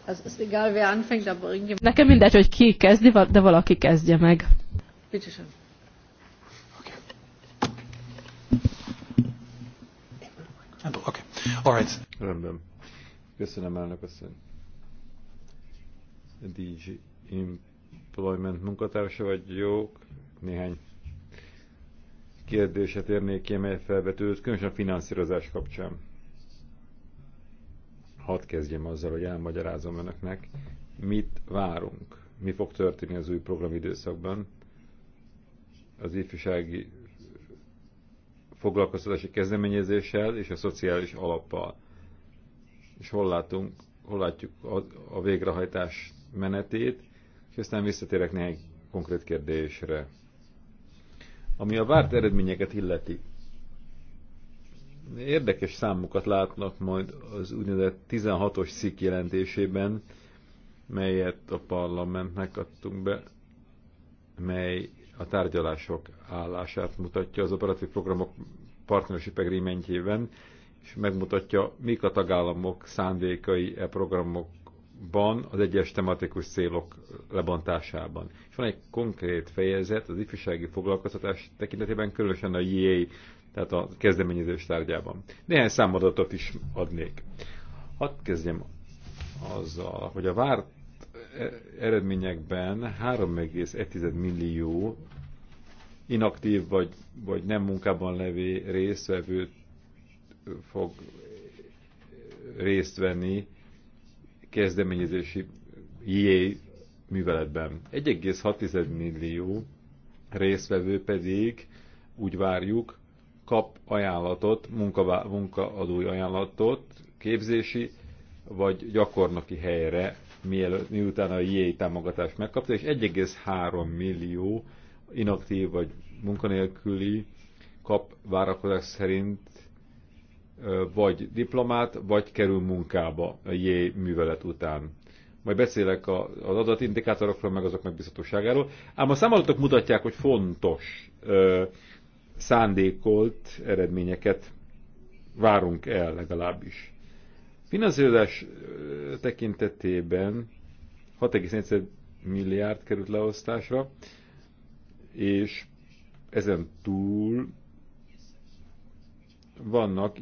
Also ist egal, wer anfängt, aber irgendjemand... Nekem mindegy, hogy ki kezdi, de valaki kezdje meg. Bitte schön. Okay. Okay. All right. Rendben. Köszönöm, elnök asszony. DG Employment munkatársa vagy jók. Néhány kérdéset érnék ki, amely felvetődött, különösen a finanszírozás kapcsán. Hadd kezdjem azzal, hogy elmagyarázom önöknek, mit várunk, mi fog történni az új programidőszakban. Az ifjúsági foglalkoztatási kezdeményezéssel és a szociális alappal és hol látunk, hol látjuk a, a végrehajtás menetét, és aztán visszatérek néhány konkrét kérdésre. Ami a várt eredményeket illeti, érdekes számokat látnak majd az úgynevezett 16-os szik jelentésében, melyet a parlamentnek adtunk be, mely a tárgyalások állását mutatja az operatív programok partnership agreementjében, és megmutatja, mik a tagállamok szándékai e programokban az egyes tematikus célok lebontásában. És van egy konkrét fejezet az ifjúsági foglalkoztatás tekintetében, különösen a JA, tehát a kezdeményezés tárgyában. Néhány számadatot is adnék. Hadd kezdjem azzal, hogy a várt eredményekben 3,1 millió inaktív vagy, vagy nem munkában levő résztvevőt fog részt venni kezdeményezési IA műveletben. 1,6 millió résztvevő pedig úgy várjuk, kap ajánlatot, munkavá, munkaadói ajánlatot képzési vagy gyakornoki helyre, mielőtt, miután a IA támogatást megkapta, és 1,3 millió inaktív vagy munkanélküli kap várakozás szerint vagy diplomát, vagy kerül munkába a J művelet után. Majd beszélek az adatindikátorokról, meg azok megbízhatóságáról. Ám a számadatok mutatják, hogy fontos szándékolt eredményeket várunk el legalábbis. Finanszírozás tekintetében 6,1 milliárd került leosztásra, és ezen túl vannak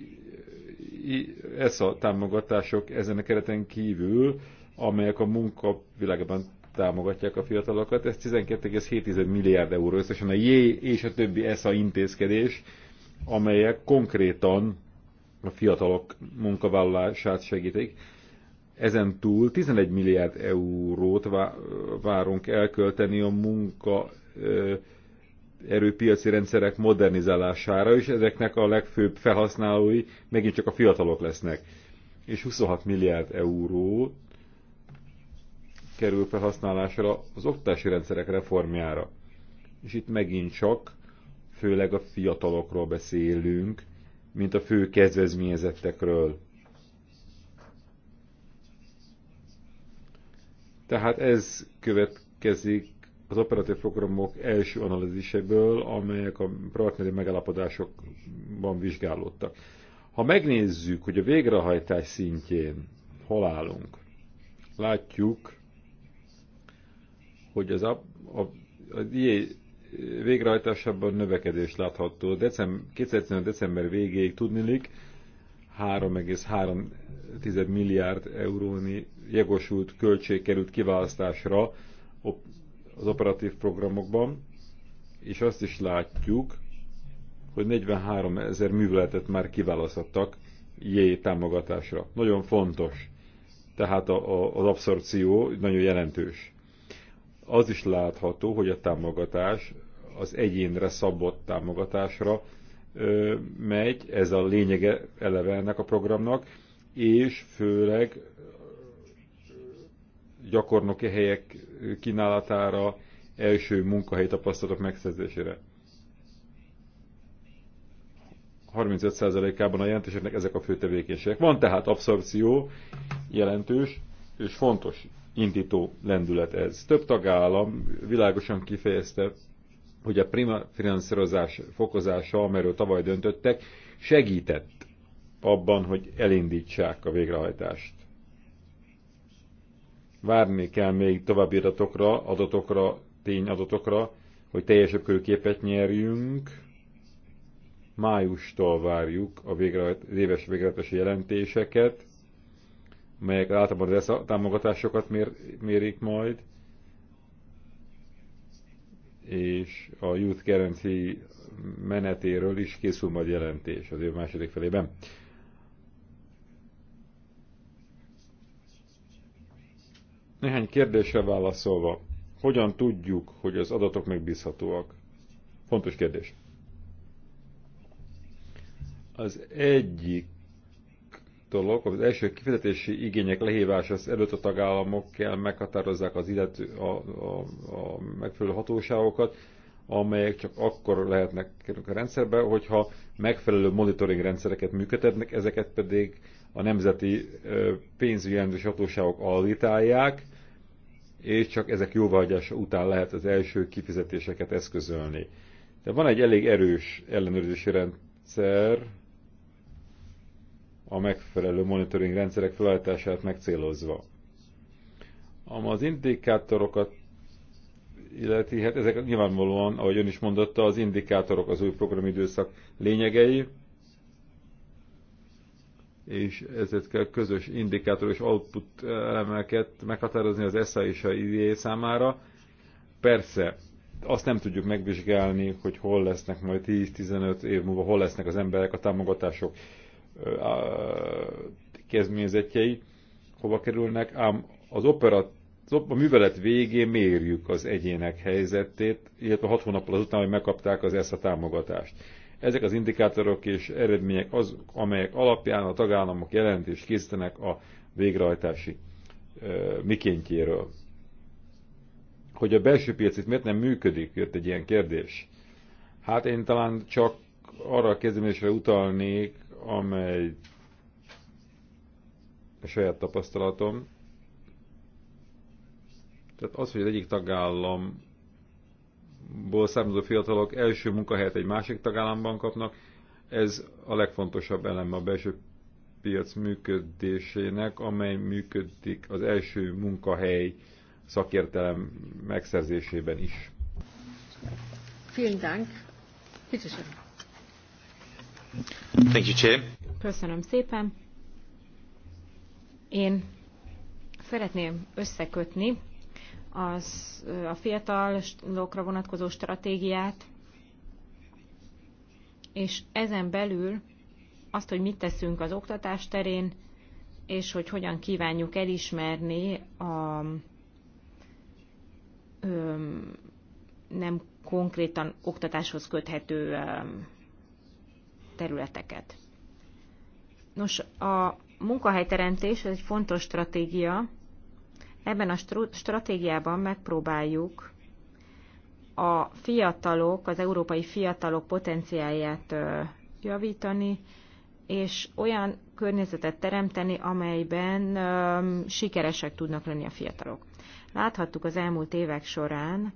ez a támogatások ezen a kereten kívül, amelyek a munka világában támogatják a fiatalokat. Ez 12,7 milliárd euró összesen a J és a többi ESA intézkedés, amelyek konkrétan a fiatalok munkavállalását segítik. Ezen túl 11 milliárd eurót várunk elkölteni a munka erőpiaci rendszerek modernizálására, és ezeknek a legfőbb felhasználói megint csak a fiatalok lesznek. És 26 milliárd euró kerül felhasználásra az oktatási rendszerek reformjára. És itt megint csak főleg a fiatalokról beszélünk, mint a fő kedvezményezettekről. Tehát ez következik az operatív programok első analíziseből, amelyek a partneri megállapodásokban vizsgálódtak. Ha megnézzük, hogy a végrehajtás szintjén hol állunk, látjuk, hogy az a, a, a, a végrehajtásában növekedés látható. Decem, 2015. december végéig tudnilik 3,3 milliárd eurónyi jogosult költség került kiválasztásra az operatív programokban, és azt is látjuk, hogy 43 ezer műveletet már kiválasztottak J támogatásra. Nagyon fontos. Tehát a, a, az abszorció nagyon jelentős. Az is látható, hogy a támogatás az egyénre szabott támogatásra ö, megy, ez a lényege eleve ennek a programnak, és főleg gyakornoki helyek kínálatára, első munkahely tapasztalatok megszerzésére. 35%-ában a jelentéseknek ezek a fő tevékenységek. Van tehát abszorpció, jelentős és fontos indító lendület ez. Több tagállam világosan kifejezte, hogy a prima finanszírozás fokozása, amelyről tavaly döntöttek, segített abban, hogy elindítsák a végrehajtást. Várni kell még további adatokra, adatokra, tényadatokra, hogy teljesebb körképet nyerjünk. Májustól várjuk a végrehajt, az éves végrehajtási jelentéseket, melyek általában a támogatásokat mér, mérik majd, és a Youth Guarantee menetéről is készül majd jelentés az év második felében. Néhány kérdésre válaszolva, hogyan tudjuk, hogy az adatok megbízhatóak? Fontos kérdés. Az egyik dolog, az első kifizetési igények lehívása az előtt a tagállamok kell meghatározzák az illető, a, a, a megfelelő hatóságokat, amelyek csak akkor lehetnek a rendszerbe, hogyha megfelelő monitoring rendszereket működtetnek, ezeket pedig a nemzeti pénzügyi hatóságok alítálják, és csak ezek jóváhagyása után lehet az első kifizetéseket eszközölni. De van egy elég erős ellenőrzési rendszer, a megfelelő monitoring rendszerek felállítását megcélozva. Ami az indikátorokat illeti, hát ezek nyilvánvalóan, ahogy ön is mondotta, az indikátorok az új programidőszak lényegei, és ezért kell közös indikátor és output elemeket meghatározni az ESA és a IDA számára. Persze, azt nem tudjuk megvizsgálni, hogy hol lesznek majd 10-15 év múlva, hol lesznek az emberek, a támogatások kezményezetjei, hova kerülnek, ám az operat, a művelet végén mérjük az egyének helyzetét, illetve 6 hónappal azután, hogy megkapták az ESZA támogatást ezek az indikátorok és eredmények az, amelyek alapján a tagállamok jelentést készítenek a végrehajtási ö, mikéntjéről. Hogy a belső piac itt miért nem működik, jött egy ilyen kérdés. Hát én talán csak arra a kezdeményesre utalnék, amely a saját tapasztalatom. Tehát az, hogy az egyik tagállam ból származó fiatalok első munkahelyet egy másik tagállamban kapnak, ez a legfontosabb eleme a belső piac működésének, amely működik az első munkahely szakértelem megszerzésében is. Thank you, Chair. Köszönöm szépen. Én szeretném összekötni az, a fiatalokra vonatkozó stratégiát, és ezen belül azt, hogy mit teszünk az oktatás terén, és hogy hogyan kívánjuk elismerni a öm, nem konkrétan oktatáshoz köthető öm, területeket. Nos, a munkahelyteremtés ez egy fontos stratégia, Ebben a stratégiában megpróbáljuk a fiatalok, az európai fiatalok potenciáját javítani, és olyan környezetet teremteni, amelyben sikeresek tudnak lenni a fiatalok. Láthattuk az elmúlt évek során,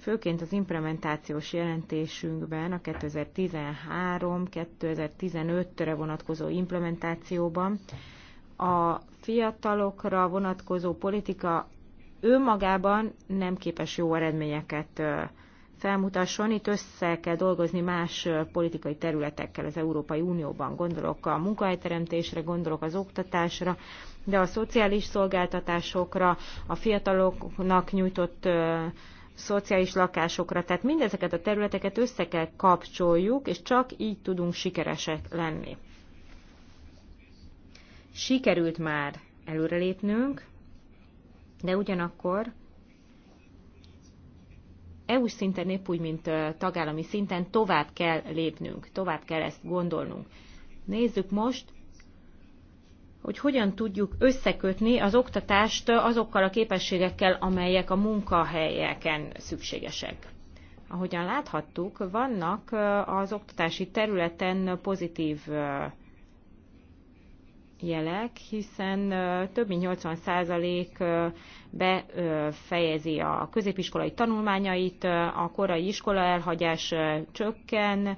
főként az implementációs jelentésünkben, a 2013-2015-re vonatkozó implementációban, a fiatalokra vonatkozó politika önmagában nem képes jó eredményeket felmutasson. Itt össze kell dolgozni más politikai területekkel az Európai Unióban. Gondolok a munkahelyteremtésre, gondolok az oktatásra, de a szociális szolgáltatásokra, a fiataloknak nyújtott szociális lakásokra, tehát mindezeket a területeket össze kell kapcsoljuk, és csak így tudunk sikeresek lenni. Sikerült már előrelépnünk, de ugyanakkor EU szinten, épp úgy, mint tagállami szinten tovább kell lépnünk, tovább kell ezt gondolnunk. Nézzük most, hogy hogyan tudjuk összekötni az oktatást azokkal a képességekkel, amelyek a munkahelyeken szükségesek. Ahogyan láthattuk, vannak az oktatási területen pozitív jelek, hiszen több mint 80% befejezi a középiskolai tanulmányait, a korai iskola elhagyás csökken,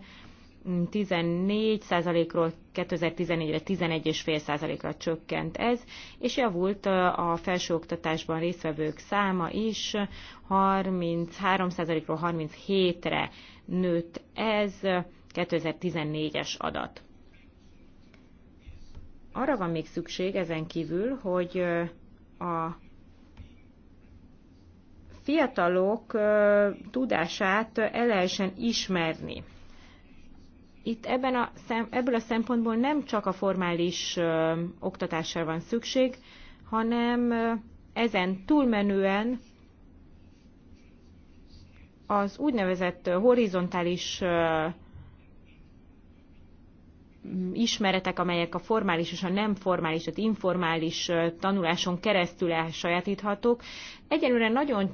14%-ról 2014-re 11,5%-ra csökkent ez, és javult a felsőoktatásban résztvevők száma is, 33%-ról 37-re nőtt ez, 2014-es adat arra van még szükség ezen kívül, hogy a fiatalok tudását el lehessen ismerni. Itt ebben a, ebből a szempontból nem csak a formális oktatásra van szükség, hanem ezen túlmenően az úgynevezett horizontális ismeretek, amelyek a formális és a nem formális, tehát informális tanuláson keresztül elsajátíthatók. Egyelőre nagyon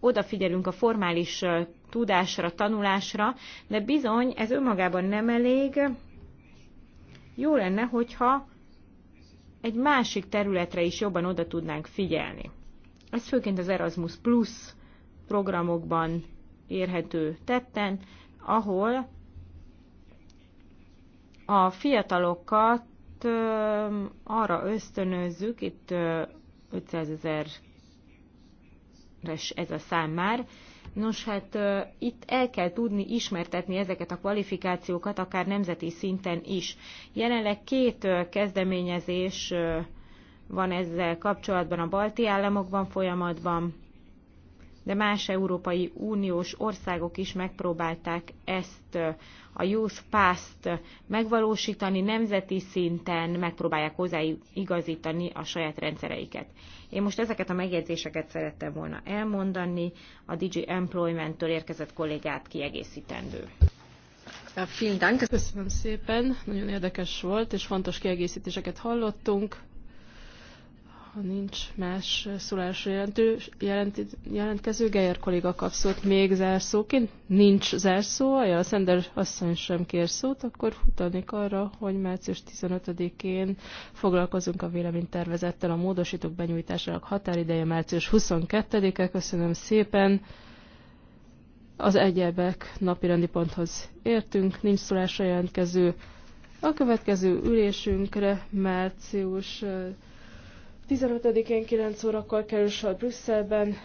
odafigyelünk a formális tudásra, tanulásra, de bizony ez önmagában nem elég. Jó lenne, hogyha egy másik területre is jobban oda tudnánk figyelni. Ez főként az Erasmus Plus programokban érhető tetten, ahol a fiatalokat arra ösztönözzük, itt 500 ezer ez a szám már, Nos, hát itt el kell tudni ismertetni ezeket a kvalifikációkat, akár nemzeti szinten is. Jelenleg két kezdeményezés van ezzel kapcsolatban a balti államokban folyamatban, de más Európai Uniós országok is megpróbálták ezt a Youth Pass-t megvalósítani, nemzeti szinten megpróbálják hozzáigazítani a saját rendszereiket. Én most ezeket a megjegyzéseket szerettem volna elmondani, a DG Employment-től érkezett kollégát kiegészítendő. Köszönöm szépen, nagyon érdekes volt, és fontos kiegészítéseket hallottunk. Ha nincs más szólásra jelentő, jelent, jelentkező, Geyer kolléga kap szót még zárszóként. Nincs zárszó, a Szender asszony sem kér szót, akkor futani arra, hogy március 15-én foglalkozunk a véleménytervezettel a módosítók benyújtásának határideje március 22-e. Köszönöm szépen. Az egyebek napirendi ponthoz értünk, nincs szólásra jelentkező. A következő ülésünkre március 15-én 9 órakor kerül sor Brüsszelben.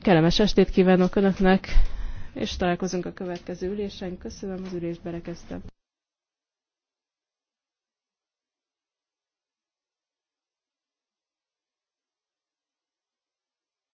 Kellemes estét kívánok Önöknek, és találkozunk a következő ülésen. Köszönöm, az ülést berekeztem.